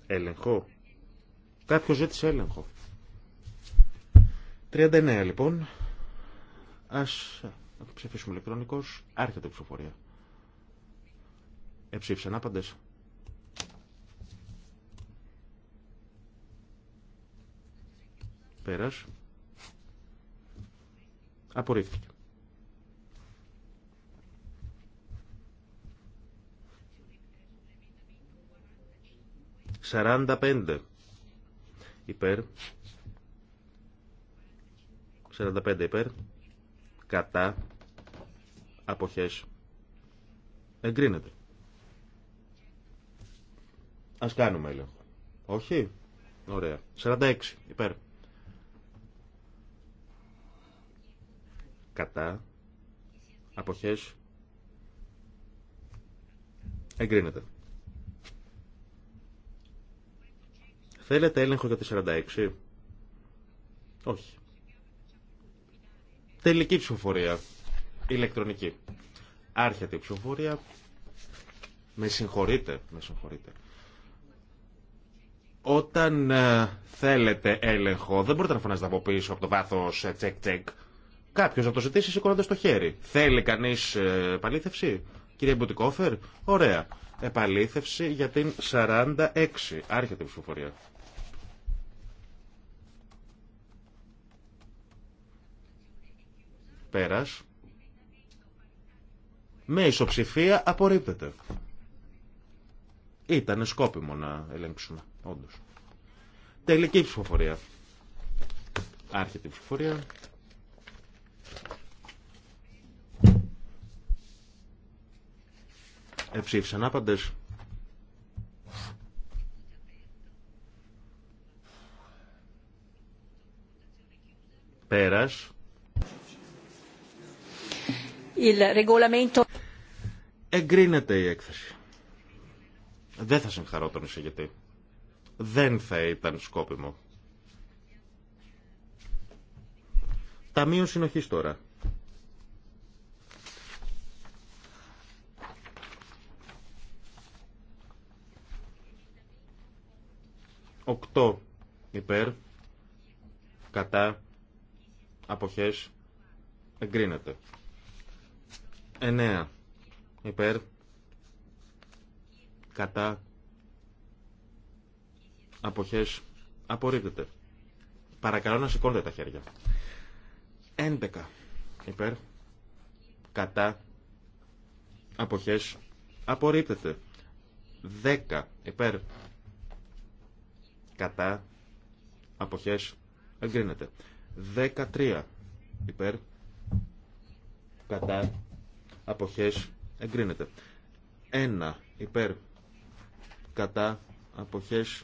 Έλεγχο. Κάποιο ζήτησε έλεγχο. 39 λοιπόν. Ας ψηφίσουμε ηλεκτρονικώς. Άρχεται η ψηφοφορία. Εψήφισαν άπαντες. πέρα, Απορρίφθηκε. Σαράντα πέντε. Υπέρ. Σαράντα πέντε υπέρ. Κατά. Αποχές. Εγκρίνεται. Ας κάνουμε έλεγχο. Όχι. Ωραία. Σαράντα έξι Υπέρ. κατά αποχές εγκρίνεται. Θέλετε έλεγχο για τη 46. Όχι. Τελική ψηφοφορία. Ηλεκτρονική. Άρχεται η ψηφοφορία. Με συγχωρείτε. Με συγχωρείτε. Όταν ε, θέλετε έλεγχο, δεν μπορείτε να φωνάζετε από πίσω, από το βάθος, τσεκ-τσεκ. Κάποιο να το ζητήσει σηκώνοντα το χέρι. Θέλει κανεί ε, επαλήθευση, κύριε Μπουτικόφερ. Ωραία. Επαλήθευση για την 46. Άρχεται η ψηφοφορία. Πέρας. Με ισοψηφία απορρίπτεται. Ήταν σκόπιμο να ελέγξουμε, όντως. Τελική ψηφοφορία. Άρχεται η ψηφοφορία. Εψήφισαν άπαντες. Πέρας. Εγκρίνεται η έκθεση. Δεν θα συγχαρώ τον εισηγητή. Δεν θα ήταν σκόπιμο. Ταμείο συνοχής τώρα. 8 υπέρ, κατά, αποχές, εγκρίνεται. 9 υπέρ, κατά, αποχές, απορρίπτεται. Παρακαλώ να σηκώνετε τα χέρια. 11 υπέρ, κατά, αποχές, απορρίπτεται. 10 υπέρ, Κατά. Αποχές. Εγκρίνεται. 13. Υπέρ. Κατά. Αποχές. Εγκρίνεται. 1. Υπέρ. Κατά. Αποχές.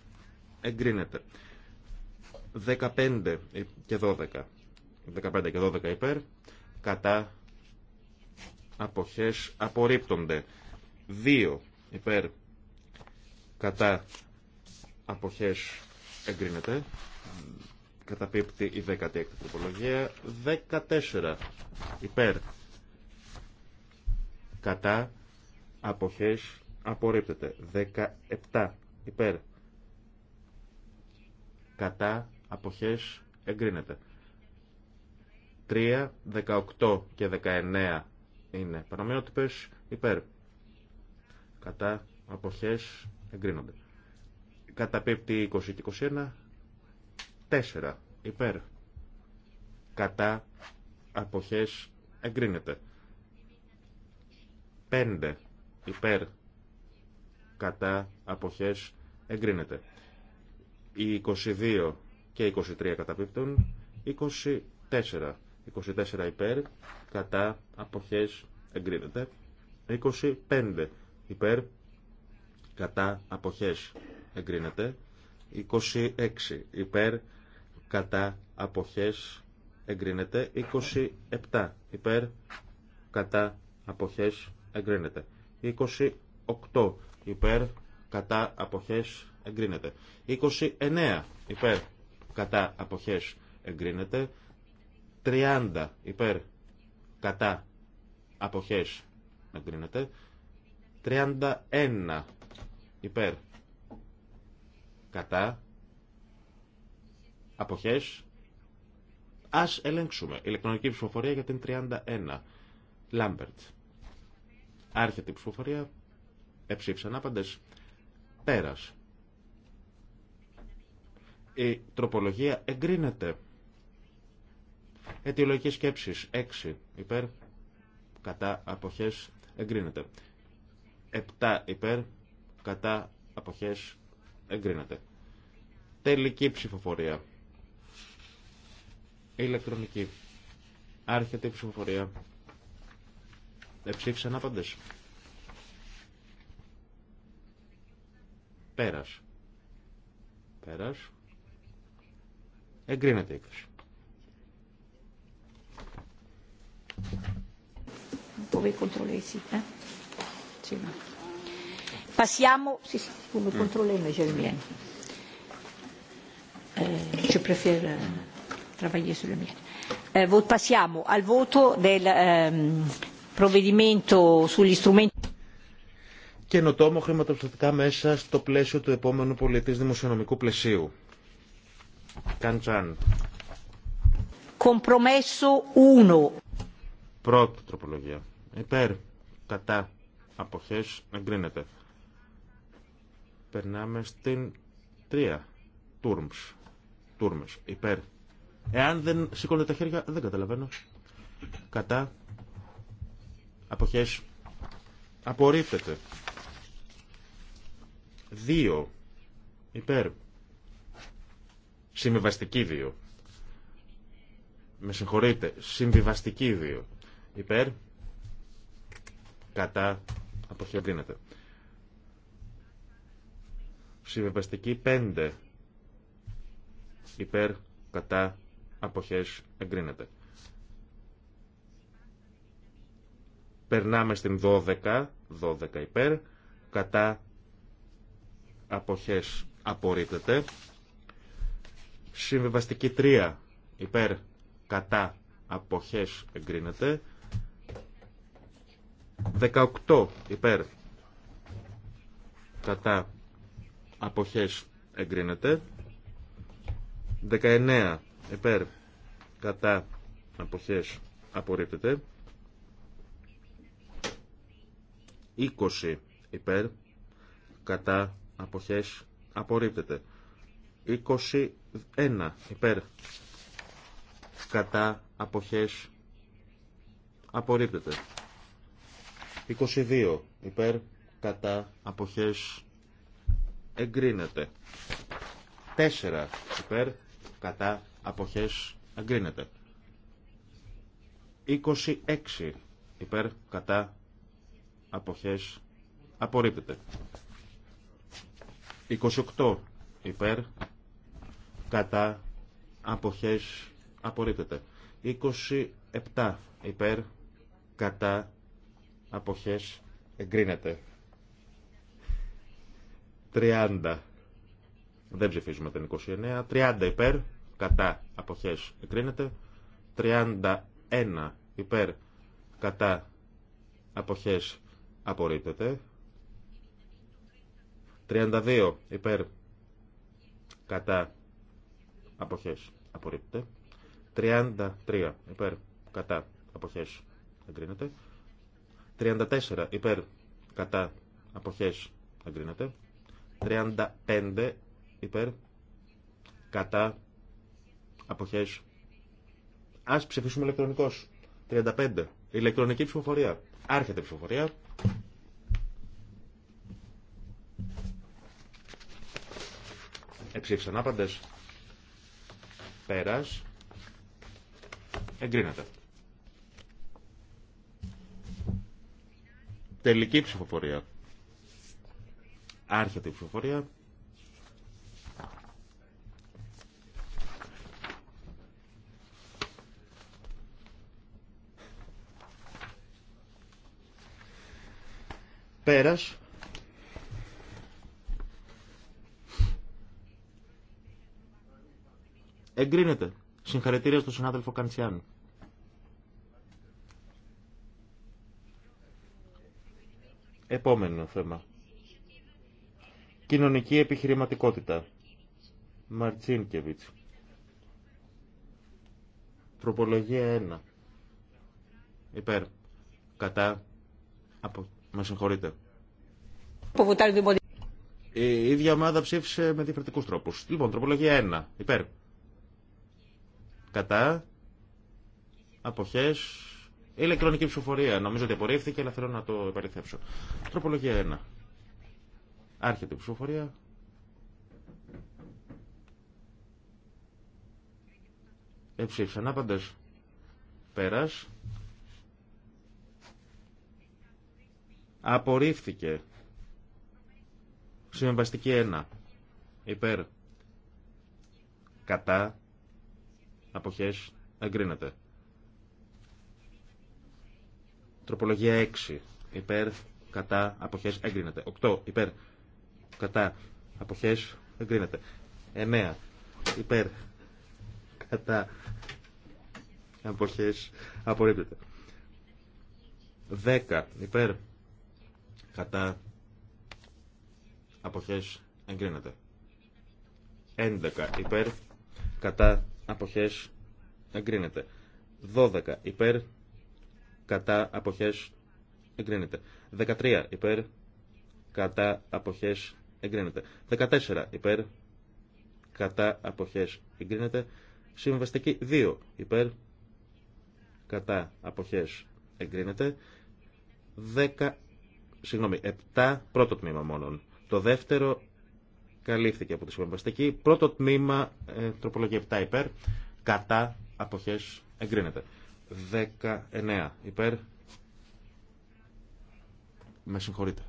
Εγκρίνεται. 15 και 12. 15 και 12 υπέρ. Κατά. Αποχές. Απορρίπτονται. 2 υπέρ. Κατά αποχές εγκρίνεται. Καταπίπτει η 16η τροπολογία. 14 υπέρ κατά αποχές απορρίπτεται. 17 υπέρ κατά αποχές εγκρίνεται. 3, 18 και 19 είναι πανομοιότυπες υπέρ. Κατά αποχές εγκρίνονται. Καταπίπτει 20 και 21. 4. Υπέρ. Κατά. Αποχές. Εγκρίνεται. 5. Υπέρ. Κατά. Αποχές. Εγκρίνεται. Οι 22 και 23 καταπίπτουν. 24. 24 υπέρ. Κατά. Αποχές. Εγκρίνεται. 25 υπέρ. Κατά. Αποχές εγκρίνεται. 26 υπέρ κατά αποχές εγκρίνεται. 27 υπέρ κατά αποχές εγκρίνεται. 28 υπέρ κατά αποχές εγκρίνεται. 29 υπέρ κατά αποχές εγκρίνεται. 30 υπέρ κατά αποχές εγκρίνεται. 31 υπέρ Κατά. Αποχές. Ας ελέγξουμε. Ηλεκτρονική ψηφοφορία για την 31. Λάμπερτ. Άρχεται η ψηφοφορία. Εψήφισαν άπαντες. Πέρας. Η τροπολογία εγκρίνεται. Αιτιολογική σκέψεις 6 υπέρ κατά αποχές εγκρίνεται. 7 υπέρ κατά αποχές Εγκρίνεται. Τελική ψηφοφορία. Ηλεκτρονική. Άρχεται η ψηφοφορία. Εψήφισαν άπαντες. Πέρας. Πέρας. Εγκρίνεται η έκθεση. Vous pouvez contrôler ici, hein? C'est Passiamo, sì, sì, come mm. controllo già il Eh, Je préfère eh, travailler sur le mio. Eh, passiamo al voto del ehm, provvedimento sugli strumenti. Καινοτόμο χρηματοπιστωτικά μέσα στο πλαίσιο του επόμενου πολιτής δημοσιονομικού πλαισίου. Καντσάν. Κομπρομέσο 1. Πρώτη τροπολογία. Υπέρ. Κατά. Αποχές. Εγκρίνεται. Περνάμε στην 3. Τούρμς. Τούρμες. Εάν δεν σηκώνετε τα χέρια, δεν καταλαβαίνω. Κατά. Αποχές. Απορρίπτεται. 2. Υπέρ. Συμβιβαστική 2. Με συγχωρείτε. Συμβιβαστική 2. Υπέρ. Κατά. Αποχεδρίνεται. Συμβεβαστική 5 υπέρ κατά αποχές εγκρίνεται. Περνάμε στην 12, 12 υπέρ, κατά αποχές απορρίπτεται. Συμβιβαστική 3 υπέρ, κατά αποχές εγκρίνεται. 18 υπέρ, κατά αποχές εγκρίνεται 19 υπέρ κατά αποχές απορρίπτεται 20 υπέρ κατά αποχές απορρίπτεται 21 υπέρ κατά αποχές απορρίπτεται 22 υπέρ κατά αποχές εγκρίνεται. 4 υπέρ κατά αποχές εγκρίνεται. 26 υπέρ κατά αποχές απορρίπτεται. 28 υπέρ κατά αποχές απορρίπτεται. 27 υπέρ κατά αποχές εγκρίνεται. 30. Δεν ψηφίζουμε την 29. 30 υπέρ. Κατά. Αποχές. Εκρίνεται. 31 υπέρ. Κατά. Αποχές. Απορρίπτεται. 32 υπέρ. Κατά. Αποχές. Απορρίπτεται. 33 υπέρ. Κατά. Αποχές. Εγκρίνεται. 34 υπέρ. Κατά. Αποχές. Εγκρίνεται. 35 υπέρ κατά αποχές. Ας ψηφίσουμε ηλεκτρονικός. 35. Ηλεκτρονική ψηφοφορία. Άρχεται ψηφοφορία. Εψήφισαν άπαντες. Πέρας. Εγκρίνεται. Τελική ψηφοφορία. Άρχεται η ψηφοφορία. Πέρας. Εγκρίνεται. Συγχαρητήρια στον συνάδελφο Καντσιάνου. Επόμενο θέμα. Κοινωνική επιχειρηματικότητα. Μαρτσίνκεβιτς. Τροπολογία 1. Υπέρ. Κατά. Από... Με συγχωρείτε. Η ίδια ομάδα ψήφισε με διαφορετικούς τρόπου. Λοιπόν, τροπολογία 1. Υπέρ. Κατά. Αποχέ. Ηλεκτρονική ψηφοφορία. Νομίζω ότι απορρίφθηκε, αλλά θέλω να το επαληθεύσω. Τροπολογία 1. Άρχεται η ψηφοφορία. Εψήφισαν άπαντες. Πέρας. Απορρίφθηκε. Συμβαστική 1. Υπέρ. Κατά. Αποχές. Εγκρίνεται. Τροπολογία 6. Υπέρ. Κατά. Αποχές. Εγκρίνεται. 8. Υπέρ κατά αποχές κρίνεται. 9 υπέρ κατά αποχές απορρίπτεται 10 υπέρ κατά αποχές εγκρίνεται 11 υπέρ κατά αποχές εγκρίνεται 12 υπέρ κατά αποχές εγκρίνεται 13 υπέρ κατά αποχές εγκρίνεται. 14 υπέρ κατά αποχές εγκρίνεται. Συμβαστική 2 υπέρ κατά αποχές εγκρίνεται. 10, συγγνώμη, 7 πρώτο τμήμα μόνο. Το δεύτερο καλύφθηκε από τη συμβαστική. Πρώτο τμήμα ε, τροπολογία 7 υπέρ κατά αποχές εγκρίνεται. 19 υπέρ με συγχωρείτε.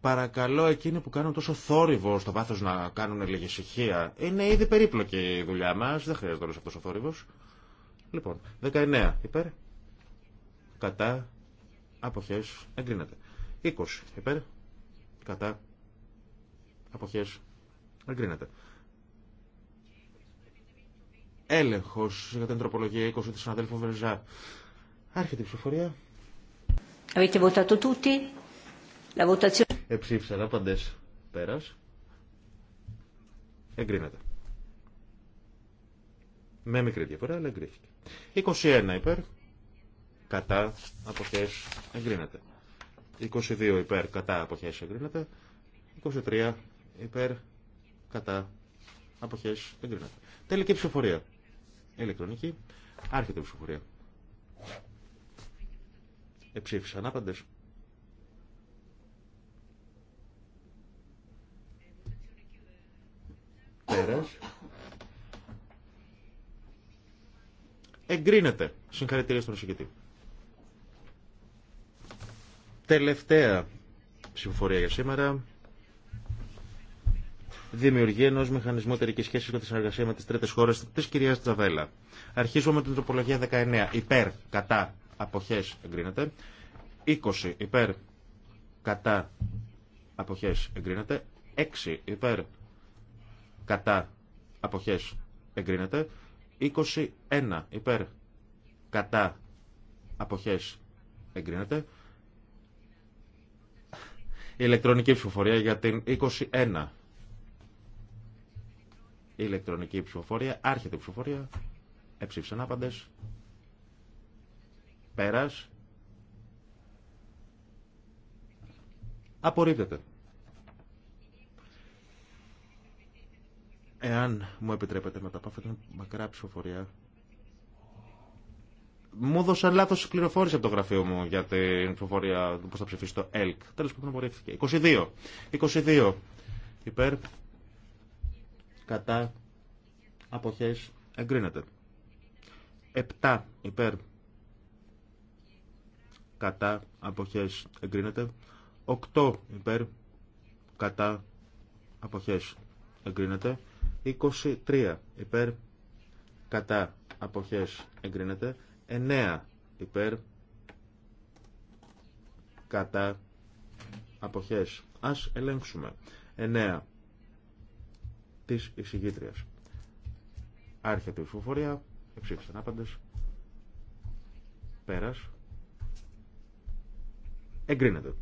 Παρακαλώ εκείνοι που κάνουν τόσο θόρυβο στο βάθο να κάνουν λίγη ησυχία. Είναι ήδη περίπλοκη η δουλειά μα. Δεν χρειάζεται όλο αυτό ο θόρυβο. Λοιπόν, 19 υπέρ. Κατά. Αποχέ. Εγκρίνεται. 20 υπέρ. Κατά. Αποχέ. Εγκρίνεται. Έλεγχο για την τροπολογία 20 τη συναδέλφου Βερζά. Άρχεται η ψηφοφορία. Εψήφισαν πάντες πέρας. Εγκρίνεται. Με μικρή διαφορά, αλλά εγκρίθηκε. 21 υπέρ, κατά, αποχές, εγκρίνεται. 22 υπέρ, κατά, αποχές, εγκρίνεται. 23 υπέρ, κατά, αποχές, εγκρίνεται. Τελική ψηφοφορία. Ηλεκτρονική, άρχεται η ψηφοφορία. Εψήφισαν Εγκρίνεται. Συγχαρητήρια στον εισηγητή. Τελευταία συμφορία για σήμερα. δημιουργεί ενό μηχανισμού εταιρική σχέση με τη συνεργασία με τι τρίτε χώρε τη κυρία Τζαβέλα. Αρχίζουμε με την τροπολογία 19. Υπέρ, κατά, αποχέ εγκρίνεται. 20. Υπέρ, κατά, αποχέ εγκρίνεται. 6. Υπέρ, κατά αποχές εγκρίνεται 21 υπέρ κατά αποχές εγκρίνεται η ηλεκτρονική ψηφοφορία για την 21 η ηλεκτρονική ψηφοφορία άρχεται η ψηφοφορία εψήφισαν άπαντες πέρας απορρίπτεται Εάν μου επιτρέπετε μετά τα αυτήν την μακρά ψηφοφορία, μου έδωσαν λάθο πληροφόρηση από το γραφείο μου για την ψηφοφορία που πώ θα ψηφίσει το ΕΛΚ. Τέλο πάντων, απορρίφθηκε. 22. 22. Υπέρ. Κατά. Αποχέ. Εγκρίνεται. 7. Υπέρ. Κατά. Αποχέ. Εγκρίνεται. 8. Υπέρ. Κατά. Αποχέ. Εγκρίνεται. 23 υπέρ κατά αποχές εγκρίνεται 9 υπέρ κατά αποχές ας ελέγξουμε 9 της εισηγήτριας άρχεται η ψηφοφορία εξήφισαν άπαντες πέρας εγκρίνεται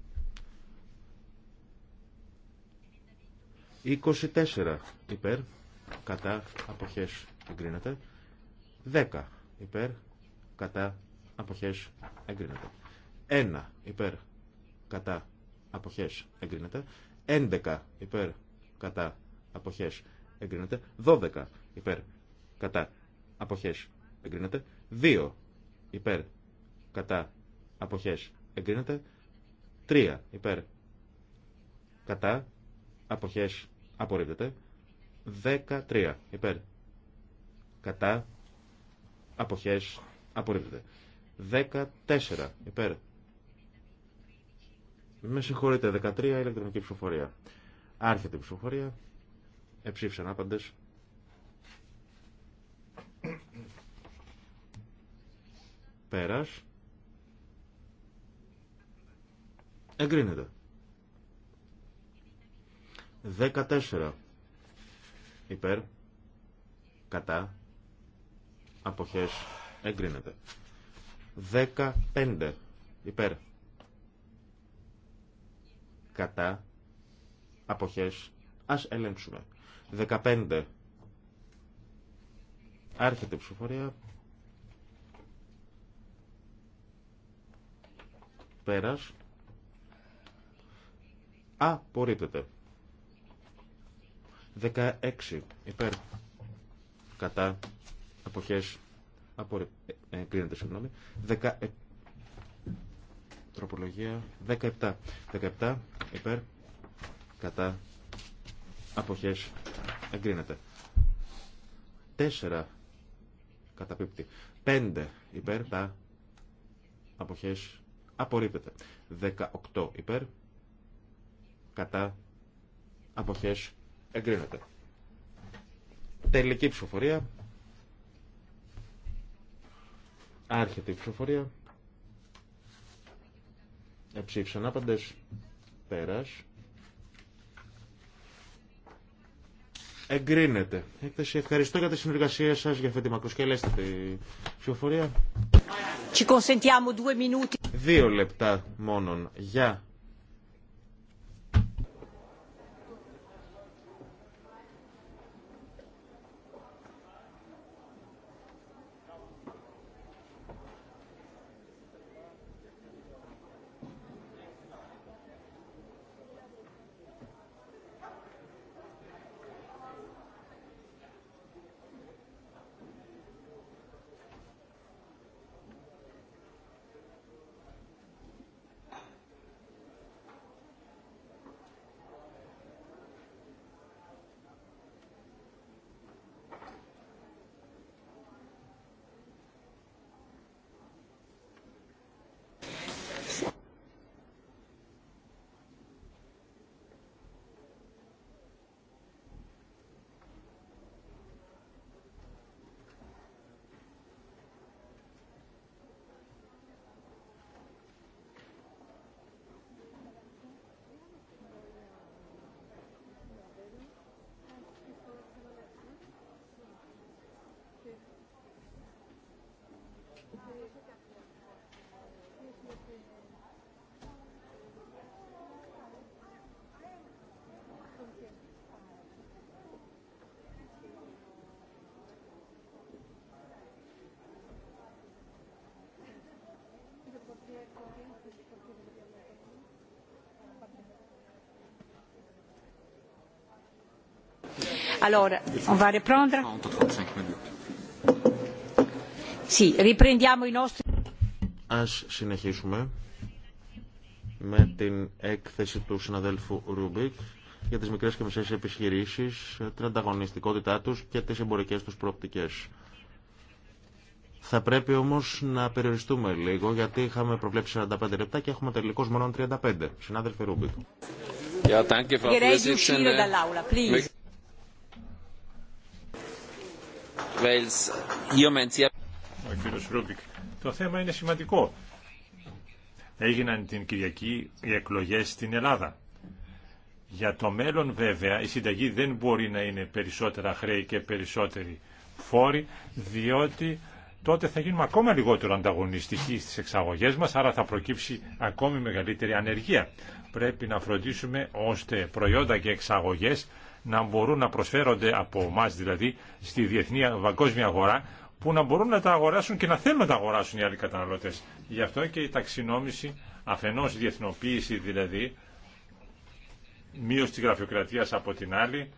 24 υπέρ κατά αποχές εγκρίνεται 10 υπέρ κατά αποχές εγκρίνεται 1 υπέρ κατά αποχές εγκρίνεται 11 υπέρ κατά αποχές εγκρίνεται 12 υπέρ κατά αποχές εγκρίνεται 2 υπέρ κατά αποχές εγκρίνεται 3 υπέρ κατά αποχές απορρίπτεται 13 υπέρ. Κατά. Αποχές. Απορρίπτεται. 14 υπέρ. Με συγχωρείτε, 13 ηλεκτρονική ψηφοφορία. Άρχεται η ψηφοφορία. Εψήφισαν άπαντες. Πέρας. Εγκρίνεται. 14 υπέρ, κατά, αποχές, εγκρίνεται. 15 υπέρ, κατά, αποχές, ας ελέγξουμε. 15 άρχεται η ψηφοφορία. Πέρας. Απορρίπτεται. 16 υπέρ κατά αποχές ε, εγκρίνεται συγγνώμη 10... Ε, τροπολογία 17 17 υπέρ κατά αποχές εγκρίνεται 4 καταπίπτει 5 υπέρ τα αποχές απορρίπτεται 18 υπέρ κατά αποχές Εγκρίνεται. Τελική ψηφοφορία. Άρχεται η ψηφοφορία. Εψήφισαν άπαντες. Πέρας. Εγκρίνεται. Έκθεση. Ευχαριστώ για τη συνεργασία σας για αυτή τη μακροσκελέστατη ψηφοφορία. Δύο λεπτά μόνον για Α συνεχίσουμε με την έκθεση του συναδέλφου Ρούμπικ για τις μικρές και μεσαίες επιχειρήσεις, την ανταγωνιστικότητά τους και τις εμπορικές τους προοπτικές. Θα πρέπει όμως να περιοριστούμε λίγο γιατί είχαμε προβλέψει 45 λεπτά και έχουμε τελικώς μόνο 35. Συνάδελφε Ρούμπικ. Yeah, Το θέμα είναι σημαντικό. Έγιναν την Κυριακή οι εκλογές στην Ελλάδα. Για το μέλλον βέβαια η συνταγή δεν μπορεί να είναι περισσότερα χρέη και περισσότεροι φόροι διότι τότε θα γίνουμε ακόμα λιγότερο ανταγωνιστικοί στις εξαγωγές μας άρα θα προκύψει ακόμη μεγαλύτερη ανεργία. Πρέπει να φροντίσουμε ώστε προϊόντα και εξαγωγές να μπορούν να προσφέρονται από εμά δηλαδή στη διεθνή παγκόσμια αγορά που να μπορούν να τα αγοράσουν και να θέλουν να τα αγοράσουν οι άλλοι καταναλωτές. Γι' αυτό και η ταξινόμηση αφενός διεθνοποίηση δηλαδή μείωση τη γραφειοκρατίας από την άλλη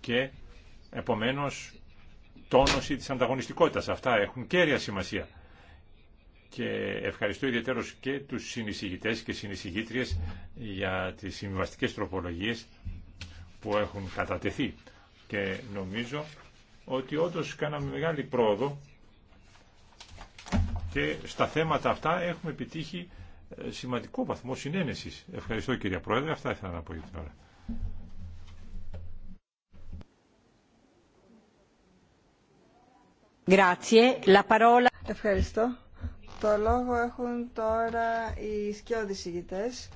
και επομένως τόνωση τη ανταγωνιστικότητα. Αυτά έχουν κέρια σημασία. Και ευχαριστώ ιδιαίτερως και τους συνεισηγητές και συνεισηγήτριες για τις συμβιβαστικέ τροπολογίες που έχουν κατατεθεί και νομίζω ότι όντως κάναμε μεγάλη πρόοδο και στα θέματα αυτά έχουμε επιτύχει ε, σημαντικό βαθμό συνένεσης. Ευχαριστώ κυρία Πρόεδρε, αυτά ήθελα να πω για την ώρα. Ευχαριστώ. Το λόγο έχουν τώρα οι σκιώδεις ηγητές.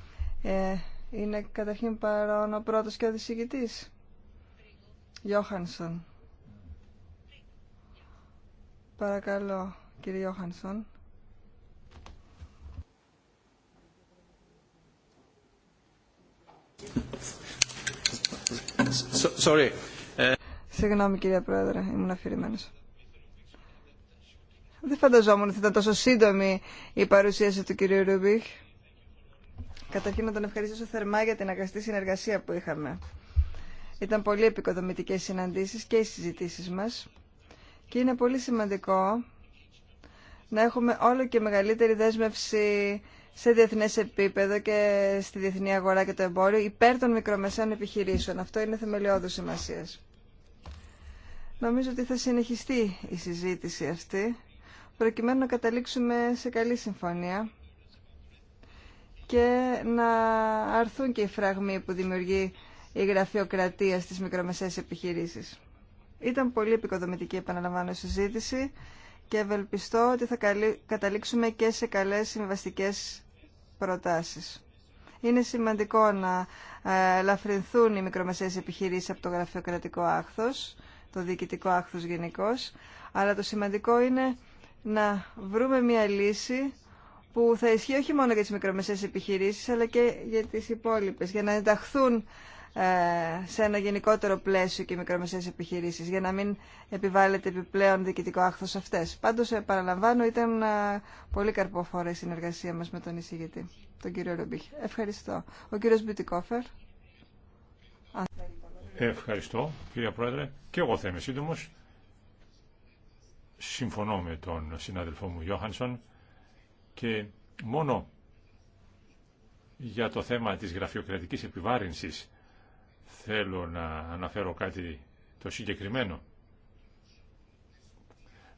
Ε, είναι καταρχήν παρόν ο πρώτος και ο δισηγητής. Γιώχανσον. Παρακαλώ, κύριε Γιώχανσον. Sorry. Ε, Συγγνώμη κύριε Πρόεδρε, ήμουν αφηρημένος. Δεν φανταζόμουν ότι ήταν τόσο σύντομη η παρουσίαση του κυρίου Ρούμπιχ. Καταρχήν να τον ευχαριστήσω θερμά για την αγαστή συνεργασία που είχαμε. Ήταν πολύ επικοδομητικές συναντήσεις και οι συζητήσεις μας και είναι πολύ σημαντικό να έχουμε όλο και μεγαλύτερη δέσμευση σε διεθνές επίπεδο και στη διεθνή αγορά και το εμπόριο υπέρ των μικρομεσαίων επιχειρήσεων. Αυτό είναι θεμελιώδου σημασία. Νομίζω ότι θα συνεχιστεί η συζήτηση αυτή προκειμένου να καταλήξουμε σε καλή συμφωνία και να αρθούν και οι φραγμοί που δημιουργεί η γραφειοκρατία στις μικρομεσαίες επιχειρήσεις. Ήταν πολύ επικοδομητική, επαναλαμβάνω, η συζήτηση και ευελπιστώ ότι θα καταλήξουμε και σε καλές συμβαστικές προτάσεις. Είναι σημαντικό να ε, ελαφρυνθούν οι μικρομεσαίες επιχειρήσεις από το γραφειοκρατικό άχθος, το διοικητικό άχθος γενικώ, αλλά το σημαντικό είναι να βρούμε μια λύση που θα ισχύει όχι μόνο για τις μικρομεσαίες επιχειρήσεις αλλά και για τις υπόλοιπες, για να ενταχθούν ε, σε ένα γενικότερο πλαίσιο και οι μικρομεσαίες επιχειρήσεις, για να μην επιβάλλεται επιπλέον διοικητικό άχθος σε αυτές. Πάντως, επαναλαμβάνω, ήταν ε, πολύ καρποφόρα η συνεργασία μας με τον εισηγητή, τον κύριο Ρομπίχη. Ευχαριστώ. Ο κύριος Μπιτικόφερ. Ευχαριστώ, κύριε Πρόεδρε. Και εγώ θα είμαι σύντομος. Συμφωνώ με τον συνάδελφό μου Γιώχανσον και μόνο για το θέμα της γραφειοκρατικής επιβάρυνσης θέλω να αναφέρω κάτι το συγκεκριμένο.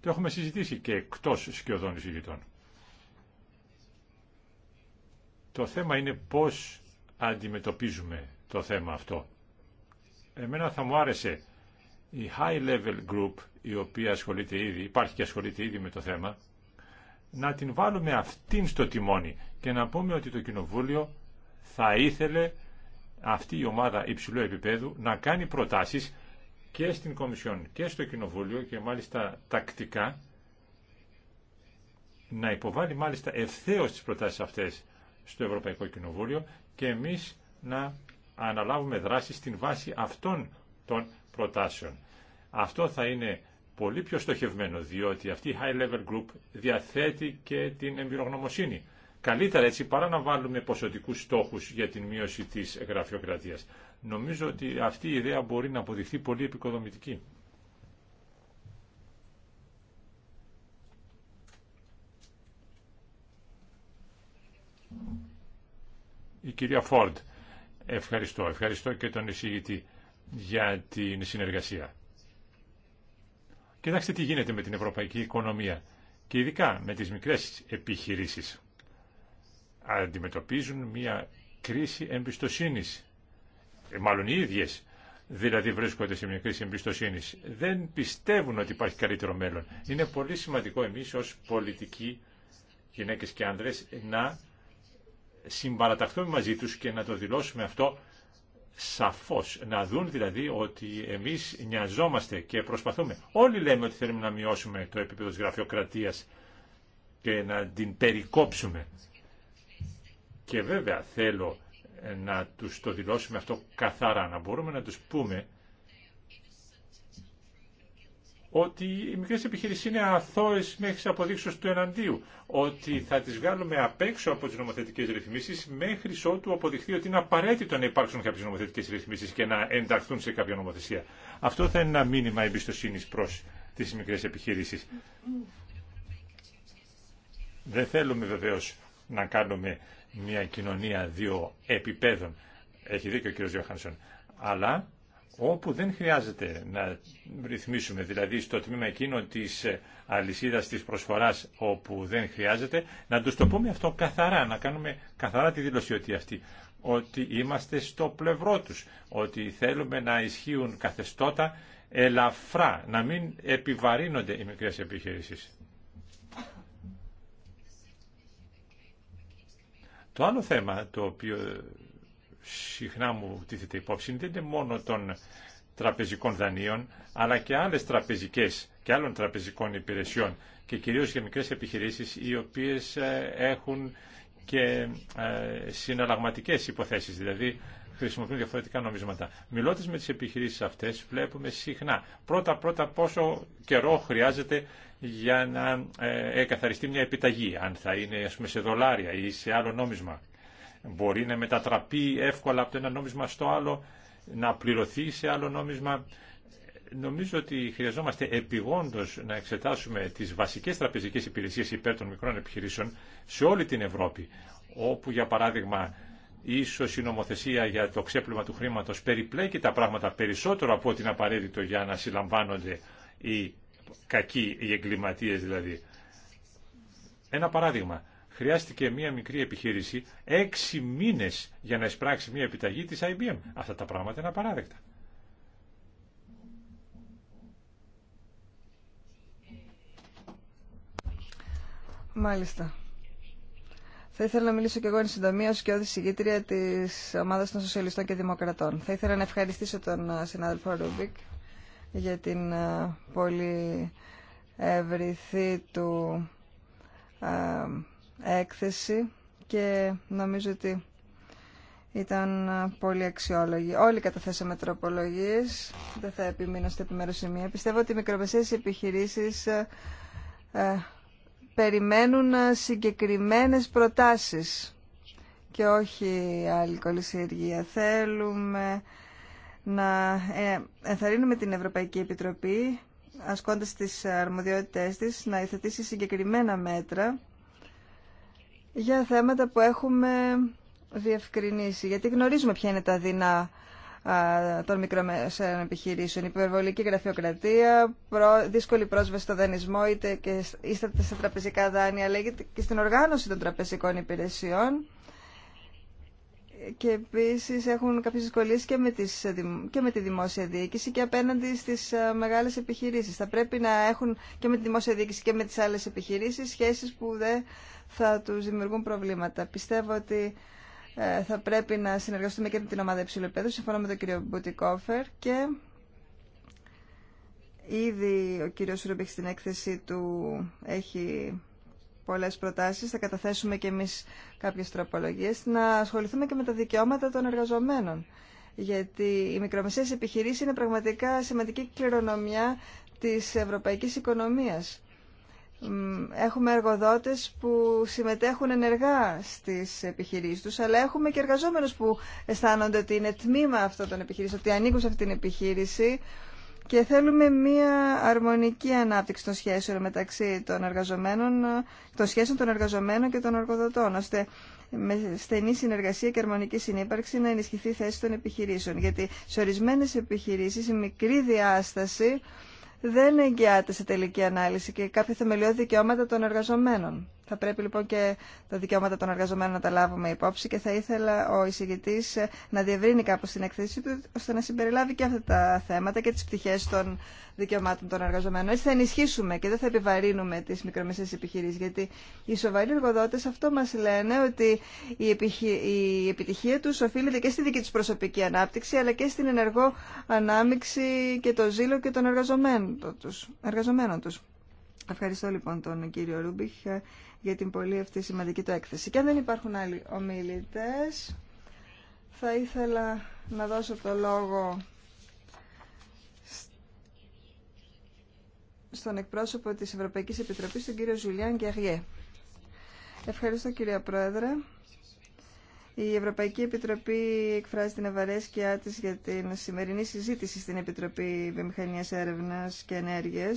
Το έχουμε συζητήσει και εκτός σκιωδών εισηγητών. Το θέμα είναι πώς αντιμετωπίζουμε το θέμα αυτό. Εμένα θα μου άρεσε η high level group η οποία ασχολείται ήδη, υπάρχει και ασχολείται ήδη με το θέμα να την βάλουμε αυτήν στο τιμόνι και να πούμε ότι το Κοινοβούλιο θα ήθελε αυτή η ομάδα υψηλού επίπεδου να κάνει προτάσεις και στην Κομισιόν και στο Κοινοβούλιο και μάλιστα τακτικά να υποβάλει μάλιστα ευθέως τις προτάσεις αυτές στο Ευρωπαϊκό Κοινοβούλιο και εμείς να αναλάβουμε δράση στην βάση αυτών των προτάσεων. Αυτό θα είναι πολύ πιο στοχευμένο, διότι αυτή η High Level Group διαθέτει και την εμπειρογνωμοσύνη. Καλύτερα έτσι παρά να βάλουμε ποσοτικούς στόχους για την μείωση της γραφειοκρατίας. Νομίζω ότι αυτή η ιδέα μπορεί να αποδειχθεί πολύ επικοδομητική. Η κυρία Φόρντ, ευχαριστώ. Ευχαριστώ και τον εισηγητή για την συνεργασία. Κοιτάξτε τι γίνεται με την ευρωπαϊκή οικονομία και ειδικά με τις μικρές επιχειρήσεις. Αντιμετωπίζουν μια κρίση εμπιστοσύνης. Ε, μάλλον οι ίδιες δηλαδή βρίσκονται σε μια κρίση εμπιστοσύνης. Δεν πιστεύουν ότι υπάρχει καλύτερο μέλλον. Είναι πολύ σημαντικό εμείς ως πολιτικοί γυναίκες και άνδρες να συμπαραταχθούμε μαζί τους και να το δηλώσουμε αυτό σαφώς, να δουν δηλαδή ότι εμείς νοιαζόμαστε και προσπαθούμε. Όλοι λέμε ότι θέλουμε να μειώσουμε το επίπεδο της γραφειοκρατίας και να την περικόψουμε. Και βέβαια θέλω να τους το δηλώσουμε αυτό καθαρά, να μπορούμε να τους πούμε ότι οι μικρές επιχειρήσεις είναι αθώες μέχρι τις αποδείξεις του εναντίου, ότι θα τις βγάλουμε απ' έξω από τις νομοθετικές ρυθμίσεις μέχρι ότου αποδειχθεί ότι είναι απαραίτητο να υπάρξουν κάποιες νομοθετικές ρυθμίσεις και να ενταχθούν σε κάποια νομοθεσία. Αυτό θα είναι ένα μήνυμα εμπιστοσύνης προς τις μικρές επιχειρήσεις. Δεν θέλουμε βεβαίως να κάνουμε μια κοινωνία δύο επιπέδων. Έχει δίκιο ο κ. Γιώχανσον. Αλλά όπου δεν χρειάζεται να ρυθμίσουμε, δηλαδή στο τμήμα εκείνο της ε, αλυσίδας της προσφοράς όπου δεν χρειάζεται, να τους το πούμε αυτό καθαρά, να κάνουμε καθαρά τη δήλωση ότι αυτή ότι είμαστε στο πλευρό τους, ότι θέλουμε να ισχύουν καθεστώτα ελαφρά, να μην επιβαρύνονται οι μικρές επιχειρήσεις. Το άλλο θέμα το οποίο συχνά μου τίθεται υπόψη δεν είναι μόνο των τραπεζικών δανείων, αλλά και άλλες τραπεζικές και άλλων τραπεζικών υπηρεσιών και κυρίως για μικρές επιχειρήσεις οι οποίες ε, έχουν και ε, συναλλαγματικές υποθέσεις, δηλαδή χρησιμοποιούν διαφορετικά νομίσματα. Μιλώντας με τις επιχειρήσεις αυτές βλέπουμε συχνά πρώτα-πρώτα πόσο καιρό χρειάζεται για να ε, εκαθαριστεί μια επιταγή, αν θα είναι σε δολάρια ή σε άλλο νόμισμα μπορεί να μετατραπεί εύκολα από το ένα νόμισμα στο άλλο, να πληρωθεί σε άλλο νόμισμα. Νομίζω ότι χρειαζόμαστε επιγόντως να εξετάσουμε τις βασικές τραπεζικές υπηρεσίες υπέρ των μικρών επιχειρήσεων σε όλη την Ευρώπη, όπου για παράδειγμα ίσως η νομοθεσία για το ξέπλυμα του χρήματος περιπλέκει τα πράγματα περισσότερο από ό,τι είναι απαραίτητο για να συλλαμβάνονται οι κακοί, οι εγκληματίες δηλαδή. Ένα παράδειγμα, χρειάστηκε μια μικρή επιχείρηση έξι μήνες για να εισπράξει μια επιταγή της IBM. Αυτά τα πράγματα είναι απαράδεκτα. Μάλιστα. Θα ήθελα να μιλήσω και εγώ εν συντομία ως και όδη συγκήτρια της ομάδας των Σοσιαλιστών και Δημοκρατών. Θα ήθελα να ευχαριστήσω τον ε, συνάδελφο Ρούμπικ για την ε, πολύ ευρυθή του ε, έκθεση και νομίζω ότι ήταν πολύ αξιόλογη. Όλοι καταθέσαμε τροπολογίες, δεν θα επιμείνω στα επιμέρους Πιστεύω ότι οι μικρομεσαίες επιχειρήσεις ε, περιμένουν συγκεκριμένες προτάσεις και όχι άλλη κολυσιεργία. Θέλουμε να ε, ενθαρρύνουμε την Ευρωπαϊκή Επιτροπή ασκώντας τις αρμοδιότητές της να υθετήσει συγκεκριμένα μέτρα για θέματα που έχουμε διευκρινίσει, γιατί γνωρίζουμε ποια είναι τα δεινά των μικρομεσαίων επιχειρήσεων. Υπερβολική γραφειοκρατία, δύσκολη πρόσβαση στο δανεισμό είτε και είστε στα τραπεζικά δάνεια, αλλά και στην οργάνωση των τραπεζικών υπηρεσιών. Και επίση έχουν κάποιε δυσκολίε και με, και με τη δημόσια διοίκηση και απέναντι στι μεγάλε επιχειρήσει. Θα πρέπει να έχουν και με τη δημόσια διοίκηση και με τι άλλε επιχειρήσει, σχέσει που δεν θα τους δημιουργούν προβλήματα. Πιστεύω ότι ε, θα πρέπει να συνεργαστούμε και με την ομάδα Υψηλοπέδου συμφωνώ με τον κύριο Μπουτικόφερ και ήδη ο κύριος Ρούμπιχ στην έκθεση του έχει πολλές προτάσεις, θα καταθέσουμε και εμείς κάποιες τροπολογίες, να ασχοληθούμε και με τα δικαιώματα των εργαζομένων. Γιατί οι μικρομεσαίες επιχειρήσεις είναι πραγματικά σημαντική κληρονομιά της ευρωπαϊκής οικονομίας έχουμε εργοδότες που συμμετέχουν ενεργά στις επιχειρήσεις τους, αλλά έχουμε και εργαζόμενους που αισθάνονται ότι είναι τμήμα αυτών των επιχειρήσεων, ότι ανήκουν σε αυτή την επιχείρηση και θέλουμε μία αρμονική ανάπτυξη των σχέσεων μεταξύ των, εργαζομένων, των σχέσεων των εργαζομένων και των εργοδοτών, ώστε με στενή συνεργασία και αρμονική συνύπαρξη να ενισχυθεί η θέση των επιχειρήσεων. Γιατί σε ορισμένες επιχειρήσεις η μικρή διάσταση δεν εγγυάται σε τελική ανάλυση και κάποια θεμελιώδη δικαιώματα των εργαζομένων. Θα πρέπει λοιπόν και τα δικαιώματα των εργαζομένων να τα λάβουμε υπόψη και θα ήθελα ο εισηγητή να διευρύνει κάπως την εκθέση του ώστε να συμπεριλάβει και αυτά τα θέματα και τι πτυχέ των δικαιωμάτων των εργαζομένων. Έτσι θα ενισχύσουμε και δεν θα επιβαρύνουμε τι μικρομεσαίες επιχειρήσει, γιατί οι σοβαροί εργοδότες αυτό μα λένε ότι η, η επιτυχία του οφείλεται και στη δική του προσωπική ανάπτυξη αλλά και στην ενεργό ανάμειξη και το ζήλο και των εργαζομένων του. Ευχαριστώ λοιπόν τον κύριο Ρούμπιχ για την πολύ αυτή σημαντική του έκθεση. Και αν δεν υπάρχουν άλλοι ομιλητές, θα ήθελα να δώσω το λόγο στον εκπρόσωπο της Ευρωπαϊκής Επιτροπής, τον κύριο Ζουλιάν Γκεργέ. Ευχαριστώ κύριε Πρόεδρε. Η Ευρωπαϊκή Επιτροπή εκφράζει την ευαρέσκειά τη για την σημερινή συζήτηση στην Επιτροπή Βιομηχανία Έρευνα και Ενέργεια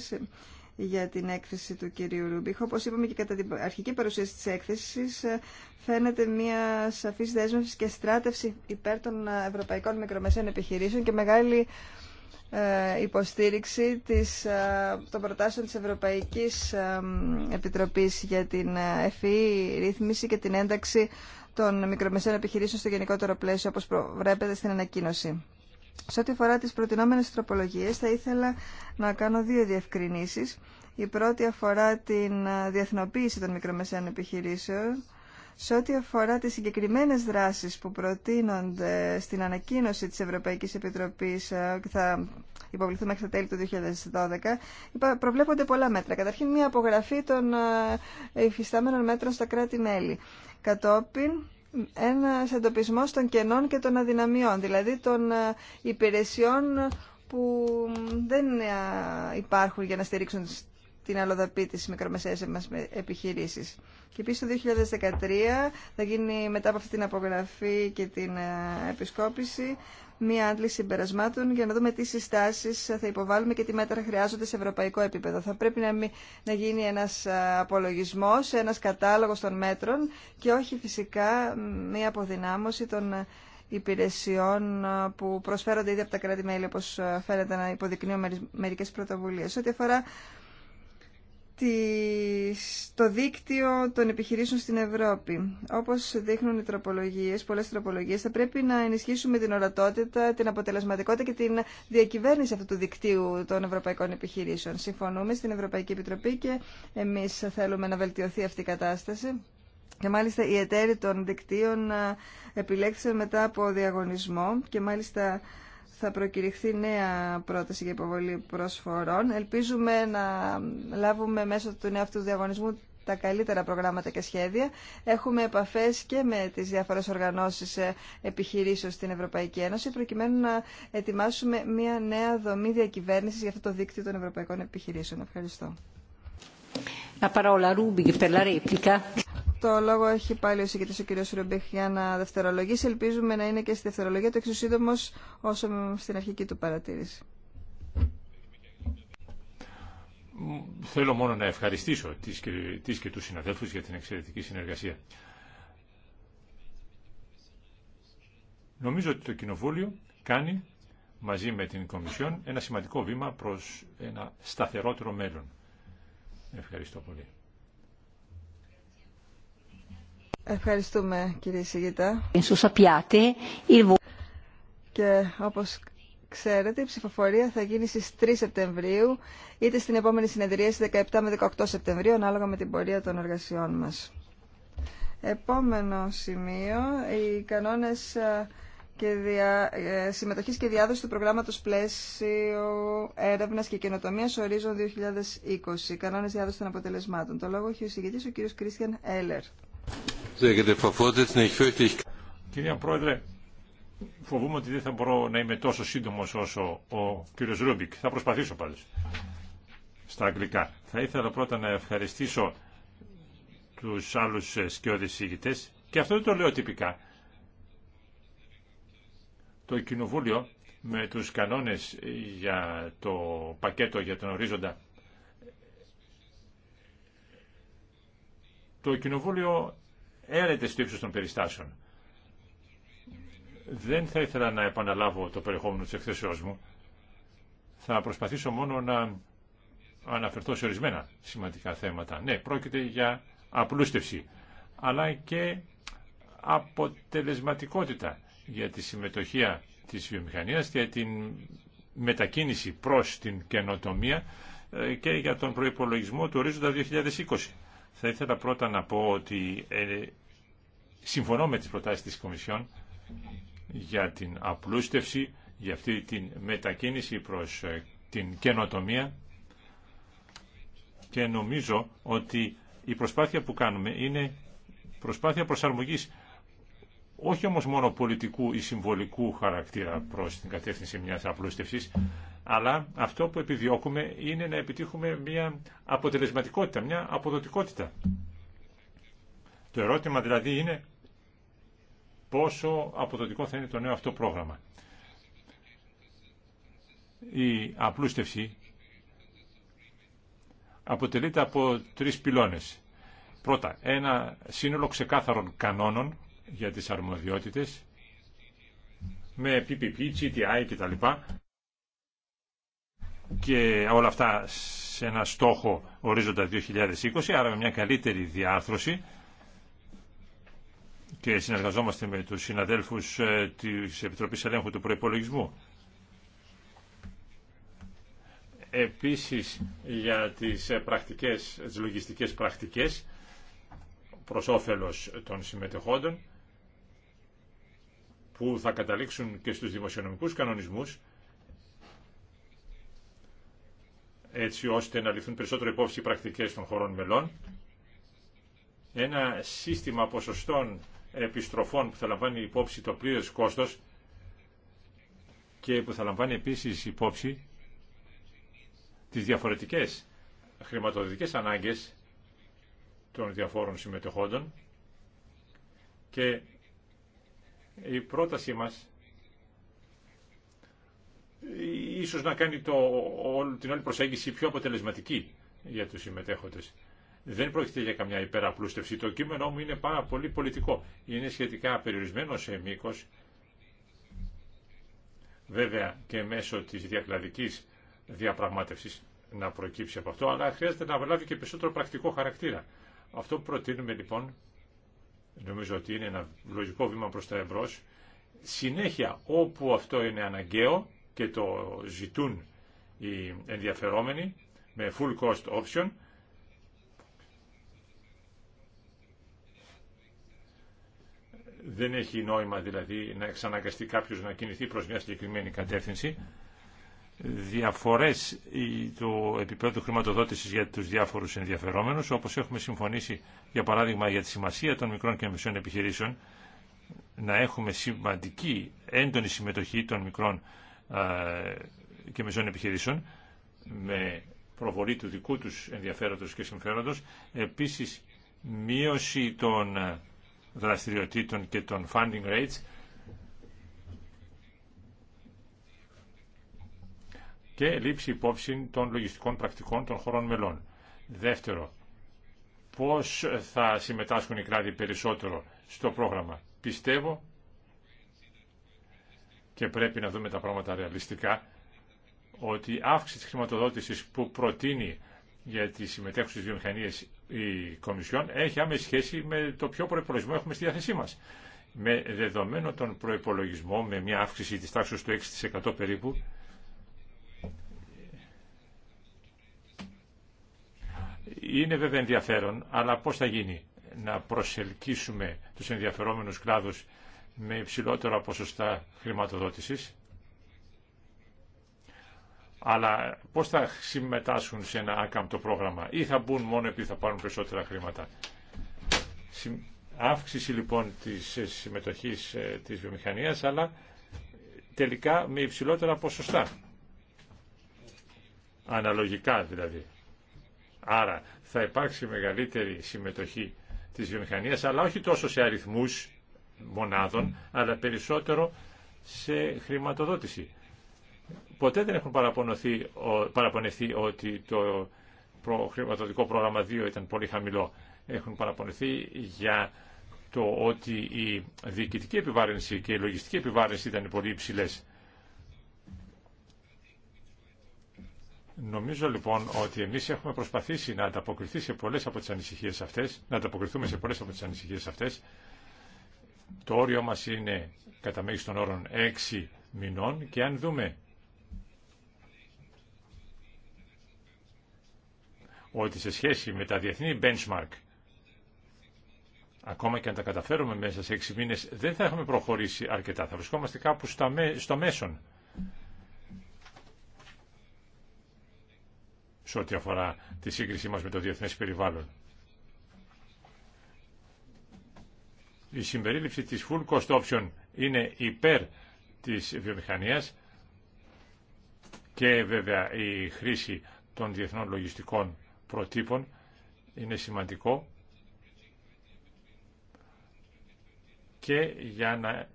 για την έκθεση του κυρίου Ρουμπίχ. Όπως είπαμε και κατά την αρχική παρουσίαση της έκθεσης, ε, φαίνεται μια σαφής δέσμευση και στράτευση υπέρ των ευρωπαϊκών μικρομεσαίων επιχειρήσεων και μεγάλη ε, υποστήριξη της, ε, των προτάσεων της Ευρωπαϊκής Επιτροπής για την ευφυή e ρύθμιση και την ένταξη των μικρομεσαίων επιχειρήσεων στο γενικότερο πλαίσιο, όπως προβλέπεται στην ανακοίνωση. Σε ό,τι αφορά τις προτινόμενες τροπολογίες θα ήθελα να κάνω δύο διευκρινήσεις. Η πρώτη αφορά την διεθνοποίηση των μικρομεσαίων επιχειρήσεων. Σε ό,τι αφορά τις συγκεκριμένες δράσεις που προτείνονται στην ανακοίνωση της Ευρωπαϊκής Επιτροπής και θα υποβληθούν μέχρι τα τέλη του 2012, προβλέπονται πολλά μέτρα. Καταρχήν μια απογραφή των υφιστάμενων μέτρων στα κράτη-μέλη. Κατόπιν, ένα εντοπισμό των κενών και των αδυναμιών, δηλαδή των ε, υπηρεσιών που δεν ε, υπάρχουν για να στηρίξουν την αλλοδαπή της μικρομεσαίας μας επιχειρήσεις. Και επίσης το 2013 θα γίνει μετά από αυτή την απογραφή και την ε, επισκόπηση μία άντληση συμπερασμάτων για να δούμε τι συστάσεις θα υποβάλουμε και τι μέτρα χρειάζονται σε ευρωπαϊκό επίπεδο. Θα πρέπει να, να γίνει ένας ε, απολογισμός, ένας κατάλογος των μέτρων και όχι φυσικά μία αποδυνάμωση των υπηρεσιών ε, που προσφέρονται ήδη από τα κράτη-μέλη, όπως φαίνεται να υποδεικνύουν μερικές πρωτοβουλίες. Ό,τι αφορά το δίκτυο των επιχειρήσεων στην Ευρώπη. Όπως δείχνουν οι τροπολογίες, πολλές τροπολογίες, θα πρέπει να ενισχύσουμε την ορατότητα, την αποτελεσματικότητα και την διακυβέρνηση αυτού του δικτύου των ευρωπαϊκών επιχειρήσεων. Συμφωνούμε στην Ευρωπαϊκή Επιτροπή και εμείς θέλουμε να βελτιωθεί αυτή η κατάσταση. Και μάλιστα οι εταίροι των δικτύων ε, επιλέξαν μετά από διαγωνισμό και μάλιστα θα προκηρυχθεί νέα πρόταση για υποβολή προσφορών. Ελπίζουμε να λάβουμε μέσω του νέου αυτού διαγωνισμού τα καλύτερα προγράμματα και σχέδια. Έχουμε επαφέ και με τι διαφορέ οργανώσει ε, επιχειρήσεων στην Ευρωπαϊκή Ένωση προκειμένου να ετοιμάσουμε μια νέα δομή διακυβέρνηση για αυτό το δίκτυο των ευρωπαϊκών επιχειρήσεων. Ευχαριστώ. Το λόγο έχει πάλι ο συγκεκριτή ο κ. Ρουμπίχ για να δευτερολογήσει. Ελπίζουμε να είναι και στη δευτερολογία του εξωσύντομο όσο στην αρχική του παρατήρηση. Θέλω μόνο να ευχαριστήσω τις και, τις και τους συναδέλφους για την εξαιρετική συνεργασία. Νομίζω ότι το Κοινοβούλιο κάνει μαζί με την Κομισιόν ένα σημαντικό βήμα προς ένα σταθερότερο μέλλον. Ευχαριστώ πολύ. Ευχαριστούμε κύριε Σιγητά. Και όπως ξέρετε η ψηφοφορία θα γίνει στις 3 Σεπτεμβρίου είτε στην επόμενη συνεδρία στις 17 με 18 Σεπτεμβρίου ανάλογα με την πορεία των εργασιών μας. Επόμενο σημείο, οι κανόνες ε, και δια... Ε, συμμετοχής και διάδοση του προγράμματος πλαίσιο έρευνας και καινοτομία ορίζον 2020. Κανόνες διάδοση των αποτελεσμάτων. Το λόγο έχει ο ο κύριος Κρίστιαν Έλερ. Κυρία Πρόεδρε, φοβούμαι ότι δεν θα μπορώ να είμαι τόσο σύντομος όσο ο κύριος Ρούμπικ. Θα προσπαθήσω πάλι στα αγγλικά. Θα ήθελα πρώτα να ευχαριστήσω τους άλλους σκιώδεις ηγητές και αυτό δεν το λέω τυπικά. Το Κοινοβούλιο με τους κανόνες για το πακέτο για τον ορίζοντα το Κοινοβούλιο έρεται στο ύψος των περιστάσεων. Δεν θα ήθελα να επαναλάβω το περιεχόμενο της εκθέσεώς μου. Θα προσπαθήσω μόνο να αναφερθώ σε ορισμένα σημαντικά θέματα. Ναι, πρόκειται για απλούστευση, αλλά και αποτελεσματικότητα για τη συμμετοχή της βιομηχανίας, για την μετακίνηση προς την καινοτομία ε, και για τον προϋπολογισμό του ορίζοντα 2020. Θα ήθελα πρώτα να πω ότι ε, συμφωνώ με τις προτάσεις της Κομισιόν για την απλούστευση, για αυτή την μετακίνηση προς ε, την καινοτομία και νομίζω ότι η προσπάθεια που κάνουμε είναι προσπάθεια προσαρμογής όχι όμως μόνο πολιτικού ή συμβολικού χαρακτήρα προς την κατεύθυνση μιας απλούστευσης, αλλά αυτό που επιδιώκουμε είναι να επιτύχουμε μια αποτελεσματικότητα, μια αποδοτικότητα. Το ερώτημα δηλαδή είναι πόσο αποδοτικό θα είναι το νέο αυτό πρόγραμμα. Η απλούστευση αποτελείται από τρεις πυλώνες. Πρώτα, ένα σύνολο ξεκάθαρων κανόνων για τις αρμοδιότητες με PPP, GTI κτλ. Και όλα αυτά σε ένα στόχο ορίζοντα 2020, άρα με μια καλύτερη διάρθρωση και συνεργαζόμαστε με τους συναδέλφους ε, της Επιτροπής Ελέγχου του Προϋπολογισμού. Επίσης για τις, ε, πρακτικές, τις λογιστικές πρακτικές προς όφελος των συμμετεχόντων που θα καταλήξουν και στους δημοσιονομικούς κανονισμούς έτσι ώστε να ληφθούν περισσότερο υπόψη οι πρακτικές των χωρών μελών. Ένα σύστημα ποσοστών επιστροφών που θα λαμβάνει υπόψη το πλήρες κόστος και που θα λαμβάνει επίσης υπόψη τις διαφορετικές χρηματοδοτικές ανάγκες των διαφόρων συμμετεχόντων και η πρότασή μας ίσως να κάνει το, την όλη προσέγγιση πιο αποτελεσματική για τους συμμετέχοντες. Δεν πρόκειται για καμιά υπεραπλούστευση. Το κείμενό μου είναι πάρα πολύ πολιτικό. Είναι σχετικά περιορισμένο σε μήκο. Βέβαια και μέσω τη διακλαδική διαπραγμάτευση να προκύψει από αυτό, αλλά χρειάζεται να βλάβει και περισσότερο πρακτικό χαρακτήρα. Αυτό που προτείνουμε λοιπόν, νομίζω ότι είναι ένα λογικό βήμα προ τα Εμπρό. συνέχεια όπου αυτό είναι αναγκαίο και το ζητούν οι ενδιαφερόμενοι, με full cost option, Δεν έχει νόημα δηλαδή να εξαναγκαστεί κάποιος να κινηθεί προς μια συγκεκριμένη κατεύθυνση. Διαφορές του επίπεδου χρηματοδότησης για τους διάφορους ενδιαφερόμενους, όπως έχουμε συμφωνήσει για παράδειγμα για τη σημασία των μικρών και μεσών επιχειρήσεων, να έχουμε σημαντική έντονη συμμετοχή των μικρών και μεσών επιχειρήσεων με προβολή του δικού τους ενδιαφέροντος και συμφέροντος. Επίσης, μείωση των δραστηριοτήτων και των funding rates και λήψη υπόψη των λογιστικών πρακτικών των χωρών μελών. Δεύτερο, πώς θα συμμετάσχουν οι κράτη περισσότερο στο πρόγραμμα. Πιστεύω και πρέπει να δούμε τα πράγματα ρεαλιστικά ότι η αύξηση της χρηματοδότησης που προτείνει για τις συμμετέχουσες βιομηχανίες η Κομισιόν έχει άμεση σχέση με το ποιο προπολογισμό έχουμε στη διάθεσή μα. Με δεδομένο τον προπολογισμό, με μια αύξηση της τάξης του 6% περίπου, είναι βέβαια ενδιαφέρον, αλλά πώς θα γίνει να προσελκύσουμε τους ενδιαφερόμενους κλάδους με υψηλότερα ποσοστά χρηματοδότησης αλλά πώς θα συμμετάσχουν σε ένα άκαμπτο πρόγραμμα ή θα μπουν μόνο επειδή θα πάρουν περισσότερα χρήματα. Αύξηση λοιπόν της ε, συμμετοχής ε, της βιομηχανίας, αλλά τελικά με υψηλότερα ποσοστά. Αναλογικά δηλαδή. Άρα θα υπάρξει μεγαλύτερη συμμετοχή της βιομηχανίας, αλλά όχι τόσο σε αριθμούς μονάδων, αλλά περισσότερο σε χρηματοδότηση ποτέ δεν έχουν παραπονεθεί ότι το χρηματοδοτικό πρόγραμμα 2 ήταν πολύ χαμηλό. Έχουν παραπονεθεί για το ότι η διοικητική επιβάρυνση και η λογιστική επιβάρυνση ήταν πολύ υψηλέ. Νομίζω λοιπόν ότι εμείς έχουμε προσπαθήσει να ανταποκριθεί σε πολλές από τις ανησυχίες αυτές, να ανταποκριθούμε σε πολλές από τις ανησυχίες αυτές. Το όριό μας είναι κατά μέγιστον όρων 6 μηνών και αν δούμε ότι σε σχέση με τα διεθνή benchmark, ακόμα και αν τα καταφέρουμε μέσα σε έξι μήνες, δεν θα έχουμε προχωρήσει αρκετά. Θα βρισκόμαστε κάπου στο μέσον. σε ό,τι αφορά τη σύγκρισή μας με το διεθνές περιβάλλον. Η συμπερίληψη της full cost option είναι υπέρ της βιομηχανίας και βέβαια η χρήση των διεθνών λογιστικών προτύπων είναι σημαντικό και για να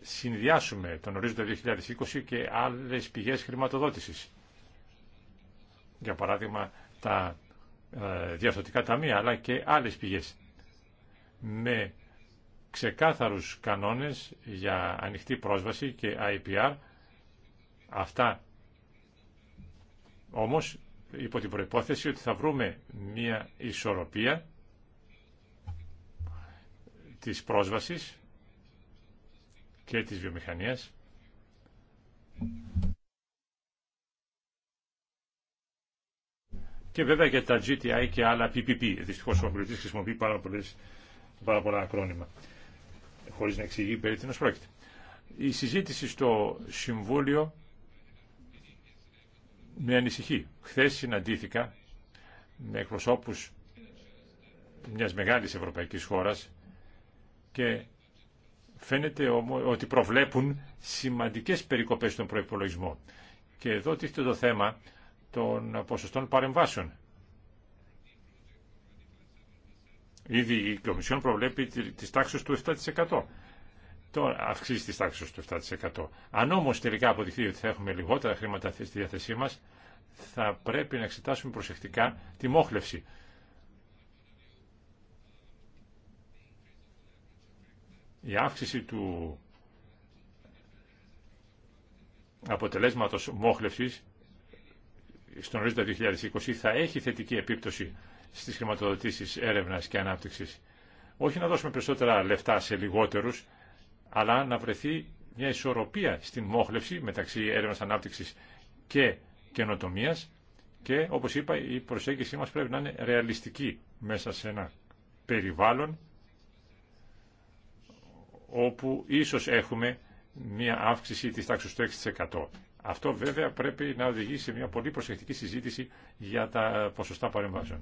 συνδυάσουμε τον ορίζοντα 2020 και άλλες πηγές χρηματοδότησης. Για παράδειγμα τα ε, διαφθορτικά ταμεία αλλά και άλλες πηγές. Με ξεκάθαρους κανόνες για ανοιχτή πρόσβαση και IPR αυτά όμως υπό την προϋπόθεση ότι θα βρούμε μια ισορροπία της πρόσβασης και της βιομηχανίας και βέβαια για τα GTI και άλλα PPP. Δυστυχώς ο Αγγλωτής χρησιμοποιεί πάρα, πολλές, πάρα πολλά ακρόνημα χωρίς να εξηγεί περί τίνος πρόκειται. Η συζήτηση στο Συμβούλιο με ανησυχεί. Χθε συναντήθηκα με εκπροσώπους μιας μεγάλης ευρωπαϊκής χώρας και φαίνεται όμως ότι προβλέπουν σημαντικές περικοπές στον προϋπολογισμό. Και εδώ τίθεται το θέμα των ποσοστών παρεμβάσεων. Ήδη η Κομισιόν προβλέπει τις τάξεις του 7% τώρα αυξήσει τη τάξη του 7%. Αν όμως τελικά αποδειχθεί ότι θα έχουμε λιγότερα χρήματα στη διάθεσή μας, θα πρέπει να εξετάσουμε προσεκτικά τη μόχλευση. Η αύξηση του αποτελέσματος μόχλευσης στον ορίζοντα 2020 θα έχει θετική επίπτωση στις χρηματοδοτήσεις έρευνας και ανάπτυξης. Όχι να δώσουμε περισσότερα λεφτά σε λιγότερους, αλλά να βρεθεί μια ισορροπία στην μόχλευση μεταξύ έρευνας ανάπτυξης και καινοτομίας και όπως είπα η προσέγγιση μας πρέπει να είναι ρεαλιστική μέσα σε ένα περιβάλλον όπου ίσως έχουμε μια αύξηση της τάξης του 6%. Αυτό βέβαια πρέπει να οδηγήσει σε μια πολύ προσεκτική συζήτηση για τα ποσοστά παρεμβάσεων.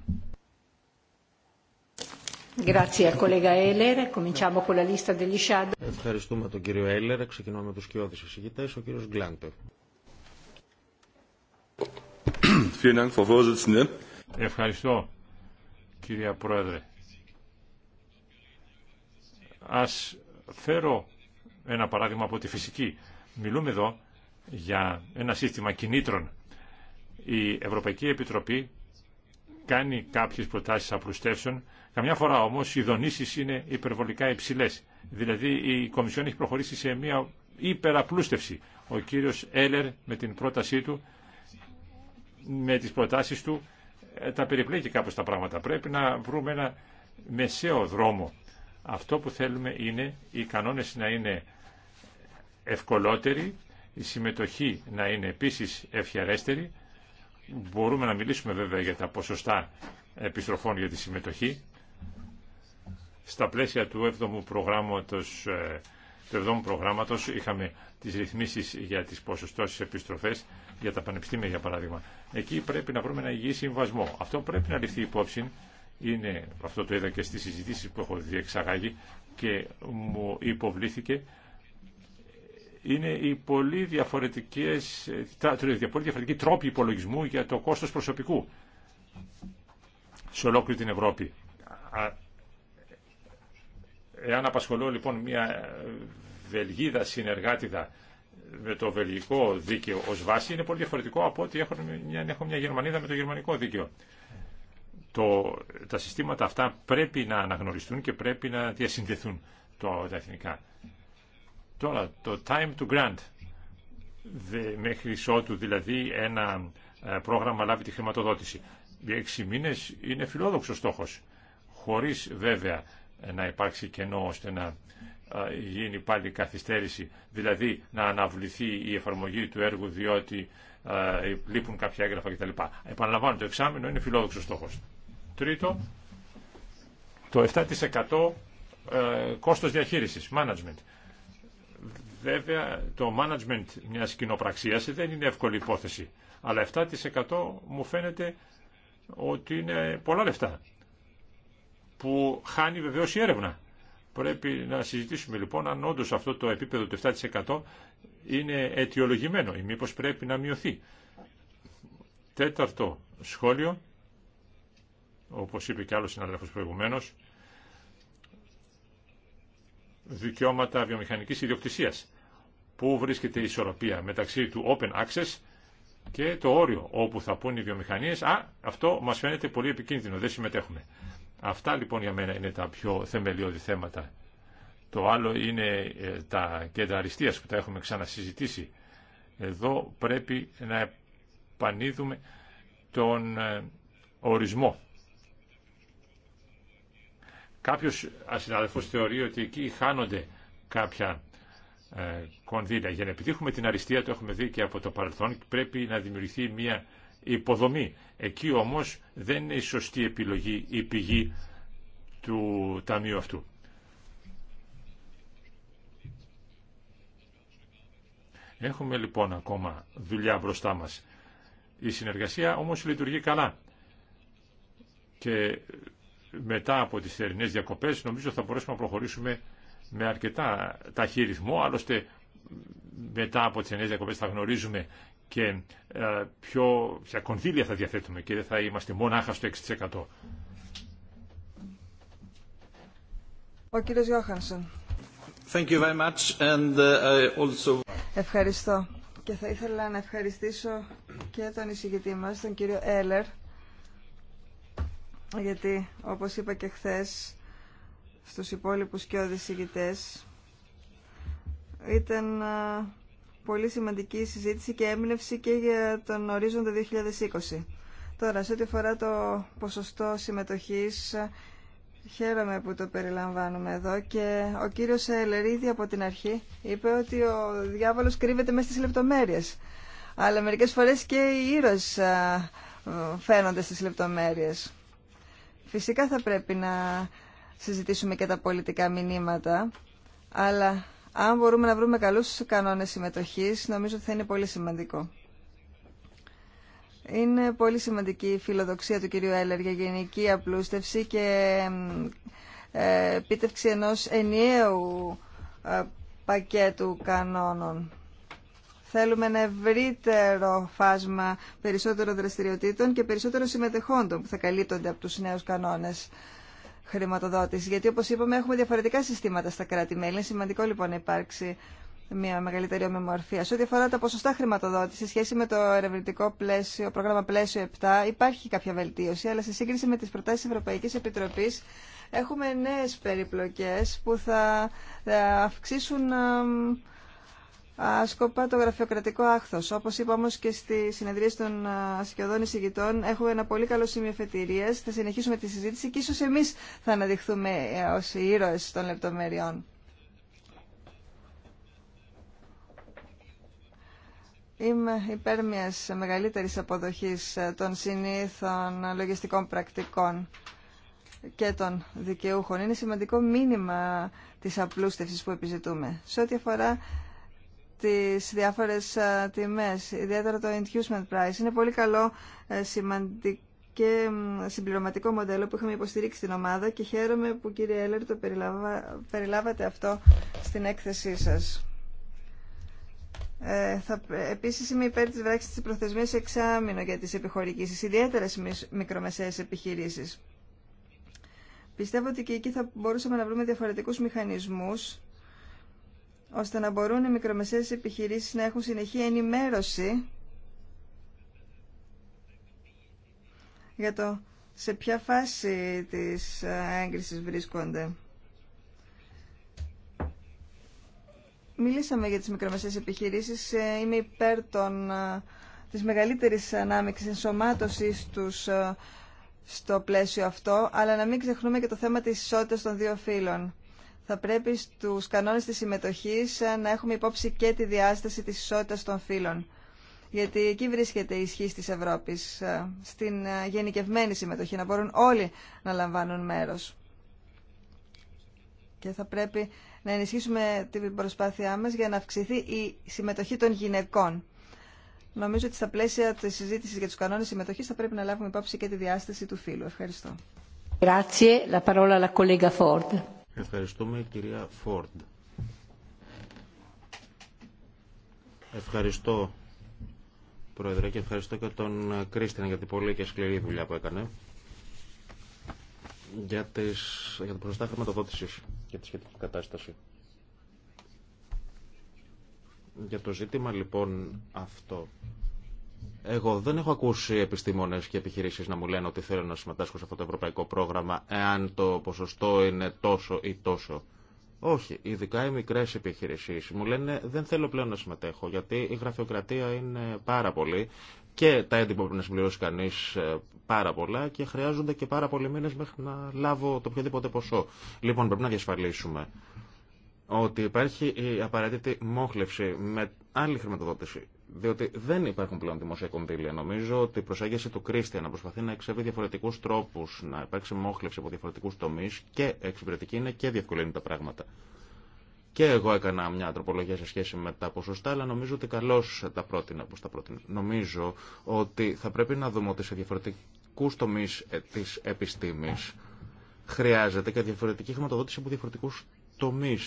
Ευχαριστούμε τον κύριο Έλερ. Ξεκινάμε με τους κοιόδης εισηγητές. Ο κύριος Γκλάντε. Ευχαριστώ, κυρία Πρόεδρε. Ας φέρω ένα παράδειγμα από τη φυσική. Μιλούμε εδώ για ένα σύστημα κινήτρων. Η Ευρωπαϊκή Επιτροπή κάνει κάποιες προτάσεις απλουστεύσεων Καμιά φορά όμως οι δονήσεις είναι υπερβολικά υψηλές. Δηλαδή η Κομισιόν έχει προχωρήσει σε μια υπεραπλούστευση. Ο κύριος Έλερ με την πρότασή του, με τις προτάσεις του, ε, τα περιπλέκει κάπως τα πράγματα. Πρέπει να βρούμε ένα μεσαίο δρόμο. Αυτό που θέλουμε είναι οι κανόνες να είναι ευκολότεροι, η συμμετοχή να είναι επίσης ευχαιρέστερη. Μπορούμε να μιλήσουμε βέβαια για τα ποσοστά επιστροφών για τη συμμετοχή. Στα πλαίσια του 7ου προγράμματος, ε, του 7ου προγράμματος είχαμε τις ρυθμίσεις για τις ποσοστώσεις επιστροφές για τα πανεπιστήμια για παράδειγμα. Εκεί πρέπει να βρούμε ένα υγιή συμβασμό. Αυτό πρέπει να ληφθεί υπόψη είναι, αυτό το είδα και στις συζητήσεις που έχω διεξαγάγει και μου υποβλήθηκε, είναι οι πολύ, διαφορετικές, τα, πολύ διαφορετικοί τρόποι υπολογισμού για το κόστος προσωπικού σε ολόκληρη την Ευρώπη. Εάν απασχολώ λοιπόν μια ε, Βελγίδα συνεργάτηδα με το βελγικό δίκαιο ω βάση είναι πολύ διαφορετικό από ότι έχω μια, έχω μια Γερμανίδα με το γερμανικό δίκαιο. τα συστήματα αυτά πρέπει να αναγνωριστούν και πρέπει να διασυνδεθούν το, τα εθνικά. Τώρα, το time to grant, δε, μέχρι ότου δηλαδή ένα ε, πρόγραμμα λάβει τη χρηματοδότηση. Οι έξι μήνες είναι φιλόδοξος στόχος, χωρίς βέβαια να υπάρξει κενό ώστε να γίνει πάλι καθυστέρηση, δηλαδή να αναβληθεί η εφαρμογή του έργου διότι λείπουν κάποια έγγραφα κτλ. Επαναλαμβάνω, το εξάμεινο είναι φιλόδοξο στόχος. Τρίτο, το 7% ε, κόστο διαχείρισης, management. Βέβαια, το management μια κοινοπραξία δεν είναι εύκολη υπόθεση, αλλά 7% μου φαίνεται ότι είναι πολλά λεφτά που χάνει βεβαίω η έρευνα. Πρέπει να συζητήσουμε λοιπόν αν όντω αυτό το επίπεδο του 7% είναι αιτιολογημένο ή μήπως πρέπει να μειωθεί. Τέταρτο σχόλιο, όπως είπε και άλλος συναδελφός προηγουμένως, δικαιώματα βιομηχανικής ιδιοκτησίας. Πού βρίσκεται η μηπως πρεπει να μειωθει τεταρτο σχολιο οπως ειπε και άλλο συναδελφο προηγουμένω, δικαιωματα βιομηχανικης ιδιοκτησία που βρισκεται η ισορροπια μεταξυ του open access και το όριο όπου θα πούν οι βιομηχανίε. «Α, αυτό μα φαίνεται πολύ επικίνδυνο, δεν συμμετέχουμε». Αυτά λοιπόν για μένα είναι τα πιο θεμελιώδη θέματα. Το άλλο είναι ε, τα κέντρα αριστείας που τα έχουμε ξανασυζητήσει. Εδώ πρέπει να επανείδουμε τον ε, ορισμό. Κάποιος ασυνάδελφος θεωρεί ότι εκεί χάνονται κάποια ε, κονδύλια. Για να επιτύχουμε την αριστεία, το έχουμε δει και από το παρελθόν, πρέπει να δημιουργηθεί μια υποδομή. Εκεί όμως δεν είναι η σωστή επιλογή η πηγή του ταμείου αυτού. Έχουμε λοιπόν ακόμα δουλειά μπροστά μας. Η συνεργασία όμως λειτουργεί καλά. Και μετά από τις θερινές διακοπές νομίζω θα μπορέσουμε να προχωρήσουμε με αρκετά ταχύ ρυθμό. Άλλωστε μετά από τις θερινές διακοπές θα γνωρίζουμε και ε, πιο, ποια κονδύλια θα διαθέτουμε και δεν θα είμαστε μονάχα στο 6%. Ο κύριος Γιώχανσον. Thank uh, also... Ευχαριστώ. Και θα ήθελα να ευχαριστήσω και τον εισηγητή μας, τον κύριο Έλερ, γιατί όπως είπα και χθες στους υπόλοιπους και ηγητές ήταν πολύ σημαντική συζήτηση και έμπνευση και για τον ορίζοντα 2020. Τώρα, σε ό,τι αφορά το ποσοστό συμμετοχής, χαίρομαι που το περιλαμβάνουμε εδώ και ο κύριος Ελερίδη από την αρχή είπε ότι ο διάβολος κρύβεται μέσα στις λεπτομέρειες. Αλλά μερικές φορές και οι ήρωες φαίνονται στις λεπτομέρειες. Φυσικά θα πρέπει να συζητήσουμε και τα πολιτικά μηνύματα, αλλά αν μπορούμε να βρούμε καλούς κανόνες συμμετοχής, νομίζω ότι θα είναι πολύ σημαντικό. Είναι πολύ σημαντική η φιλοδοξία του κυρίου Έλερ για γενική απλούστευση και ε, επίτευξη ενός ενιαίου ε, πακέτου κανόνων. Θέλουμε ένα ευρύτερο φάσμα περισσότερων δραστηριοτήτων και περισσότερων συμμετεχόντων που θα καλύπτονται από τους νέους κανόνες χρηματοδότηση. Γιατί όπω είπαμε έχουμε διαφορετικά συστήματα στα κράτη-μέλη. Είναι σημαντικό λοιπόν να υπάρξει μια μεγαλύτερη ομοιομορφία. Σε ό,τι αφορά τα ποσοστά χρηματοδότηση, σε σχέση με το ερευνητικό πλαίσιο, πρόγραμμα πλαίσιο 7, υπάρχει κάποια βελτίωση, αλλά σε σύγκριση με τι προτάσει Ευρωπαϊκή Επιτροπή, έχουμε νέε περιπλοκέ που θα ε, αυξήσουν ε, άσκοπα το γραφειοκρατικό άκθο. Όπω είπα όμω και στη συνεδρία των σχεδόν εισηγητών, έχουμε ένα πολύ καλό σημείο εφετηρία. Θα συνεχίσουμε τη συζήτηση και ίσω εμεί θα αναδειχθούμε ε, ω οι ήρωες των λεπτομεριών. Είμαι υπέρ μια μεγαλύτερη αποδοχής ε, των συνήθων λογιστικών πρακτικών και των δικαιούχων. Είναι σημαντικό μήνυμα της απλούστευσης που επιζητούμε. Σε ό,τι αφορά τις διάφορες ε, τιμές, ιδιαίτερα το inducement price. Είναι πολύ καλό ε, σημαντικό και συμπληρωματικό μοντέλο που είχαμε υποστηρίξει στην ομάδα και χαίρομαι που κύριε Έλερ το περιλάβατε αυτό στην έκθεσή σας. Ε, θα, επίσης είμαι υπέρ της βράξης της προθεσμίας εξάμεινο για τις επιχορηγήσεις, ιδιαίτερα στις μικρομεσαίες επιχειρήσεις. Πιστεύω ότι και εκεί θα μπορούσαμε να βρούμε διαφορετικούς μηχανισμούς ώστε να μπορούν οι μικρομεσαίες επιχειρήσεις να έχουν συνεχή ενημέρωση για το σε ποια φάση της ε, έγκρισης βρίσκονται. Μιλήσαμε για τις μικρομεσαίες επιχειρήσεις. Ε, είμαι υπέρ των, ε, της μεγαλύτερης ανάμειξης ενσωμάτωσης τους στο πλαίσιο αυτό, αλλά να μην ξεχνούμε και το θέμα της ισότητας των δύο φύλων θα πρέπει στους κανόνες της συμμετοχής να έχουμε υπόψη και τη διάσταση της ισότητας των φύλων. Γιατί εκεί βρίσκεται η ισχύ της Ευρώπης, ε, στην ε, γενικευμένη συμμετοχή, να μπορούν όλοι να λαμβάνουν μέρος. Και θα πρέπει να ενισχύσουμε την προσπάθειά μας για να αυξηθεί η συμμετοχή των γυναικών. Νομίζω ότι στα πλαίσια τη συζήτηση για του κανόνε συμμετοχή θα πρέπει να λάβουμε υπόψη και τη διάσταση του φύλου. Ευχαριστώ. Grazie, la parola alla collega Ford. Ευχαριστούμε κυρία Φόρντ. Ευχαριστώ Πρόεδρε και ευχαριστώ και τον Κρίστινα για την πολύ και σκληρή δουλειά που έκανε για, τις, για το ποσοστά χρηματοδότηση και τη σχετική κατάσταση. Για το ζήτημα λοιπόν αυτό εγώ δεν έχω ακούσει επιστήμονε και επιχειρήσει να μου λένε ότι θέλω να συμμετάσχω σε αυτό το ευρωπαϊκό πρόγραμμα, εάν το ποσοστό είναι τόσο ή τόσο. Όχι, ειδικά οι μικρέ επιχειρήσει μου λένε δεν θέλω πλέον να συμμετέχω, γιατί η γραφειοκρατία είναι πάρα πολύ και τα έντυπα πρέπει να συμπληρώσει κανεί ε, πάρα πολλά και χρειάζονται και πάρα πολλοί μήνε μέχρι να λάβω το οποιοδήποτε ποσό. Λοιπόν, πρέπει να διασφαλίσουμε ότι υπάρχει η απαραίτητη μόχλευση με άλλη χρηματοδότηση διότι δεν υπάρχουν πλέον δημοσία κονδύλια. Νομίζω ότι η προσέγγιση του Κρίστια να προσπαθεί να εξεύει διαφορετικού τρόπου, να υπάρξει μόχλευση από διαφορετικού τομεί και εξυπηρετική είναι και διευκολύνει τα πράγματα. Και εγώ έκανα μια τροπολογία σε σχέση με τα ποσοστά, αλλά νομίζω ότι καλώ τα πρότεινα όπω τα πρότεινα. Νομίζω ότι θα πρέπει να δούμε ότι σε διαφορετικού τομεί ε, τη επιστήμη χρειάζεται και διαφορετική χρηματοδότηση από διαφορετικού τομεί.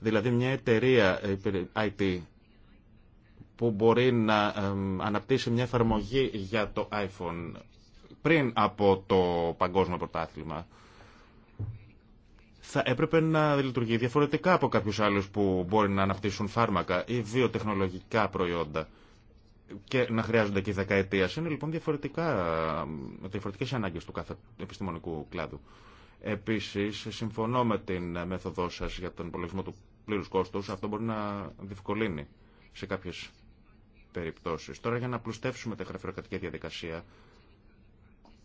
Δηλαδή μια εταιρεία ε, IT που μπορεί να αναπτύσσει μια εφαρμογή για το iPhone πριν από το παγκόσμιο πρωτάθλημα θα έπρεπε να λειτουργεί διαφορετικά από κάποιους άλλους που μπορεί να αναπτύσσουν φάρμακα ή βιοτεχνολογικά προϊόντα και να χρειάζονται και δεκαετία. Είναι λοιπόν διαφορετικά, διαφορετικές ανάγκες του κάθε επιστημονικού κλάδου. Επίσης, συμφωνώ με την μέθοδό σας για τον υπολογισμό του πλήρους κόστους. Αυτό μπορεί να διευκολύνει σε κάποιες Τώρα για να πλουστεύσουμε τα γραφειοκρατική διαδικασία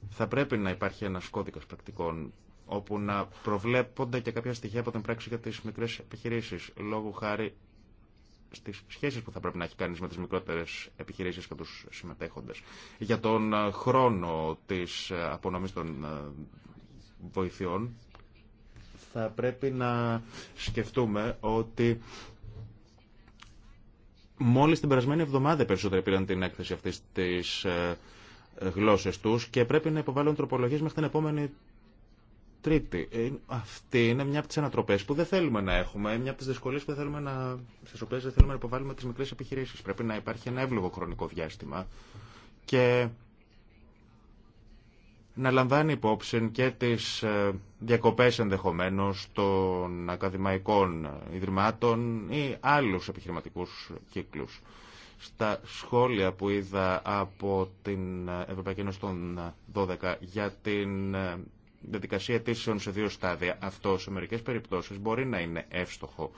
θα πρέπει να υπάρχει ένας κώδικα πρακτικών όπου να προβλέπονται και κάποια στοιχεία από την πράξη για τι μικρέ επιχειρήσει, λόγω χάρη στι σχέσει που θα πρέπει να έχει κανεί με τι μικρότερε επιχειρήσει και του συμμετέχοντε. Για τον ε, χρόνο τη ε, απονομή των ε, βοηθειών, θα πρέπει να σκεφτούμε ότι Μόλις την περασμένη εβδομάδα περισσότεροι πήραν την έκθεση αυτής της ε, γλώσσες τους και πρέπει να υποβάλουν τροπολογίες μέχρι την επόμενη Τρίτη. Ε, αυτή είναι μια από τις ανατροπές που δεν θέλουμε να έχουμε, μια από τις δυσκολίες που δεν θέλουμε να. στι οποίε δεν θέλουμε να υποβάλουμε τι μικρές επιχειρήσεις. Πρέπει να υπάρχει ένα εύλογο χρονικό διάστημα και να λαμβάνει υπόψη και τις ε, διακοπές ενδεχομένως των ακαδημαϊκών ιδρυμάτων ή άλλους επιχειρηματικούς κύκλους. Στα σχόλια που είδα από την Ευρωπαϊκή Ένωση των 12 για την ε, διαδικασία αιτήσεων σε δύο στάδια, αυτό σε μερικές περιπτώσεις μπορεί να είναι εύστοχο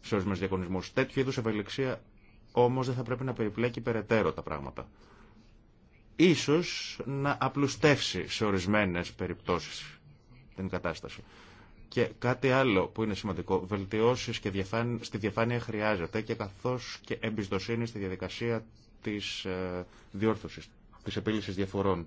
σε ορισμένου διαγωνισμού. Τέτοιου είδου ευελιξία όμως δεν θα πρέπει να περιπλέκει περαιτέρω τα πράγματα ίσως να απλουστεύσει σε ορισμένες περιπτώσεις την κατάσταση. Και κάτι άλλο που είναι σημαντικό, βελτιώσεις και στη διαφάνεια χρειάζεται και καθώς και εμπιστοσύνη στη διαδικασία της ε, διόρθωσης, της επίλυσης διαφορών.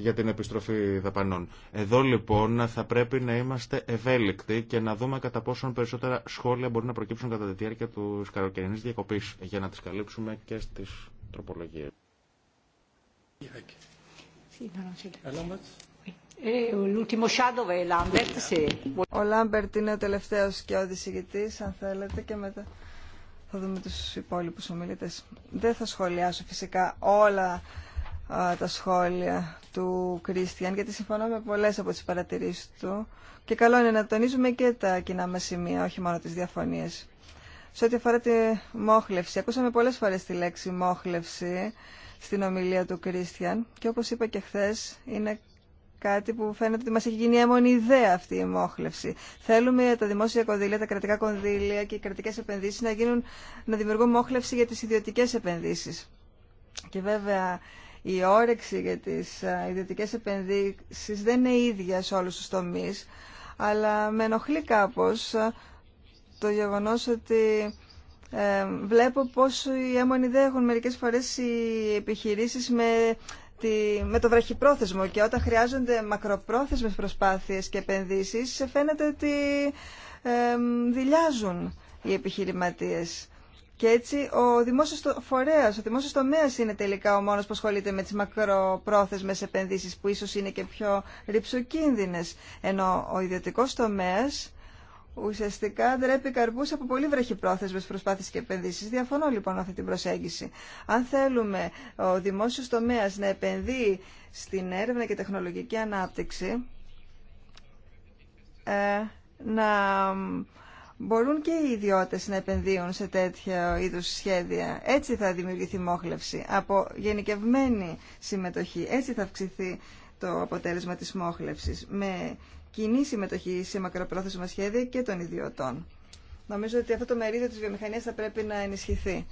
για την επιστροφή δαπανών. Εδώ λοιπόν θα πρέπει να είμαστε ευέλικτοι και να δούμε κατά πόσον περισσότερα σχόλια μπορεί να προκύψουν κατά τη διάρκεια του καλοκαιρινή διακοπή για να τι καλύψουμε και στι τροπολογίε. Ο Λάμπερτ είναι ο τελευταίο και ο αν θέλετε, και μετά θα δούμε του υπόλοιπου ομιλητέ. Δεν θα σχολιάσω φυσικά όλα α, τα σχόλια του Κρίστιαν, γιατί συμφωνώ με πολλές από τις παρατηρήσεις του και καλό είναι να τονίζουμε και τα κοινά μας σημεία, όχι μόνο τις διαφωνίες. Σε ό,τι αφορά τη μόχλευση, ακούσαμε πολλές φορές τη λέξη μόχλευση στην ομιλία του Κρίστιαν και όπως είπα και χθε είναι κάτι που φαίνεται ότι μας έχει γίνει έμονη ιδέα αυτή η μόχλευση. Θέλουμε τα δημόσια κονδύλια, τα κρατικά κονδύλια και οι κρατικές επενδύσεις να, γίνουν, να δημιουργούν μόχλευση για τις ιδιωτικές επενδύσεις. Και βέβαια η όρεξη για τις ιδιωτικές επενδύσεις δεν είναι ίδια σε όλους τους τομείς, αλλά με ενοχλεί κάπως το γεγονός ότι ε, βλέπω πώς οι έμονοι έχουν μερικές φορές οι επιχειρήσεις με, τη, με το βραχυπρόθεσμο και όταν χρειάζονται μακροπρόθεσμες προσπάθειες και επενδύσεις φαίνεται ότι ε, δηλιάζουν οι επιχειρηματίες. Και έτσι ο δημόσιο φορέα, ο δημόσιο τομέα είναι τελικά ο μόνο που ασχολείται με τι μακροπρόθεσμε επενδύσει που ίσω είναι και πιο ρηψοκίνδυνε. Ενώ ο ιδιωτικό τομέα ουσιαστικά ντρέπει καρπού από πολύ βραχυπρόθεσμε προσπάθειε και επενδύσει. Διαφωνώ λοιπόν αυτή την προσέγγιση. Αν θέλουμε ο δημόσιο τομέα να επενδύει στην έρευνα και τεχνολογική ανάπτυξη, ε, να μπορούν και οι ιδιώτες να επενδύουν σε τέτοια είδους σχέδια. Έτσι θα δημιουργηθεί μόχλευση από γενικευμένη συμμετοχή. Έτσι θα αυξηθεί το αποτέλεσμα της μόχλευσης με κοινή συμμετοχή σε μακροπρόθεσμα σχέδια και των ιδιωτών. Νομίζω ότι αυτό το μερίδιο της βιομηχανίας θα πρέπει να ενισχυθεί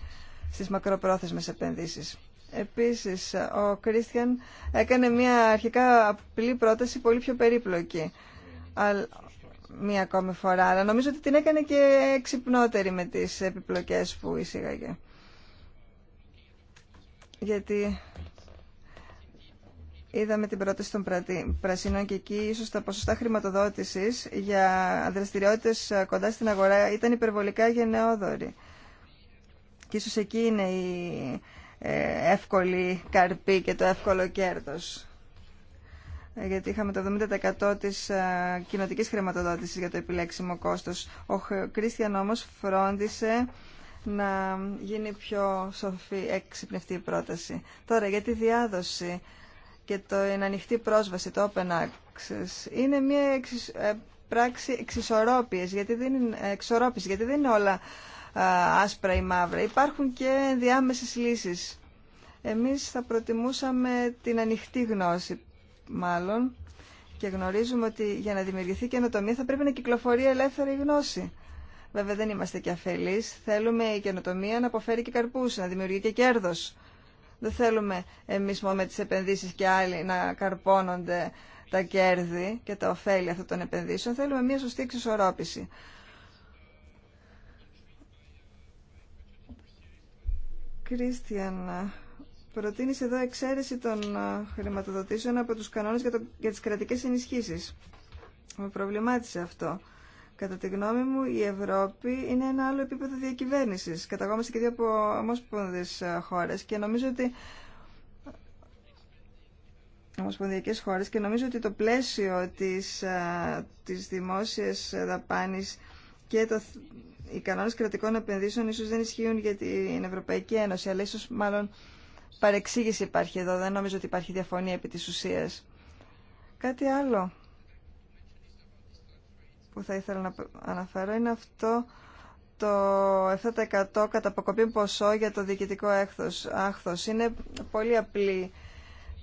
στις μακροπρόθεσμες επενδύσεις. Επίσης, ο Κρίστιαν έκανε μια αρχικά απλή πρόταση πολύ πιο περίπλοκη μία ακόμη φορά, αλλά νομίζω ότι την έκανε και ξυπνότερη με τις επιπλοκές που εισήγαγε. Γιατί είδαμε την πρόταση των Πρασινών και εκεί ίσως τα ποσοστά χρηματοδότησης για δραστηριότητες κοντά στην αγορά ήταν υπερβολικά γενναιόδοροι. Και ίσως εκεί είναι η ε, εύκολη καρπή και το εύκολο κέρδος. Ε, γιατί είχαμε το 70% της ε, κοινοτικής χρηματοδότησης για το επιλέξιμο κόστος. Ο Κρίστιαν όμως φρόντισε να γίνει πιο σοφή, έξυπνη η πρόταση. Τώρα, για τη διάδοση και το ανοιχτή πρόσβαση, το open access, είναι μια ε, πράξη εξισορρόπηση, γιατί δεν είναι γιατί δεν είναι όλα άσπρα ή μαύρα. Υπάρχουν και διάμεσες λύσεις. Εμείς θα προτιμούσαμε την ανοιχτή γνώση, μάλλον και γνωρίζουμε ότι για να δημιουργηθεί καινοτομία θα πρέπει να κυκλοφορεί ελεύθερη γνώση. Βέβαια δεν είμαστε και αφελείς. Θέλουμε η καινοτομία να αποφέρει και καρπούς, να δημιουργεί και κέρδος. Δεν θέλουμε εμείς μόνο με τις επενδύσεις και άλλοι να καρπώνονται τα κέρδη και τα ωφέλη αυτών των επενδύσεων. Θέλουμε μια σωστή εξισορρόπηση. Κρίστιαν, προτείνει εδώ εξαίρεση των ε, χρηματοδοτήσεων από του κανόνε για, το, για τις κρατικές ενισχύσεις. Με προβλημάτισε αυτό. Κατά τη γνώμη μου, η Ευρώπη είναι ένα άλλο επίπεδο διακυβέρνηση. Καταγόμαστε και δύο από ομόσπονδες ε, χώρε και νομίζω ότι Ομοσπονδιακέ χώρε, και νομίζω ότι το πλαίσιο της, ε, της δημόσιας και οι κανόνε κρατικών επενδύσεων ίσω δεν ισχύουν για την Ευρωπαϊκή Ένωση, αλλά ίσω μάλλον παρεξήγηση υπάρχει εδώ. Δεν νομίζω ότι υπάρχει διαφωνία επί της ουσίας. Κάτι άλλο που θα ήθελα να αναφέρω είναι αυτό το 7% κατά αποκοπή ποσό για το διοικητικό έχθος. Άχθος. Είναι πολύ απλή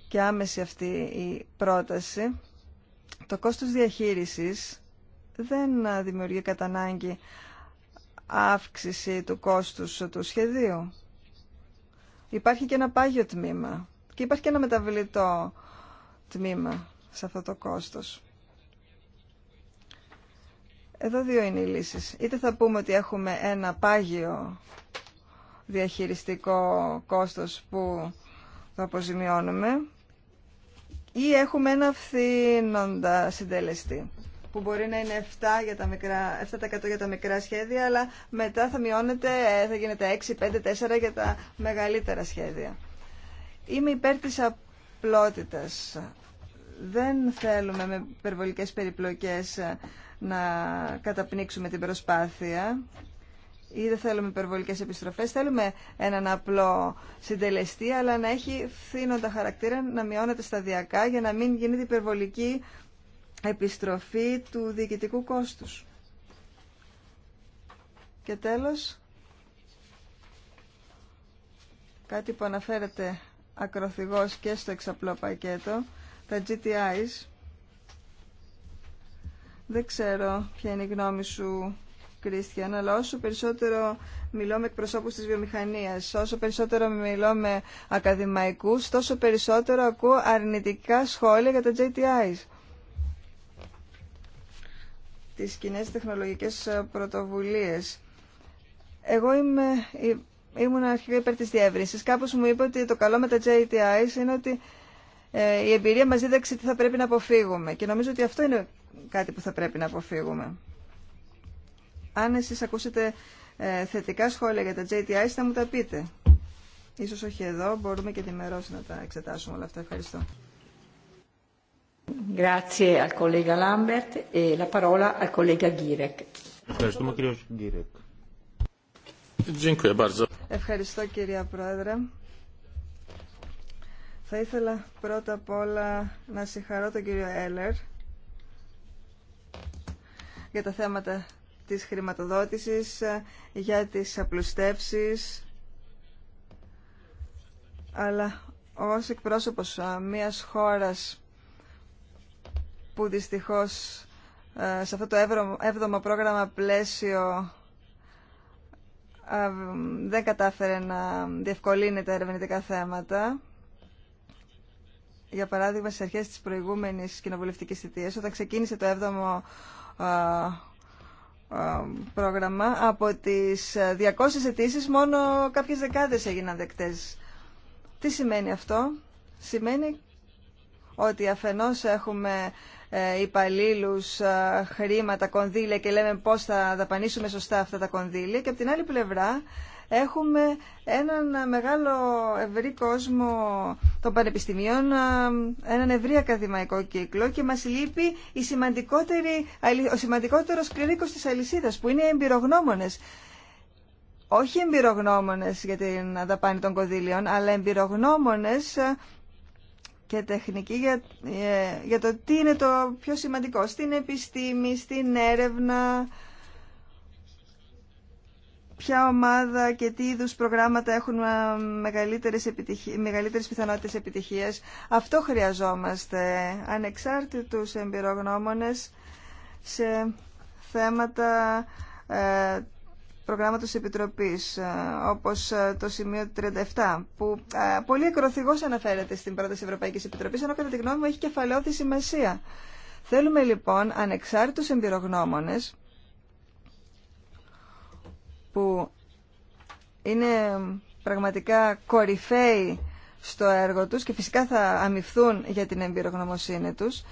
και άμεση αυτή η πρόταση. Το κόστος διαχείρισης δεν δημιουργεί κατά ανάγκη αύξηση του κόστους του σχεδίου. Υπάρχει και ένα πάγιο τμήμα και υπάρχει και ένα μεταβλητό τμήμα σε αυτό το κόστος. Εδώ δύο είναι οι λύσεις. Είτε θα πούμε ότι έχουμε ένα πάγιο διαχειριστικό κόστος που το αποζημιώνουμε ή έχουμε ένα φθήνοντα συντελεστή που μπορεί να είναι 7%, για τα μικρά, 7 για τα μικρά σχέδια, αλλά μετά θα μειώνεται, ε, θα γίνεται 6, 5, 4 για τα μεγαλύτερα σχέδια. Είμαι υπέρ της απλότητας. Δεν θέλουμε με υπερβολικές περιπλοκές ε, να καταπνίξουμε την προσπάθεια ή δεν θέλουμε υπερβολικές επιστροφές. Θέλουμε έναν απλό συντελεστή, αλλά να έχει φθήνοντα χαρακτήρα, να μειώνεται σταδιακά για να μην γίνεται υπερβολική επιστροφή του διοικητικού κόστους. Και τέλος, κάτι που αναφέρεται ακροθυγός και στο εξαπλό πακέτο, τα GTIs. Δεν ξέρω ποια είναι η γνώμη σου, Κρίστιαν, αλλά όσο περισσότερο μιλώ με εκπροσώπους της βιομηχανίας, όσο περισσότερο μιλώ με ακαδημαϊκούς, τόσο περισσότερο ακούω αρνητικά σχόλια για τα GTIs τις κοινέ τεχνολογικές ε, πρωτοβουλίες. Εγώ είμαι, ήμουν αρχικά υπέρ της διεύρυνσης. Κάπως μου είπε ότι το καλό με τα JTIs είναι ότι ε, η εμπειρία μας δίδαξε τι θα πρέπει να αποφύγουμε. Και νομίζω ότι αυτό είναι κάτι που θα πρέπει να αποφύγουμε. Αν εσείς ακούσετε ε, θετικά σχόλια για τα JTIs θα μου τα πείτε. Ίσως όχι εδώ, μπορούμε και διμερώς να τα εξετάσουμε όλα αυτά. Ευχαριστώ. Ευχαριστώ κυρία Πρόεδρε. Θα ήθελα πρώτα απ' όλα να συγχαρώ τον κύριο Έλερ για τα θέματα της χρηματοδότησης, για τις απλουστεύσεις, αλλά ως εκπρόσωπος μιας χώρας που δυστυχώς ε, σε αυτό το έβδομο πρόγραμμα πλαίσιο ε, δεν κατάφερε να διευκολύνει τα ερευνητικά θέματα. Για παράδειγμα, στις αρχές της προηγούμενης κοινοβουλευτικής θητείας, όταν ξεκίνησε το έβδομο ε, πρόγραμμα, από τις 200 αιτήσει μόνο κάποιες δεκάδες έγιναν δεκτές. Τι σημαίνει αυτό? Σημαίνει ότι αφενός έχουμε ε, υπαλλήλου, ε, χρήματα, κονδύλια και λέμε πώς θα δαπανίσουμε σωστά αυτά τα κονδύλια και από την άλλη πλευρά έχουμε έναν μεγάλο ευρύ κόσμο των πανεπιστημίων, ε, έναν ευρύ ακαδημαϊκό κύκλο και μας λείπει η σημαντικότερη, ο σημαντικότερος κληρίκος της αλυσίδας που είναι οι εμπειρογνώμονες. Όχι εμπειρογνώμονες για την δαπάνη των κονδύλιων, αλλά εμπειρογνώμονες και τεχνική για, ε, για το τι είναι το πιο σημαντικό στην επιστήμη, στην έρευνα, ποια ομάδα και τι είδους προγράμματα έχουν ε, μεγαλύτερες, επιτυχίες, μεγαλύτερες πιθανότητες επιτυχίας. Αυτό χρειαζόμαστε, ανεξάρτητους εμπειρογνώμονες σε θέματα ε, προγράμματος της Επιτροπής, ε, όπως ε, το σημείο 37, που ε, πολύ ακροθυγώς αναφέρεται στην πρόταση Ευρωπαϊκής Επιτροπής, ενώ κατά τη γνώμη μου έχει κεφαλαιότητη σημασία. Θέλουμε λοιπόν ανεξάρτητους εμπειρογνώμονες, που είναι πραγματικά κορυφαίοι στο έργο τους και φυσικά θα αμυφθούν για την εμπειρογνωμοσύνη τους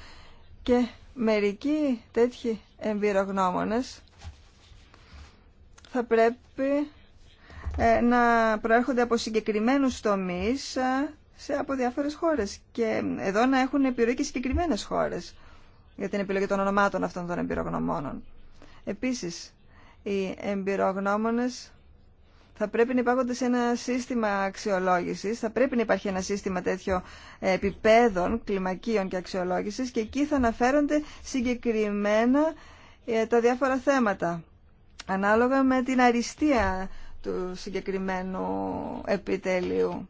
και μερικοί τέτοιοι εμπειρογνώμονες θα πρέπει ε, να προέρχονται από συγκεκριμένους τομείς ε, σε, από διάφορες χώρες και ε, εδώ να έχουν επιρροή και συγκεκριμένες χώρες για την επιλογή των ονομάτων αυτών των εμπειρογνωμόνων. Επίσης, οι εμπειρογνώμονες θα πρέπει να υπάρχουν σε ένα σύστημα αξιολόγησης, θα πρέπει να υπάρχει ένα σύστημα τέτοιο επιπέδων, κλιμακίων και αξιολόγησης και εκεί θα αναφέρονται συγκεκριμένα τα διάφορα θέματα ανάλογα με την αριστεία του συγκεκριμένου επιτελείου.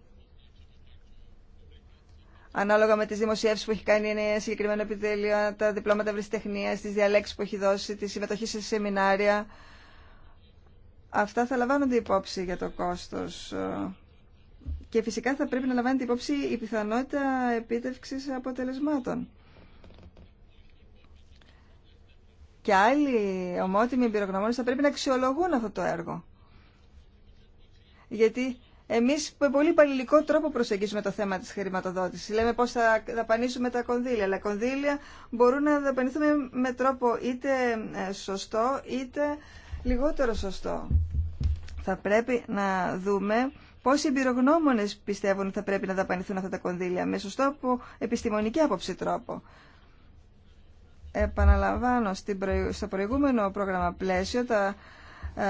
Ανάλογα με τις δημοσιεύσεις που έχει κάνει ένα συγκεκριμένο επιτελείο, τα διπλώματα βριστεχνίας, τις διαλέξεις που έχει δώσει, τη συμμετοχή σε σεμινάρια. Αυτά θα λαμβάνονται υπόψη για το κόστος. Και φυσικά θα πρέπει να λαμβάνεται υπόψη η πιθανότητα επίτευξης αποτελεσμάτων. και άλλοι ομότιμοι εμπειρογνώμονες θα πρέπει να αξιολογούν αυτό το έργο. Γιατί εμείς με πολύ παλιλικό τρόπο προσεγγίζουμε το θέμα της χρηματοδότησης. Λέμε πώς θα δαπανίσουμε τα κονδύλια. Αλλά κονδύλια μπορούν να δαπανίσουμε με τρόπο είτε ε, σωστό είτε λιγότερο σωστό. Θα πρέπει να δούμε πόσοι εμπειρογνώμονε πιστεύουν ότι θα πρέπει να δαπανηθούν αυτά τα κονδύλια με σωστό από επιστημονική άποψη τρόπο επαναλαμβάνω, στο προηγούμενο πρόγραμμα πλαίσιο τα ε,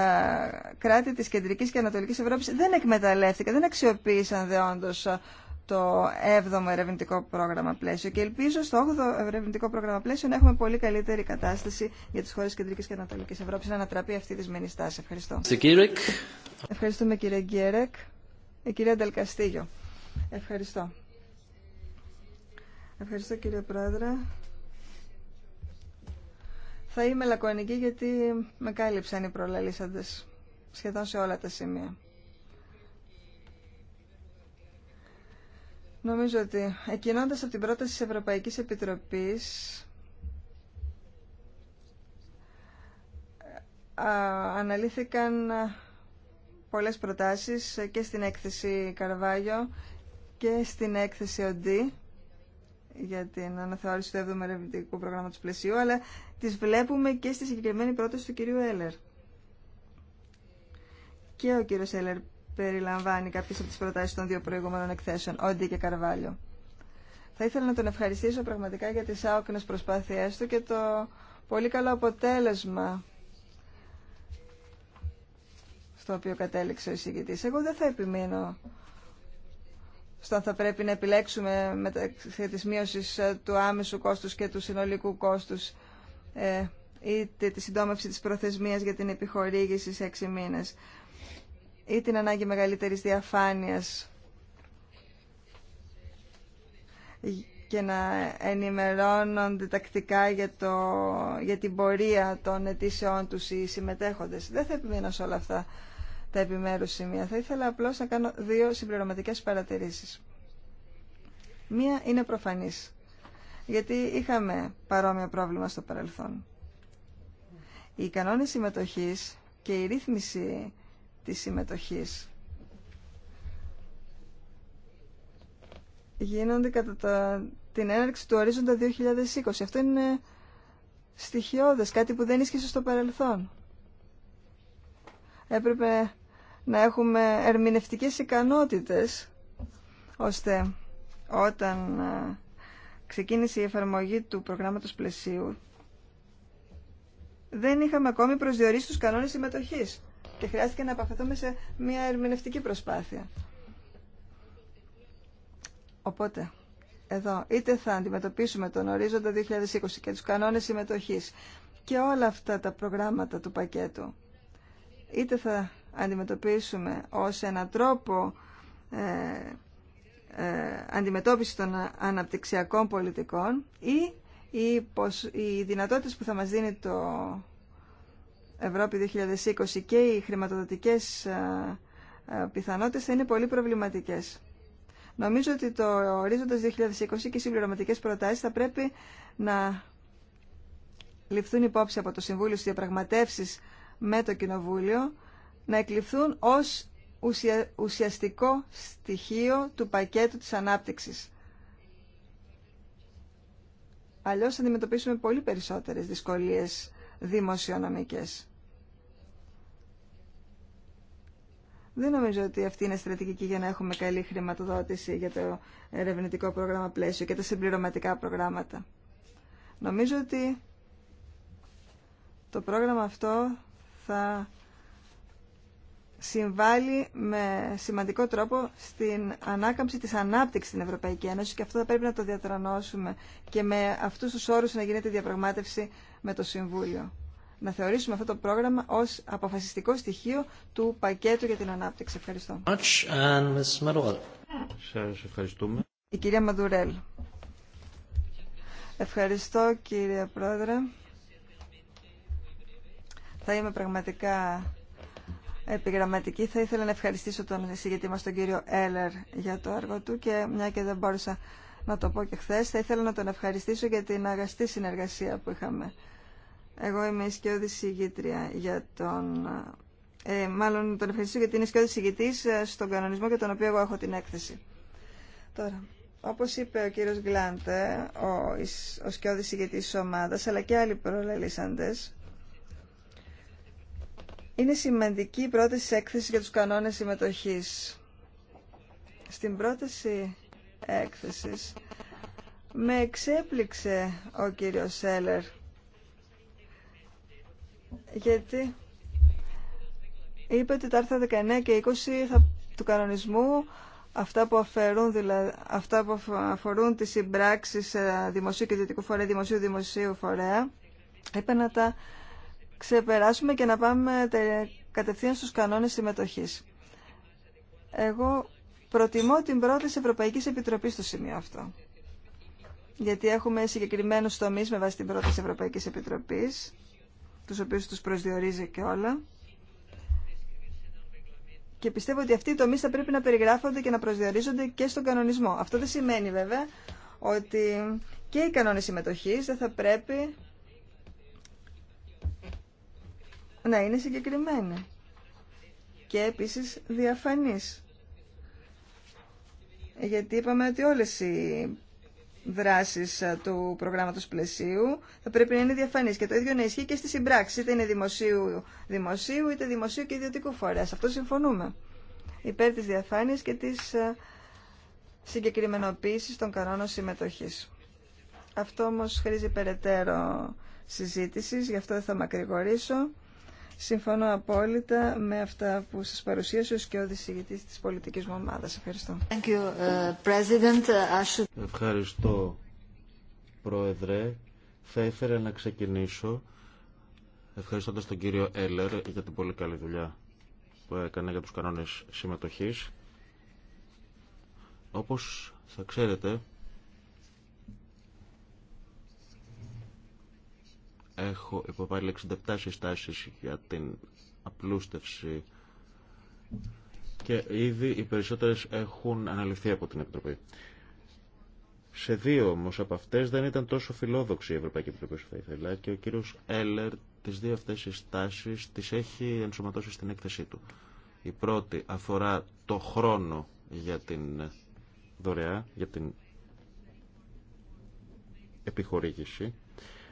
κράτη της Κεντρικής και Ανατολικής Ευρώπης δεν εκμεταλλεύτηκαν, δεν αξιοποίησαν όντως ε, το 7ο ερευνητικό πρόγραμμα πλαίσιο και ελπίζω στο 8ο ερευνητικό πρόγραμμα πλαίσιο να έχουμε πολύ καλύτερη κατάσταση για τις χώρες Κεντρικής και Ανατολικής Ευρώπης να ανατραπεί αυτή η δυσμενή στάση. Ευχαριστώ. Ευχαριστούμε κύριε Γκέρεκ. Η ε, κυρία Νταλκαστίγιο. Ευχαριστώ. Ευχαριστώ κύριε Πρόεδρε. Θα είμαι λακωνική γιατί με κάλυψαν οι προλαλήσαντες σχεδόν σε όλα τα σημεία. Νομίζω ότι εκκινώντας από την πρόταση της Ευρωπαϊκής Επιτροπής αναλύθηκαν πολλές προτάσεις και στην έκθεση Καρβάγιο και στην έκθεση ΟΝΤΗ για την αναθεώρηση του 7ου ερευνητικού προγράμματος πλαισίου, αλλά τις βλέπουμε και στη συγκεκριμένη πρόταση του κυρίου Έλλερ. Και ο κύριος Έλλερ περιλαμβάνει κάποιες από τις προτάσεις των δύο προηγούμενων εκθέσεων, Όντι και Καρβάλιο. Θα ήθελα να τον ευχαριστήσω πραγματικά για τις άοκνες προσπάθειές του και το πολύ καλό αποτέλεσμα στο οποίο κατέληξε ο εισηγητής. Εγώ δεν θα επιμείνω στο αν θα πρέπει να επιλέξουμε μεταξύ της μείωσης του άμεσου κόστους και του συνολικού κόστους ε, είτε τη συντόμευση της προθεσμίας για την επιχορήγηση σε έξι μήνες ή την ανάγκη μεγαλύτερης διαφάνειας και να ενημερώνονται τακτικά για, το, για την πορεία των αιτήσεών τους οι συμμετέχοντες. Δεν θα επιμείνω σε όλα αυτά τα επιμέρους σημεία. Θα ήθελα απλώς να κάνω δύο συμπληρωματικές παρατηρήσεις. Μία είναι προφανής γιατί είχαμε παρόμοιο πρόβλημα στο παρελθόν. Οι κανόνες συμμετοχής και η ρύθμιση της συμμετοχής γίνονται κατά την έναρξη του ορίζοντα 2020. Αυτό είναι στοιχειώδες, κάτι που δεν ίσχυσε στο παρελθόν. Έπρεπε να έχουμε ερμηνευτικές ικανότητες, ώστε όταν ε, ξεκίνησε η εφαρμογή του προγράμματος πλαισίου, δεν είχαμε ακόμη προσδιορίσει τους κανόνες συμμετοχής και χρειάστηκε να επαφεθούμε σε μια ερμηνευτική προσπάθεια. Οπότε, εδώ, είτε θα αντιμετωπίσουμε τον ορίζοντα 2020 και τους κανόνες συμμετοχής και όλα αυτά τα προγράμματα του πακέτου, είτε θα αντιμετωπίσουμε ως έναν τρόπο ε, ε, αντιμετώπιση των αναπτυξιακών πολιτικών ή οι δυνατότητες που θα μας δίνει το Ευρώπη 2020 και οι χρηματοδοτικές ε, ε, πιθανότητες θα είναι πολύ προβληματικές. Νομίζω ότι το ορίζοντας 2020 και οι συμπληρωματικές προτάσεις θα πρέπει να ληφθούν υπόψη από το Συμβούλιο στις διαπραγματεύσεις με το Κοινοβούλιο, να εκλειφθούν ως ουσιαστικό στοιχείο του πακέτου της ανάπτυξης. Αλλιώς θα αντιμετωπίσουμε πολύ περισσότερες δυσκολίες δημοσιονομικές. Δεν νομίζω ότι αυτή είναι στρατηγική για να έχουμε καλή χρηματοδότηση για το ερευνητικό πρόγραμμα πλαίσιο και τα συμπληρωματικά προγράμματα. Νομίζω ότι το πρόγραμμα αυτό θα συμβάλλει με σημαντικό τρόπο στην ανάκαμψη της ανάπτυξης στην Ευρωπαϊκή Ένωση και αυτό θα πρέπει να το διατρανώσουμε και με αυτούς τους όρους να γίνεται διαπραγμάτευση με το Συμβούλιο. Να θεωρήσουμε αυτό το πρόγραμμα ως αποφασιστικό στοιχείο του πακέτου για την ανάπτυξη. Ευχαριστώ. Η κυρία Μαδουρέλ. Ευχαριστώ κύριε Πρόεδρε. Θα είμαι πραγματικά επιγραμματική. Θα ήθελα να ευχαριστήσω τον εισηγητή μας τον κύριο Έλερ για το έργο του και μια και δεν μπόρεσα να το πω και χθε, θα ήθελα να τον ευχαριστήσω για την αγαστή συνεργασία που είχαμε. Εγώ είμαι ισκιώδη συγγήτρια για τον... Ε, μάλλον τον ευχαριστήσω γιατί είναι ισκιώδη συγγητής ε, στον κανονισμό για τον οποίο εγώ έχω την έκθεση. Τώρα, όπως είπε ο κύριος Γκλάντε, ο, ο σκιώδης ηγετής της ομάδας, αλλά και άλλοι προλαλήσαντες, είναι σημαντική η πρόταση έκθεση για τους κανόνες συμμετοχής. Στην πρόταση έκθεση με εξέπληξε ο κύριος Σέλερ γιατί είπε ότι τα άρθρα 19 και 20 θα, του κανονισμού αυτά που, αφαιρούν, αυτά που αφορούν τις συμπράξεις ε, δημοσίου και ιδιωτικού φορέα, δημοσίου-δημοσίου φορέα είπε να τα ξεπεράσουμε και να πάμε κατευθείαν στους κανόνες συμμετοχής. Εγώ προτιμώ την πρώτη Ευρωπαϊκής Επιτροπής στο σημείο αυτό. Γιατί έχουμε συγκεκριμένου τομεί με βάση την πρώτη Ευρωπαϊκή Επιτροπή, του οποίου του προσδιορίζει και όλα. Και πιστεύω ότι αυτοί οι τομεί θα πρέπει να περιγράφονται και να προσδιορίζονται και στον κανονισμό. Αυτό δεν σημαίνει βέβαια ότι και οι κανόνε συμμετοχή δεν θα πρέπει να είναι συγκεκριμένη και επίσης διαφανής. Γιατί είπαμε ότι όλες οι δράσεις του προγράμματος πλαισίου θα πρέπει να είναι διαφανείς και το ίδιο να ισχύει και στη συμπράξη είτε είναι δημοσίου, δημοσίου είτε δημοσίου και ιδιωτικού φορέα. αυτό συμφωνούμε. Υπέρ της διαφάνειας και της συγκεκριμενοποίησης των κανόνων συμμετοχής. Αυτό όμως χρήζει περαιτέρω συζήτησης, γι' αυτό δεν θα μακρηγορήσω. Συμφωνώ απόλυτα με αυτά που σας παρουσίασε ο σκιώδης της πολιτικής μου ομάδας. Ευχαριστώ. Thank uh, uh, Ευχαριστώ, Πρόεδρε. Θα ήθελα να ξεκινήσω ευχαριστώντας τον κύριο Έλερ για την πολύ καλή δουλειά που έκανε για τους κανόνες συμμετοχής. Όπως θα ξέρετε, έχω υποβάλει 67 συστάσεις για την απλούστευση και ήδη οι περισσότερες έχουν αναλυθεί από την Επιτροπή. Σε δύο όμω από αυτέ δεν ήταν τόσο φιλόδοξη η Ευρωπαϊκή Επιτροπή όσο θα ήθελα και ο κύριο Έλλερ τι δύο αυτέ συστάσει τι έχει ενσωματώσει στην έκθεσή του. Η πρώτη αφορά το χρόνο για την δωρεά, για την επιχορήγηση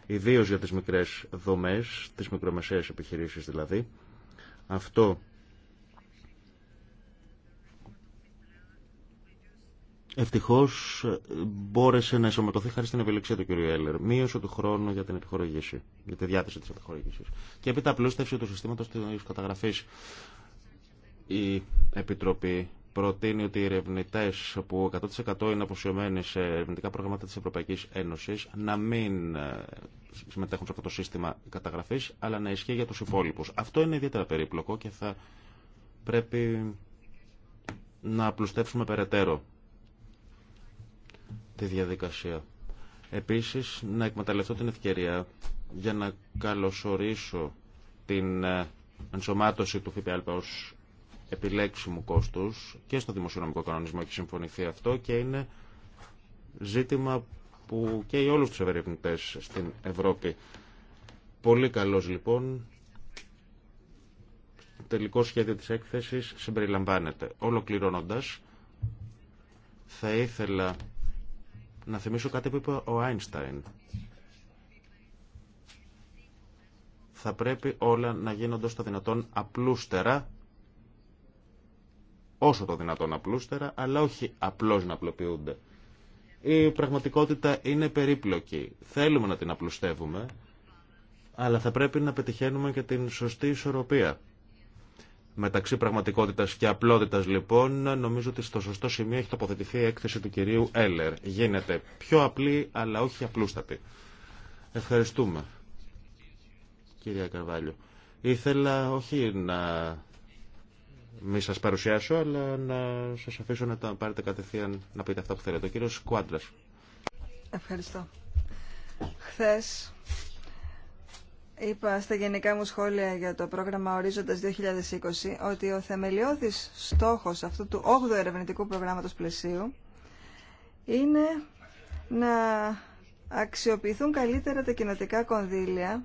ιδίως για τις μικρές δομές, τις μικρομεσαίες επιχειρήσεις δηλαδή. Αυτό ευτυχώς μπόρεσε να εσωματωθεί χάρη στην ευελιξία του κ. Έλλερ. Μείωσε του χρόνου για την επιχορηγήση, για τη διάθεση της επιχορηγήσης. Και επί τα του συστήματος της καταγραφής. Η Επιτροπή προτείνει ότι οι ερευνητέ που 100% είναι αποσιωμένοι σε ερευνητικά προγράμματα τη Ευρωπαϊκή Ένωση να μην ε, συμμετέχουν σε αυτό το σύστημα καταγραφή, αλλά να ισχύει για του υπόλοιπου. Αυτό είναι ιδιαίτερα περίπλοκο και θα πρέπει να απλουστεύσουμε περαιτέρω τη διαδικασία. Επίσης, να εκμεταλλευτώ την ευκαιρία για να καλωσορίσω την ε, ενσωμάτωση του ΦΠΑ ως επιλέξιμου κόστους και στο δημοσιονομικό κανονισμό έχει συμφωνηθεί αυτό και είναι ζήτημα που καίει όλους τους ευερευνητές στην Ευρώπη. Πολύ καλός λοιπόν τελικό σχέδιο της έκθεσης συμπεριλαμβάνεται. Ολοκληρώνοντας, θα ήθελα να θυμίσω κάτι που είπε ο Άινσταϊν. Θα πρέπει όλα να γίνονται στο δυνατόν απλούστερα όσο το δυνατόν απλούστερα, αλλά όχι απλώς να απλοποιούνται. Η πραγματικότητα είναι περίπλοκη. Θέλουμε να την απλουστεύουμε, αλλά θα πρέπει να πετυχαίνουμε και την σωστή ισορροπία. Μεταξύ πραγματικότητα και απλότητα, λοιπόν, νομίζω ότι στο σωστό σημείο έχει τοποθετηθεί η έκθεση του κυρίου Έλερ. Γίνεται πιο απλή, αλλά όχι απλούστατη. Ευχαριστούμε, κυρία Καρβάλιο. Ήθελα όχι να μη σας παρουσιάσω, αλλά να σας αφήσω να τα πάρετε κατευθείαν να πείτε αυτά που θέλετε. Ο κύριος Κουάντρας. Ευχαριστώ. Χθες είπα στα γενικά μου σχόλια για το πρόγραμμα Ορίζοντας 2020 ότι ο θεμελιώδης στόχος αυτού του 8ου ερευνητικού προγράμματος πλαισίου είναι να αξιοποιηθούν καλύτερα τα κοινοτικά κονδύλια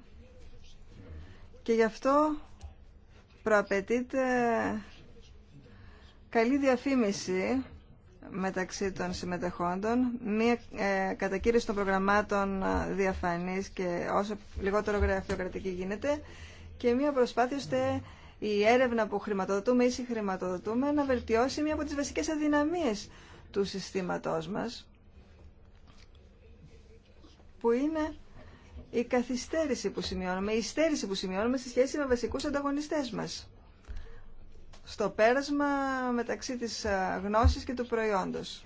και γι' αυτό προαπαιτείται καλή διαφήμιση μεταξύ των συμμετεχόντων, μία ε, κατακήρυξη των προγραμμάτων ε, διαφανής και όσο λιγότερο γραφειοκρατική γίνεται και μία προσπάθεια ώστε η έρευνα που χρηματοδοτούμε ή συγχρηματοδοτούμε να βελτιώσει μία από τις βασικές αδυναμίες του συστήματός μας που είναι η καθυστέρηση που σημειώνουμε, η στέρηση που σημειώνουμε σε σχέση με βασικούς ανταγωνιστές μας στο πέρασμα μεταξύ της γνώσης και του προϊόντος.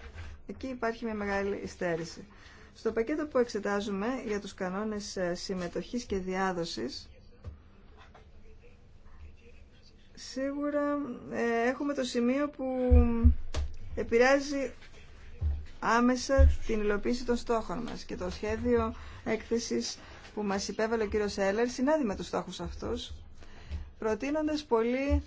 Εκεί υπάρχει μια μεγάλη υστέρηση. Στο πακέτο που εξετάζουμε για τους κανόνες συμμετοχής και διάδοσης, σίγουρα ε, έχουμε το σημείο που επηρεάζει άμεσα την υλοποίηση των στόχων μας και το σχέδιο έκθεσης που μας υπέβαλε ο κύριος Έλλερ συνάδει με τους στόχους αυτούς προτείνοντας πολύ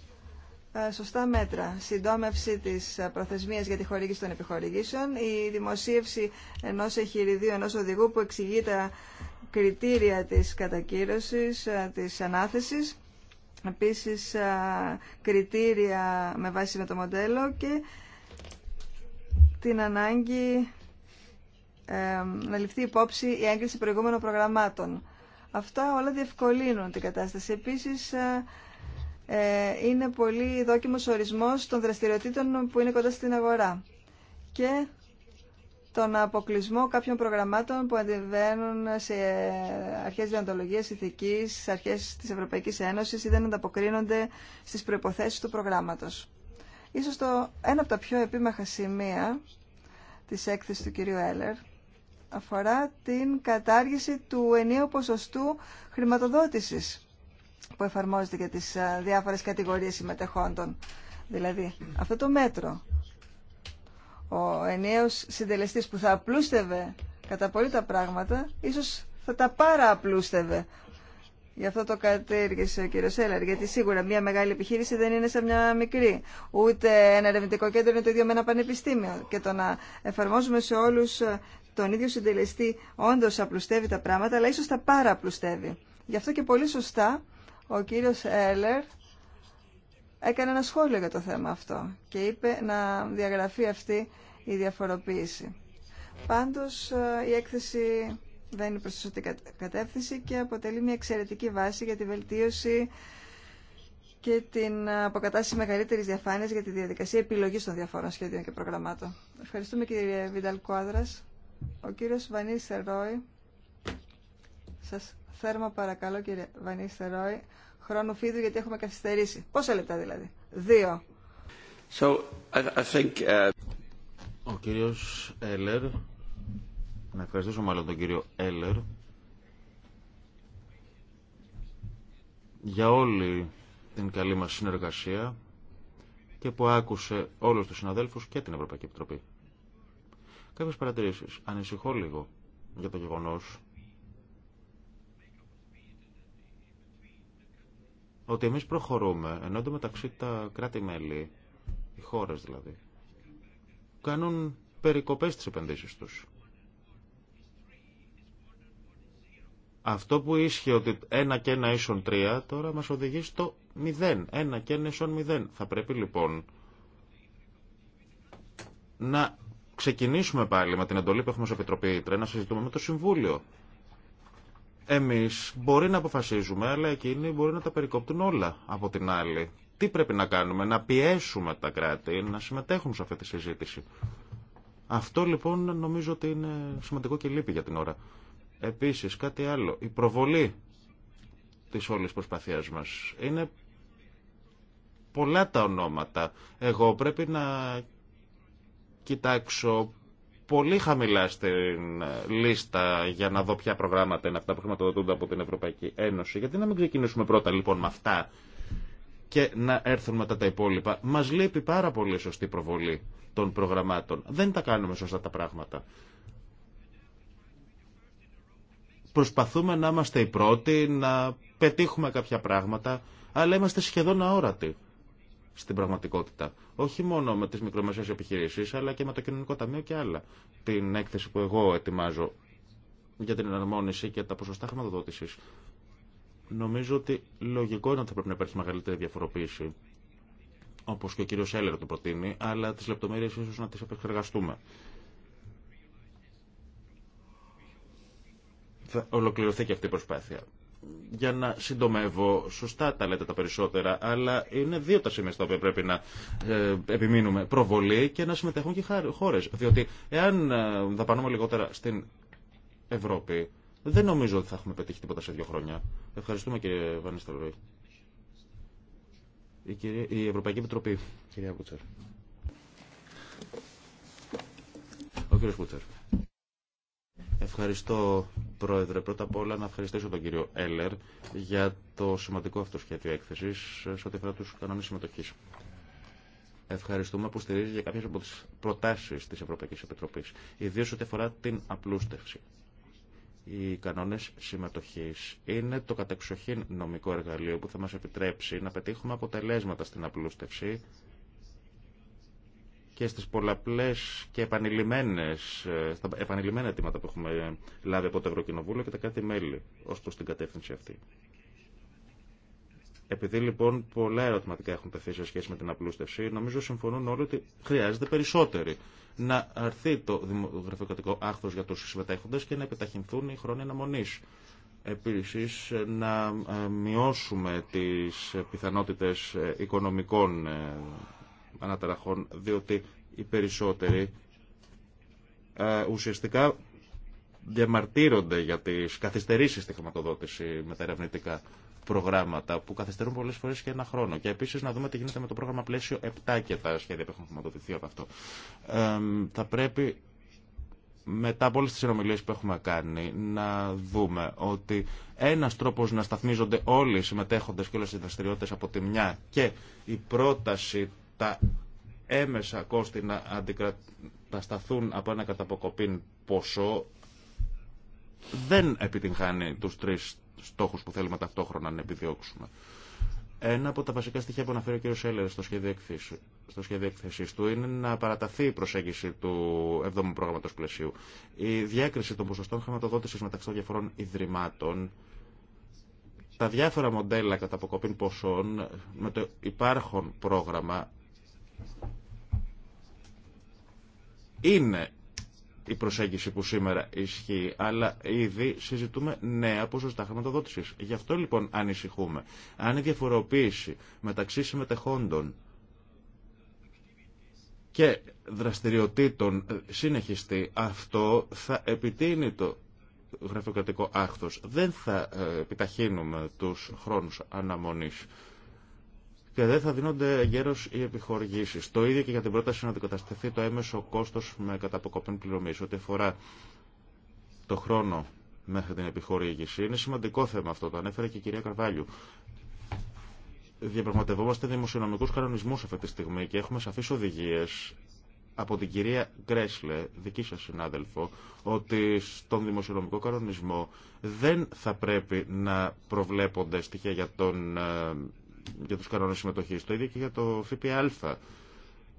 ε, σωστά μέτρα. Συντόμευση της ε, προθεσμία για τη χορήγηση των επιχορηγήσεων, η δημοσίευση ενός εχειριδίου, ενός οδηγού που εξηγεί τα κριτήρια της κατακύρωσης, ε, της ανάθεσης, επίσης κριτήρια με βάση με το μοντέλο και την ανάγκη να ληφθεί υπόψη η έγκριση προηγούμενων προγραμμάτων. Αυτά όλα διευκολύνουν την κατάσταση. Επίσης, ε, είναι πολύ δόκιμος ορισμός των δραστηριοτήτων που είναι κοντά στην αγορά και τον αποκλεισμό κάποιων προγραμμάτων που αντιβαίνουν σε αρχές διοντολογίας ηθικής, στις αρχές της Ευρωπαϊκής Ένωσης ή δεν ανταποκρίνονται στις προϋποθέσεις του προγράμματος. Ίσως το ένα από τα πιο επίμαχα σημεία της έκθεσης του κυρίου Έλερ αφορά την κατάργηση του ενίου ποσοστού χρηματοδότησης που εφαρμόζεται για τις ε, διάφορες κατηγορίες συμμετεχόντων. Δηλαδή, αυτό το μέτρο, ο ενιαίος συντελεστής που θα απλούστευε κατά πολύ τα πράγματα, ίσως θα τα παραπλούστευε. Γι' αυτό το κατήργησε ο κύριο Έλλαρ γιατί σίγουρα μια μεγάλη επιχείρηση δεν είναι σαν μια μικρή. Ούτε ένα ερευνητικό κέντρο είναι το ίδιο με ένα πανεπιστήμιο. Και το να εφαρμόζουμε σε όλου ε, τον ίδιο συντελεστή, όντω απλουστεύει τα πράγματα, αλλά ίσω τα παραπλουστεύει. Γι' αυτό και πολύ σωστά ο κύριος Έλερ έκανε ένα σχόλιο για το θέμα αυτό και είπε να διαγραφεί αυτή η διαφοροποίηση. Πάντως ε, η έκθεση δεν είναι προς τη σωστή κατεύθυνση και αποτελεί μια εξαιρετική βάση για τη βελτίωση και την αποκατάσταση μεγαλύτερη διαφάνεια για τη διαδικασία επιλογή των διαφόρων σχέδιων και προγραμμάτων. Ευχαριστούμε κύριε Βινταλ Κουάδρα. Ο κύριο Βανίλη Σερόι Θέρμα παρακαλώ κύριε Βανίστε Ρόι, χρόνο φίδου γιατί έχουμε καθυστερήσει. Πόσα λεπτά δηλαδή. Δύο. So, I think, uh, Ο κύριος Έλερ, να ευχαριστήσω μάλλον τον κύριο Έλερ, για όλη την καλή μας συνεργασία και που άκουσε όλους τους συναδέλφους και την Ευρωπαϊκή Επιτροπή. Κάποιες παρατηρήσεις. Ανησυχώ λίγο για το γεγονός ότι εμείς προχωρούμε, ενώ μεταξύ τα κράτη-μέλη, οι χώρες δηλαδή, κάνουν περικοπές στις επενδύσεις τους. Αυτό που ίσχυε ότι ένα και ένα ίσον τρία τώρα μας οδηγεί στο μηδέν. Ένα και ένα ίσον μηδέν. Θα πρέπει λοιπόν να ξεκινήσουμε πάλι με την εντολή που έχουμε ως Επιτροπή Ήτρε, να συζητούμε με το Συμβούλιο εμείς μπορεί να αποφασίζουμε, αλλά εκείνοι μπορεί να τα περικόπτουν όλα από την άλλη. Τι πρέπει να κάνουμε, να πιέσουμε τα κράτη, να συμμετέχουν σε αυτή τη συζήτηση. Αυτό λοιπόν νομίζω ότι είναι σημαντικό και λείπει για την ώρα. Επίσης κάτι άλλο, η προβολή της όλης προσπαθία μας. Είναι πολλά τα ονόματα. Εγώ πρέπει να κοιτάξω πολύ χαμηλά στην ε, λίστα για να δω ποια προγράμματα είναι αυτά που χρηματοδοτούνται από την Ευρωπαϊκή Ένωση. Γιατί να μην ξεκινήσουμε πρώτα λοιπόν με αυτά και να έρθουν μετά τα υπόλοιπα. Μας λείπει πάρα πολύ σωστή προβολή των προγραμμάτων. Δεν τα κάνουμε σωστά τα πράγματα. Προσπαθούμε να είμαστε οι πρώτοι, να πετύχουμε κάποια πράγματα, αλλά είμαστε σχεδόν αόρατοι στην πραγματικότητα. Όχι μόνο με τι μικρομεσαίες επιχειρήσεις, αλλά και με το κοινωνικό ταμείο και άλλα. Την έκθεση που εγώ ετοιμάζω για την εναρμόνιση και τα ποσοστά χρηματοδότηση. Νομίζω ότι λογικό είναι ότι θα πρέπει να υπάρχει μεγαλύτερη διαφοροποίηση, όπως και ο κύριο Έλερ το προτείνει, αλλά τι λεπτομέρειε ίσω να τι επεξεργαστούμε. Θα ολοκληρωθεί και αυτή η προσπάθεια για να συντομεύω, σωστά τα λέτε τα περισσότερα, αλλά είναι δύο τα σημεία στα οποία πρέπει να ε, επιμείνουμε. Προβολή και να συμμετέχουν και χώρε. Διότι εάν ε, δαπανούμε λιγότερα στην Ευρώπη, δεν νομίζω ότι θα έχουμε πετύχει τίποτα σε δύο χρόνια. Ευχαριστούμε κύριε Βανίστερο. Η, η Ευρωπαϊκή Επιτροπή, κυρία Βούτσερ. Ο κύριος Ευχαριστώ, Πρόεδρε. Πρώτα απ' όλα να ευχαριστήσω τον κύριο Έλερ για το σημαντικό αυτό σχέδιο έκθεση σε ό,τι αφορά του κανόνε συμμετοχή. Ευχαριστούμε που στηρίζει για κάποιε από τι προτάσει τη Ευρωπαϊκή Επιτροπή, ιδίω ό,τι αφορά την απλούστευση. Οι κανόνε συμμετοχή είναι το κατεξοχήν νομικό εργαλείο που θα μα επιτρέψει να πετύχουμε αποτελέσματα στην απλούστευση και στις πολλαπλές και επανειλημμένες, ε, στα επανειλημμένα αιτήματα που έχουμε λάβει από το Ευρωκοινοβούλιο και τα κάτι μέλη ως προς την κατεύθυνση αυτή. Επειδή λοιπόν πολλά ερωτηματικά έχουν τεθεί σε σχέση με την απλούστευση, νομίζω συμφωνούν όλοι ότι χρειάζεται περισσότεροι να αρθεί το δημογραφικό άχθο για του συμμετέχοντε και να επιταχυνθούν οι χρόνια αναμονή. Επίση, να ε, μειώσουμε τι πιθανότητε ε, οικονομικών αναταραχών, διότι οι περισσότεροι ε, ουσιαστικά διαμαρτύρονται για τις καθυστερήσεις στη χρηματοδότηση με τα ερευνητικά προγράμματα που καθυστερούν πολλές φορές και ένα χρόνο. Και επίσης να δούμε τι γίνεται με το πρόγραμμα πλαίσιο 7 και τα σχέδια που έχουν χρηματοδοτηθεί από αυτό. Ε, θα πρέπει μετά από όλε τι συνομιλίες που έχουμε κάνει, να δούμε ότι ένα τρόπο να σταθμίζονται όλοι οι συμμετέχοντε και όλε οι δραστηριότητε από τη μια και η πρόταση τα έμεσα κόστη να αντικατασταθούν από ένα καταποκοπήν ποσό δεν επιτυγχάνει τους τρεις στόχους που θέλουμε ταυτόχρονα να επιδιώξουμε. Ένα από τα βασικά στοιχεία που αναφέρει ο κ. Σέλερ στο σχέδιο εκθέσης του είναι να παραταθεί η προσέγγιση του 7ου προγράμματο πλαισίου. Η διάκριση των ποσοστών χρηματοδότηση μεταξύ των διαφορών ιδρυμάτων, τα διάφορα μοντέλα κατά αποκοπήν ποσών με το υπάρχον πρόγραμμα είναι η προσέγγιση που σήμερα ισχύει, αλλά ήδη συζητούμε νέα ποσοστά χρηματοδότηση. Γι' αυτό λοιπόν ανησυχούμε. Αν η διαφοροποίηση μεταξύ συμμετεχόντων και δραστηριοτήτων ε, συνεχιστεί, αυτό θα επιτείνει το γραφειοκρατικό άχθος. Δεν θα ε, επιταχύνουμε τους χρόνους αναμονής και δεν θα δίνονται γέρο οι επιχορηγήσει. Το ίδιο και για την πρόταση να αντικατασταθεί το έμεσο κόστο με καταποκοπήν πληρωμή. Ό,τι αφορά το χρόνο μέχρι την επιχορήγηση, είναι σημαντικό θέμα αυτό. Το ανέφερε και η κυρία Καρβάλιου. Διαπραγματευόμαστε δημοσιονομικού κανονισμού αυτή τη στιγμή και έχουμε σαφεί οδηγίε από την κυρία Γκρέσλε, δική σας συνάδελφο, ότι στον δημοσιονομικό κανονισμό δεν θα πρέπει να προβλέπονται στοιχεία για τον ε, για τους κανόνες συμμετοχής. Το ίδιο και για το ΦΠΑ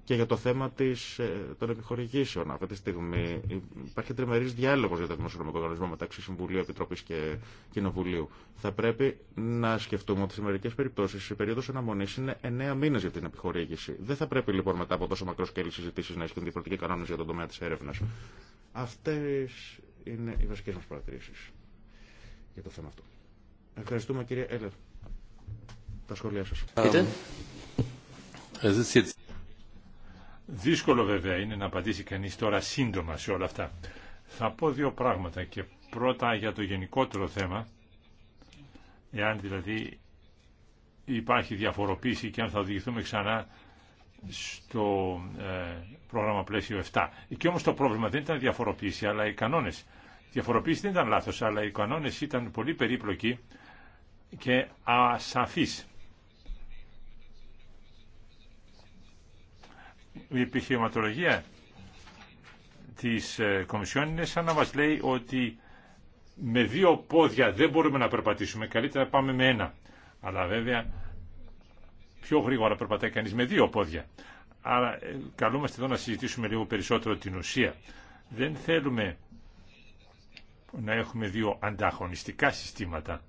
και για το θέμα της, ε, των επιχορηγήσεων. Αυτή τη στιγμή υπάρχει τριμερής διάλογος για το δημοσιονομικό κανονισμό μεταξύ Συμβουλίου, Επιτροπής και Κοινοβουλίου. Θα πρέπει να σκεφτούμε ότι σε μερικές περιπτώσεις η περίοδος αναμονής είναι 9 μήνες για την επιχορήγηση. Δεν θα πρέπει λοιπόν μετά από τόσο μακρό σκέλη συζητήσεις να ισχύουν διαφορετικοί κανόνε για τον τομέα τη έρευνα. Αυτές είναι οι βασικές μα παρατηρήσεις για το θέμα αυτό. Ευχαριστούμε κύριε Έλερ τα σχόλιά σας. Ε, Δύσκολο βέβαια είναι να απαντήσει κανείς τώρα σύντομα σε όλα αυτά. Θα πω δύο πράγματα και πρώτα για το γενικότερο θέμα, εάν δηλαδή υπάρχει διαφοροποίηση και αν θα οδηγηθούμε ξανά στο ε, πρόγραμμα πλαίσιο 7. Εκεί όμως το πρόβλημα δεν ήταν διαφοροποίηση, αλλά οι κανόνες. διαφοροποίηση δεν ήταν λάθος, αλλά οι κανόνες ήταν πολύ περίπλοκοι και ασαφείς. η επιχειρηματολογία της ε, Κομισιόν είναι σαν να μας λέει ότι με δύο πόδια δεν μπορούμε να περπατήσουμε, καλύτερα πάμε με ένα. Αλλά βέβαια πιο γρήγορα περπατάει κανείς με δύο πόδια. Άρα ε, καλούμαστε εδώ να συζητήσουμε λίγο περισσότερο την ουσία. Δεν θέλουμε να έχουμε δύο ανταγωνιστικά συστήματα.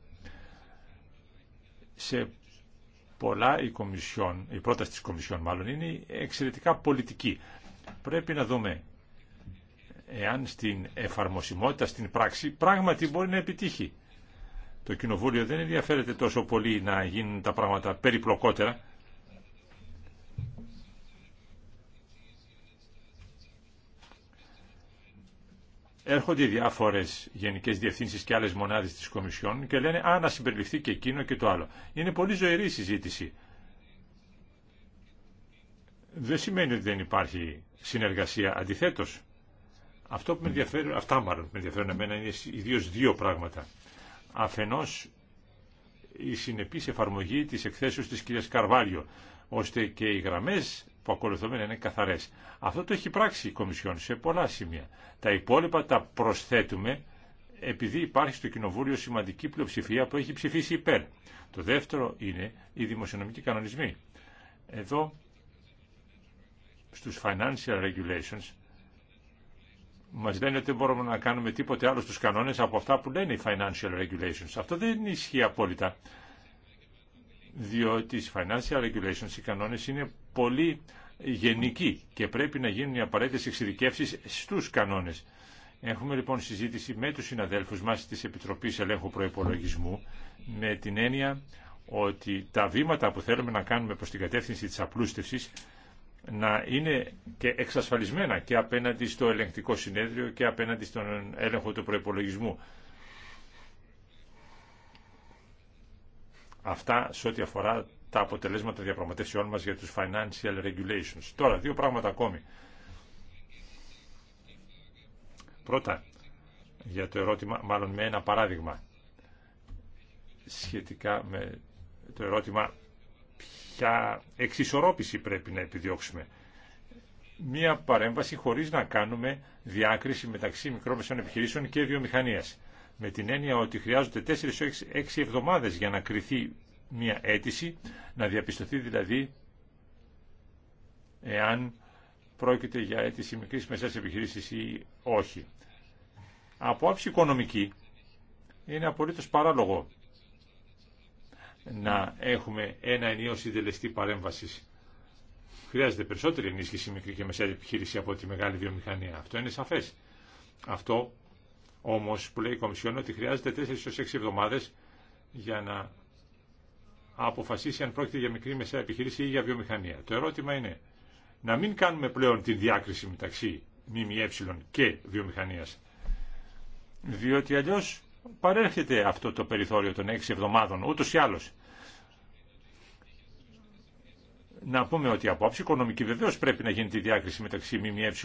Σε πολλά η, Κομισιόν, η πρόταση της Κομισιόν μάλλον είναι εξαιρετικά πολιτική. Πρέπει να δούμε εάν στην εφαρμοσιμότητα, στην πράξη, πράγματι μπορεί να επιτύχει. Το Κοινοβούλιο δεν ενδιαφέρεται τόσο πολύ να γίνουν τα πράγματα περιπλοκότερα, έρχονται διάφορε γενικέ διευθύνσει και άλλε μονάδε τη Κομισιόν και λένε Α, να συμπεριληφθεί και εκείνο και το άλλο. Είναι πολύ ζωηρή η συζήτηση. Δεν σημαίνει ότι δεν υπάρχει συνεργασία. Αντιθέτω, αυτό που με ενδιαφέρει, αυτά μάλλον που με ενδιαφέρουν εμένα είναι ιδίω δύο πράγματα. Αφενό, η συνεπής εφαρμογή τη εκθέσεω τη κυρίας Καρβάλιο, ώστε και οι γραμμέ που ακολουθούμε να είναι καθαρές. Αυτό το έχει πράξει η Κομισιόν σε πολλά σημεία. Τα υπόλοιπα τα προσθέτουμε επειδή υπάρχει στο Κοινοβούλιο σημαντική πλειοψηφία που έχει ψηφίσει υπέρ. Το δεύτερο είναι οι δημοσιονομικοί κανονισμοί. Εδώ στους financial regulations μα λένε ότι δεν μπορούμε να κάνουμε τίποτε άλλο στους κανόνες από αυτά που λένε οι financial regulations. Αυτό δεν ισχύει απόλυτα, διότι οι financial regulations οι κανόνε είναι πολύ γενική και πρέπει να γίνουν οι απαραίτητες εξειδικεύσεις στους κανόνες. Έχουμε λοιπόν συζήτηση με τους συναδέλφους μας της Επιτροπής Ελέγχου Προϋπολογισμού με την έννοια ότι τα βήματα που θέλουμε να κάνουμε προς την κατεύθυνση της απλούστευσης να είναι και εξασφαλισμένα και απέναντι στο ελεγκτικό συνέδριο και απέναντι στον έλεγχο του προϋπολογισμού. Αυτά σε ό,τι αφορά τα αποτελέσματα διαπραγματεύσεών μας για τους financial regulations. Τώρα, δύο πράγματα ακόμη. Πρώτα, για το ερώτημα, μάλλον με ένα παράδειγμα, σχετικά με το ερώτημα ποια εξισορρόπηση πρέπει να επιδιώξουμε. Μία παρέμβαση χωρίς να κάνουμε διάκριση μεταξύ μικρόμεσων επιχειρήσεων και βιομηχανίας. Με την έννοια ότι χρειάζονται 4-6 εβδομάδες για να κριθεί μία αίτηση, να διαπιστωθεί δηλαδή εάν πρόκειται για αίτηση μικρής μεσαίας επιχειρήσης ή όχι. Από άψη οικονομική είναι απολύτως παράλογο να έχουμε ένα ενίο συντελεστή παρέμβασης. Χρειάζεται περισσότερη ενίσχυση μικρή και μεσαία επιχείρηση από τη μεγάλη βιομηχανία. Αυτό είναι σαφές. Αυτό όμως που λέει η Κομισιόν ότι χρειάζεται 4 6 εβδομάδες για να αποφασίσει αν πρόκειται για μικρή μεσαία επιχείρηση ή για βιομηχανία. Το ερώτημα είναι να μην κάνουμε πλέον τη διάκριση μεταξύ ΜΜΕ και βιομηχανία, Διότι αλλιώ παρέρχεται αυτό το περιθώριο των 6 εβδομάδων, ούτως ή άλλως. Να πούμε ότι από άψη οικονομική βεβαίω πρέπει να γίνεται η διάκριση μεταξύ ΜΜΕ,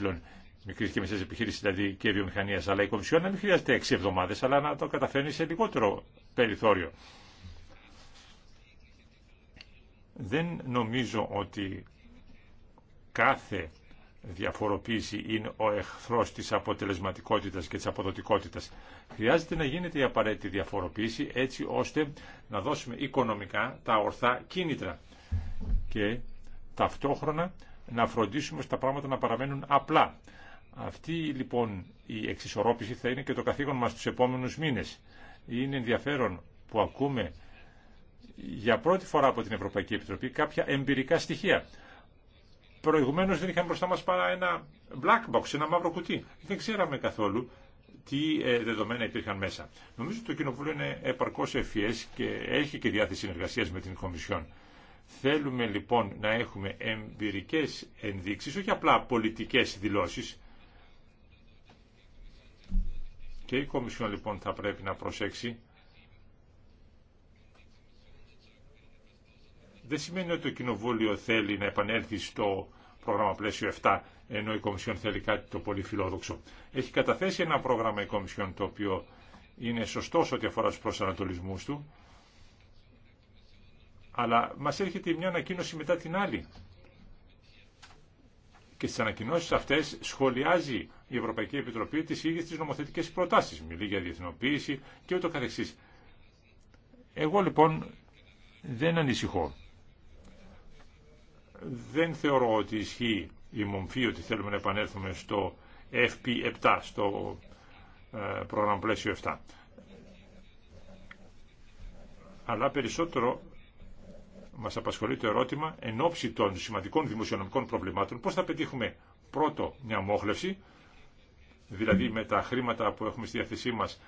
μικρή και μεσαίες επιχείρηση βεβαιω δηλαδή, και βιομηχανίας, αλλά η διακριση μεταξυ μμε μικρη και μεσαια επιχειρηση δηλαδη και βιομηχανια αλλα η κομισιον να μην χρειάζεται 6 εβδομάδε, αλλά να το καταφέρνει σε λιγότερο περιθώριο. Δεν νομίζω ότι κάθε διαφοροποίηση είναι ο εχθρός της αποτελεσματικότητας και της αποδοτικότητας. Χρειάζεται να γίνεται η απαραίτητη διαφοροποίηση έτσι ώστε να δώσουμε οικονομικά τα ορθά κίνητρα και ταυτόχρονα να φροντίσουμε ώστε τα πράγματα να παραμένουν απλά. Αυτή λοιπόν η εξισορρόπηση θα είναι και το καθήκον μας τους επόμενους μήνες. Είναι ενδιαφέρον που ακούμε για πρώτη φορά από την Ευρωπαϊκή Επιτροπή κάποια εμπειρικά στοιχεία. Προηγουμένως δεν είχαμε μπροστά μας παρά ένα black box, ένα μαύρο κουτί. Δεν ξέραμε καθόλου τι ε, δεδομένα υπήρχαν μέσα. Νομίζω ότι το Κοινοβούλιο είναι επαρκώς ευφυές και έχει και διάθεση συνεργασίας με την Κομισιόν. Θέλουμε λοιπόν να έχουμε εμπειρικές ενδείξεις, όχι απλά πολιτικές δηλώσεις. Και η Κομισιόν λοιπόν θα πρέπει να προσέξει δεν σημαίνει ότι το Κοινοβούλιο θέλει να επανέλθει στο πρόγραμμα πλαίσιο 7, ενώ η Κομισιόν θέλει κάτι το πολύ φιλόδοξο. Έχει καταθέσει ένα πρόγραμμα η Κομισιόν το οποίο είναι σωστό ό,τι αφορά του προσανατολισμού του, αλλά μα έρχεται μια ανακοίνωση μετά την άλλη. Και στι ανακοινώσει αυτέ σχολιάζει η Ευρωπαϊκή Επιτροπή τι ίδιε τι νομοθετικέ προτάσει. Μιλεί για διεθνοποίηση και ούτω καθεξή. Εγώ λοιπόν δεν ανησυχώ δεν θεωρώ ότι ισχύει η μομφή ότι θέλουμε να επανέλθουμε στο FP7, στο ε, πρόγραμμα πλαίσιο 7. Αλλά περισσότερο μας απασχολεί το ερώτημα εν ώψη των σημαντικών δημοσιονομικών προβλημάτων πώς θα πετύχουμε πρώτο μια μόχλευση, δηλαδή με τα χρήματα που έχουμε στη διάθεσή μας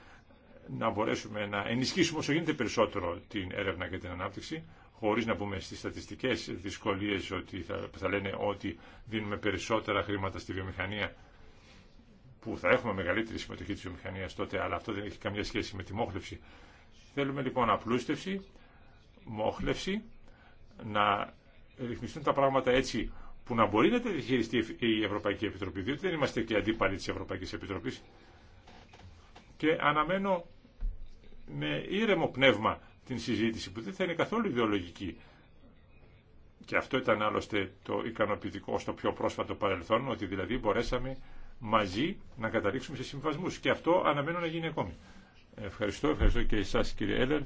να μπορέσουμε να ενισχύσουμε όσο γίνεται περισσότερο την έρευνα και την ανάπτυξη, χωρίς να πούμε στις στατιστικές δυσκολίες ότι θα, θα λένε ότι δίνουμε περισσότερα χρήματα στη βιομηχανία που θα έχουμε μεγαλύτερη συμμετοχή της βιομηχανίας τότε, αλλά αυτό δεν έχει καμία σχέση με τη μόχλευση. Θέλουμε λοιπόν απλούστευση, μόχλευση, να ρυθμιστούν τα πράγματα έτσι που να μπορεί να τα διαχειριστεί η Ευρωπαϊκή Επιτροπή, διότι δεν είμαστε και αντίπαλοι της Ευρωπαϊκής Επιτροπής. Και αναμένω με ήρεμο πνεύμα την συζήτηση που δεν θα είναι καθόλου ιδεολογική. Και αυτό ήταν άλλωστε το ικανοποιητικό στο πιο πρόσφατο παρελθόν, ότι δηλαδή μπορέσαμε μαζί να καταλήξουμε σε συμβασμού. Και αυτό αναμένω να γίνει ακόμη. Ευχαριστώ, ευχαριστώ και εσά κύριε Έλερ.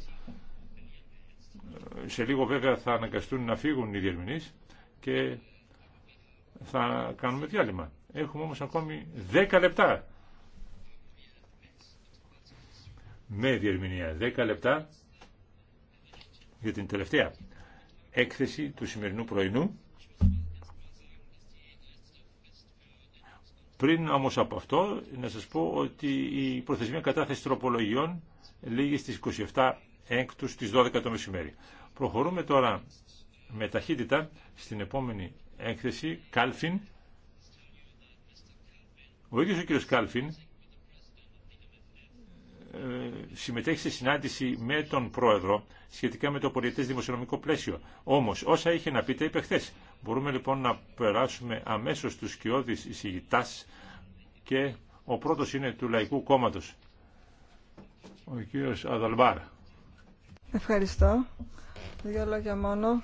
Σε λίγο βέβαια θα αναγκαστούν να φύγουν οι διερμηνεί και θα κάνουμε διάλειμμα. Έχουμε όμως ακόμη 10 λεπτά. Με διερμηνία 10 λεπτά για την τελευταία έκθεση του σημερινού πρωινού. Πριν όμως από αυτό, να σας πω ότι η προθεσμία κατάθεση τροπολογιών λήγει στις 27 έκτους στις 12 το μεσημέρι. Προχωρούμε τώρα με ταχύτητα στην επόμενη έκθεση, Κάλφιν. Ο ίδιος ο κύριος Κάλφιν ε, συμμετέχει σε συνάντηση με τον πρόεδρο σχετικά με το πολιτές δημοσιονομικό πλαίσιο. Όμως όσα είχε να πει τα είπε χθες. Μπορούμε λοιπόν να περάσουμε αμέσως τους σκιώδεις εισηγητάς και ο πρώτος είναι του Λαϊκού Κόμματος. Ο κύριος Αδαλμπάρα. Ευχαριστώ. Δύο λόγια μόνο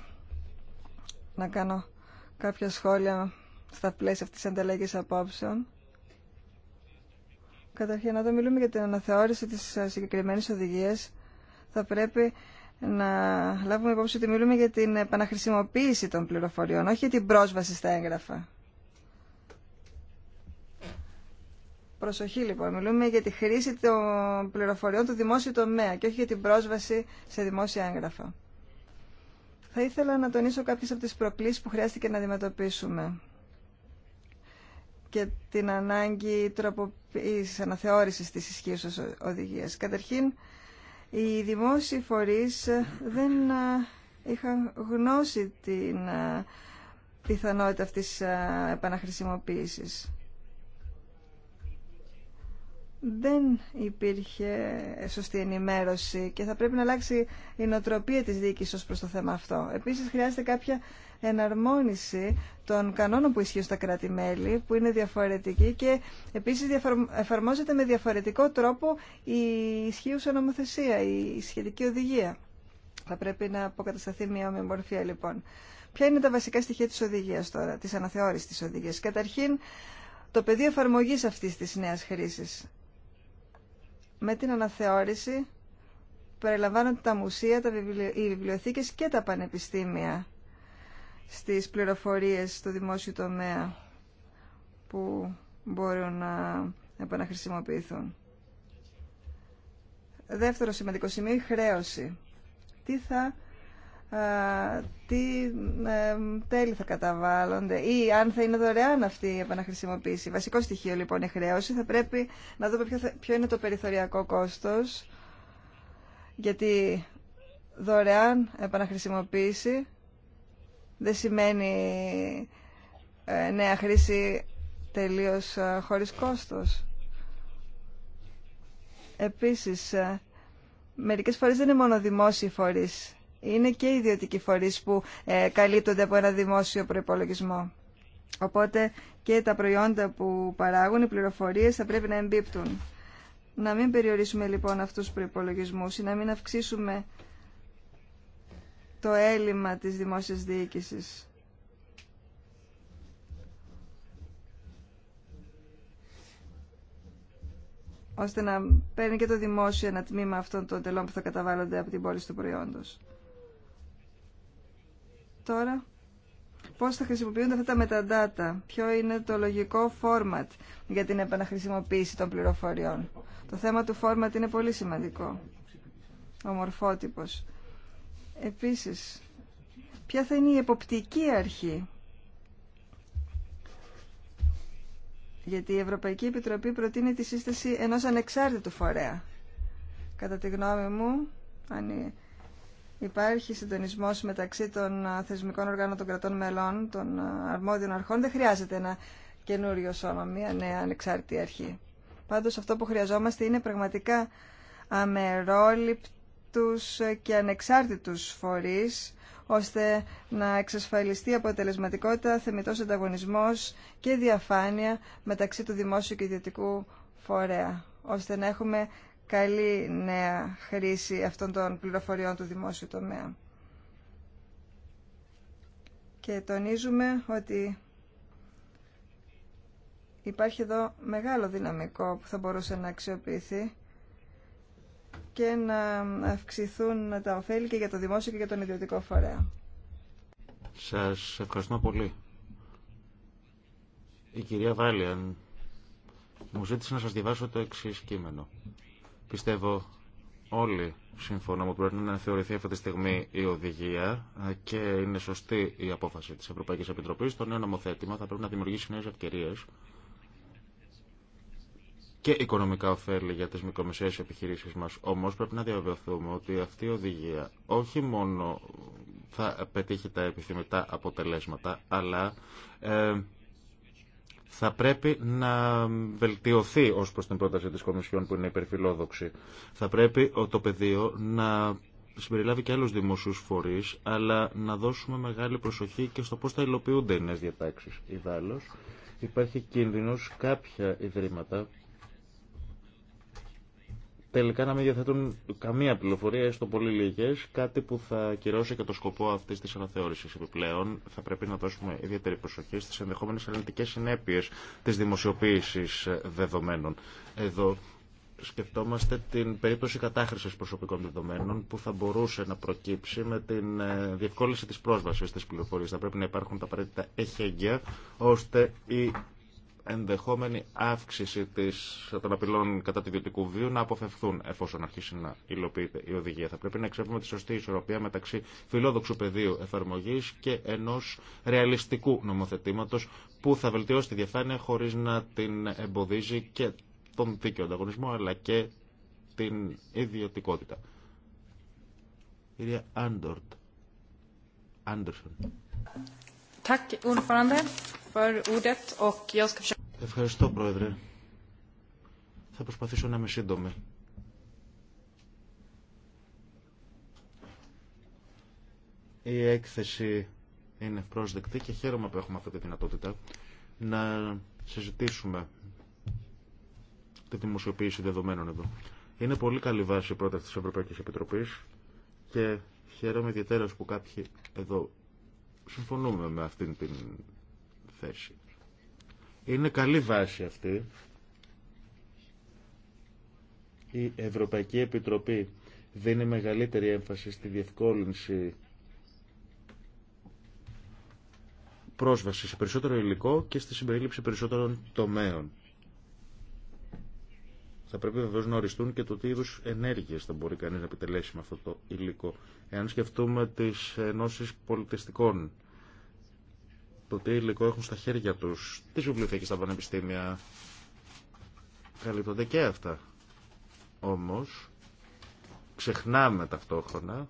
να κάνω κάποια σχόλια στα πλαίσια αυτής της ανταλλαγής απόψεων. Καταρχήν, όταν μιλούμε για την αναθεώρηση της ε, συγκεκριμένης οδηγίας, θα πρέπει να λάβουμε υπόψη ότι μιλούμε για την επαναχρησιμοποίηση των πληροφοριών, όχι για την πρόσβαση στα έγγραφα. Προσοχή λοιπόν, μιλούμε για τη χρήση των πληροφοριών του δημόσιου τομέα και όχι για την πρόσβαση σε δημόσια έγγραφα. Θα ήθελα να τονίσω κάποιες από τις προκλήσεις που χρειάστηκε να αντιμετωπίσουμε και την ανάγκη τροποποίησης, αναθεώρησης της ως οδηγίας. Καταρχήν, οι δημόσιοι φορείς δεν είχαν γνώση την πιθανότητα αυτής της επαναχρησιμοποίησης. Δεν υπήρχε σωστή ενημέρωση και θα πρέπει να αλλάξει η νοοτροπία της διοίκησης ως προς το θέμα αυτό. Επίσης, χρειάζεται κάποια εναρμόνιση των κανόνων που ισχύουν στα κράτη-μέλη, που είναι διαφορετική και επίσης εφαρμόζεται με διαφορετικό τρόπο η ισχύουσα νομοθεσία, η σχετική οδηγία. Θα πρέπει να αποκατασταθεί μια ομοιομορφία λοιπόν. Ποια είναι τα βασικά στοιχεία της οδηγίας τώρα, της αναθεώρησης της οδηγίας. Καταρχήν, το πεδίο εφαρμογής αυτής της νέας χρήσης. Με την αναθεώρηση περιλαμβάνονται τα μουσεία, τα βιβλιο... οι βιβλιοθήκες και τα πανεπιστήμια στις πληροφορίες στο δημόσιο τομέα που μπορούν να επαναχρησιμοποιηθούν. Δεύτερο σημαντικό σημείο, η χρέωση. Τι θα τι ε, τέλη θα καταβάλλονται ή αν θα είναι δωρεάν αυτή η επαναχρησιμοποίηση. Βασικό στοιχείο λοιπόν η χρέωση. Θα πρέπει να δούμε ποιο, ποιο είναι το περιθωριακό κόστος γιατί δωρεάν επαναχρησιμοποίηση δεν σημαίνει ε, νέα χρήση τελείως ε, χωρίς κόστος. Επίσης, ε, μερικές φορές δεν είναι μόνο δημόσιοι φορείς. Είναι και ιδιωτικοί φορείς που καλύπτονται από ένα δημόσιο προϋπολογισμό. Οπότε και τα προϊόντα που παράγουν, οι πληροφορίες θα πρέπει να εμπίπτουν. Να μην περιορίσουμε λοιπόν αυτούς τους προϋπολογισμούς ή να μην αυξήσουμε το έλλειμμα της δημόσιας διοίκησης. ώστε να παίρνει και το δημόσιο ένα τμήμα αυτών των τελών που θα καταβάλλονται από την πόλη του προϊόντος. Τώρα, πώς θα χρησιμοποιούνται αυτά τα μεταδάτα, ποιο είναι το λογικό format για την επαναχρησιμοποίηση των πληροφοριών. Το θέμα του format είναι πολύ σημαντικό. Ο μορφότυπος. Επίσης, ποια θα είναι η εποπτική αρχή. Γιατί η Ευρωπαϊκή Επιτροπή προτείνει τη σύσταση ενός ανεξάρτητου φορέα. Κατά τη γνώμη μου, αν υπάρχει συντονισμός μεταξύ των θεσμικών οργάνων των κρατών μελών, των αρμόδιων αρχών, δεν χρειάζεται ένα καινούριο σώμα, μια νέα ανεξάρτητη αρχή. Πάντως αυτό που χρειαζόμαστε είναι πραγματικά αμερόληπτη και ανεξάρτητους φορείς, ώστε να εξασφαλιστεί αποτελεσματικότητα, θεμητός ανταγωνισμός και διαφάνεια μεταξύ του δημόσιου και ιδιωτικού φορέα, ώστε να έχουμε καλή νέα χρήση αυτών των πληροφοριών του δημόσιου τομέα. Και τονίζουμε ότι υπάρχει εδώ μεγάλο δυναμικό που θα μπορούσε να αξιοποιηθεί και να αυξηθούν τα ωφέλη και για το δημόσιο και για τον ιδιωτικό φορέα. Σας ευχαριστώ πολύ. Η κυρία Βάλιαν μου ζήτησε να σας διαβάσω το εξή κείμενο. Πιστεύω όλοι συμφωνώ που πρέπει να θεωρηθεί αυτή τη στιγμή η οδηγία και είναι σωστή η απόφαση της Ευρωπαϊκής Επιτροπής. Το νέο νομοθέτημα θα πρέπει να δημιουργήσει νέες ευκαιρίες και οικονομικά ωφέλη για τις μικρομεσαίες επιχειρήσεις μας. Όμως πρέπει να διαβεβαιωθούμε ότι αυτή η οδηγία όχι μόνο θα πετύχει τα επιθυμητά αποτελέσματα, αλλά ε, θα πρέπει να βελτιωθεί ως προς την πρόταση της Κομισιόν που είναι υπερφιλόδοξη. Θα πρέπει το πεδίο να συμπεριλάβει και άλλους δημοσίους φορείς, αλλά να δώσουμε μεγάλη προσοχή και στο πώς θα υλοποιούνται οι νέες διατάξεις. Ιδάλλως, υπάρχει κίνδυνος κάποια ιδρύματα τελικά να μην διαθέτουν καμία πληροφορία, έστω πολύ λίγε, κάτι που θα κυρώσει και το σκοπό αυτή τη αναθεώρηση. Επιπλέον, θα πρέπει να δώσουμε ιδιαίτερη προσοχή στι ενδεχόμενε αρνητικέ συνέπειε τη δημοσιοποίηση δεδομένων. Εδώ σκεφτόμαστε την περίπτωση κατάχρηση προσωπικών δεδομένων που θα μπορούσε να προκύψει με την ε, διευκόλυνση τη πρόσβαση της πληροφορίας. Θα πρέπει να υπάρχουν τα απαραίτητα εχέγγυα ώστε οι ενδεχόμενη αύξηση της, των απειλών κατά τη ιδιωτικού βίου να αποφευθούν εφόσον αρχίσει να υλοποιείται η οδηγία. Θα πρέπει να εξεύρουμε τη σωστή ισορροπία μεταξύ φιλόδοξου πεδίου εφαρμογής και ενός ρεαλιστικού νομοθετήματος που θα βελτιώσει τη διαφάνεια χωρίς να την εμποδίζει και τον δίκαιο ανταγωνισμό αλλά και την ιδιωτικότητα. Ευχαριστώ, Πρόεδρε. Θα προσπαθήσω να είμαι σύντομη. Η έκθεση είναι πρόσδεκτη και χαίρομαι που έχουμε αυτή τη δυνατότητα να συζητήσουμε τη δημοσιοποίηση δεδομένων εδώ. Είναι πολύ καλή βάση η πρόταση της Ευρωπαϊκής Επιτροπής και χαίρομαι ιδιαίτερα που κάποιοι εδώ συμφωνούμε με αυτήν την θέση. Είναι καλή βάση αυτή. Η Ευρωπαϊκή Επιτροπή δίνει μεγαλύτερη έμφαση στη διευκόλυνση πρόσβαση σε περισσότερο υλικό και στη συμπερίληψη περισσότερων τομέων. Θα πρέπει βεβαίω να οριστούν και το τι είδου ενέργειε θα μπορεί κανεί να επιτελέσει με αυτό το υλικό. Εάν σκεφτούμε τι ενώσει πολιτιστικών, το τι υλικό έχουν στα χέρια του, τι βιβλιοθήκε στα πανεπιστήμια, καλύπτονται και αυτά. Όμω, ξεχνάμε ταυτόχρονα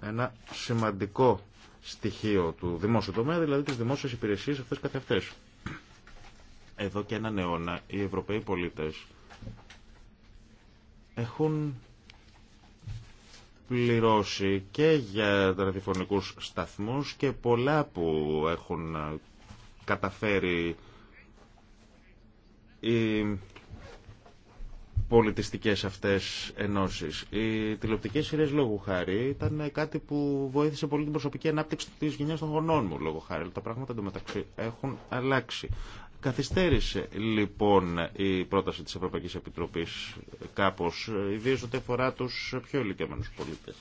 ένα σημαντικό στοιχείο του δημόσιου τομέα, δηλαδή τι δημόσίε υπηρεσίε αυτές καθ' αυτές εδώ και έναν αιώνα οι Ευρωπαίοι πολίτες έχουν πληρώσει και για ραδιοφωνικούς σταθμούς και πολλά που έχουν καταφέρει οι πολιτιστικές αυτές ενώσεις. Οι τηλεοπτικές σειρές λόγου χάρη ήταν κάτι που βοήθησε πολύ την προσωπική ανάπτυξη της γενιάς των γονών μου λόγου χάρη. Τα πράγματα εντωμεταξύ έχουν αλλάξει. Καθυστέρησε λοιπόν η πρόταση της Ευρωπαϊκής Επιτροπής κάπως, ιδίως ό,τι αφορά τους πιο ηλικιωμένους πολίτες.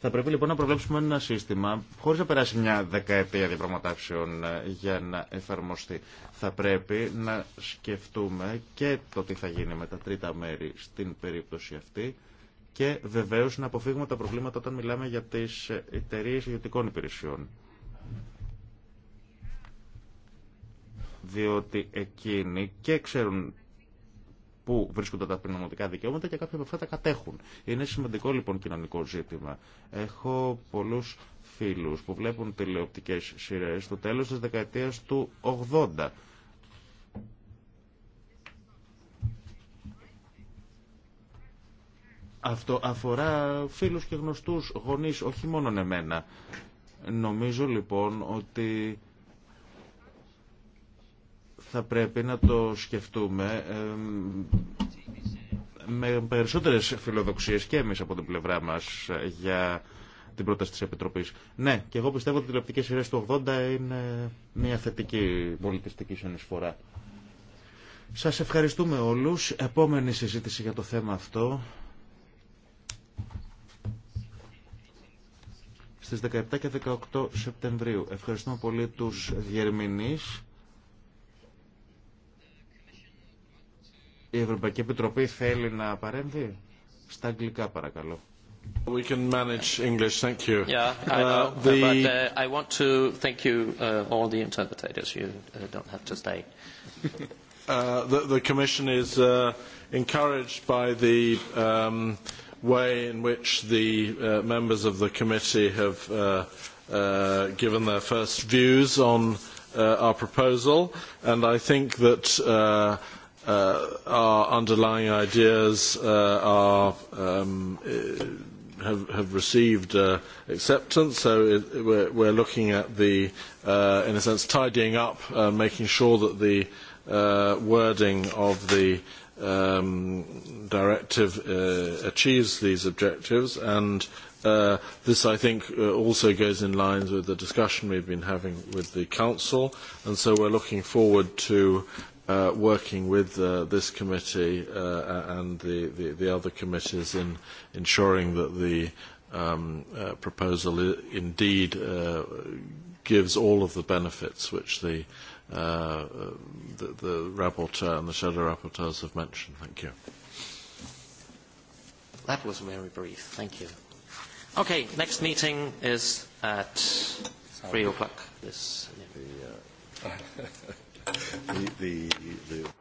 Θα πρέπει λοιπόν να προβλέψουμε ένα σύστημα, χωρίς να περάσει μια δεκαετία διαπραγματεύσεων για να εφαρμοστεί. Θα πρέπει να σκεφτούμε και το τι θα γίνει με τα τρίτα μέρη στην περίπτωση αυτή και βεβαίως να αποφύγουμε τα προβλήματα όταν μιλάμε για τις εταιρείε ιδιωτικών υπηρεσιών. διότι εκείνοι και ξέρουν πού βρίσκονται τα πνευματικά δικαιώματα και κάποια από αυτά τα κατέχουν. Είναι σημαντικό λοιπόν κοινωνικό ζήτημα. Έχω πολλούς φίλους που βλέπουν τηλεοπτικές σειρές στο τέλος της δεκαετίας του 80. Αυτό αφορά φίλους και γνωστούς γονείς, όχι μόνον εμένα. Νομίζω λοιπόν ότι θα πρέπει να το σκεφτούμε με περισσότερες φιλοδοξίες και εμείς από την πλευρά μας για την πρόταση της Επιτροπής. Ναι, και εγώ πιστεύω ότι οι τηλεοπτικές σειρές του 80 είναι μια θετική πολιτιστική συνεισφορά. Σας ευχαριστούμε όλους. Επόμενη συζήτηση για το θέμα αυτό. Στις 17 και 18 Σεπτεμβρίου. Ευχαριστούμε πολύ τους διερμηνείς. Η Ευρωπαϊκή Επιτροπή θέλει να παρέμβει. Στα αγγλικά παρακαλώ. We can manage English, thank you. Yeah, I know, but I want to thank you, all the interpreters. You don't have to stay. The Commission is encouraged by the way in which the members of the committee have given their first views on our proposal, and I think that our underlying ideas have received acceptance. So we're looking at the, in a sense, tidying up, making sure that the wording of the directive achieves these objectives. And this, I think, also goes in line with the discussion we've been having with the Council. And so we're looking forward to working with this committee and the other committees in ensuring that the proposal indeed gives all of the benefits which the rapporteur and the shadow rapporteurs have mentioned. Thank you. That was very brief. Thank you. Okay, next meeting is at 3 o'clock the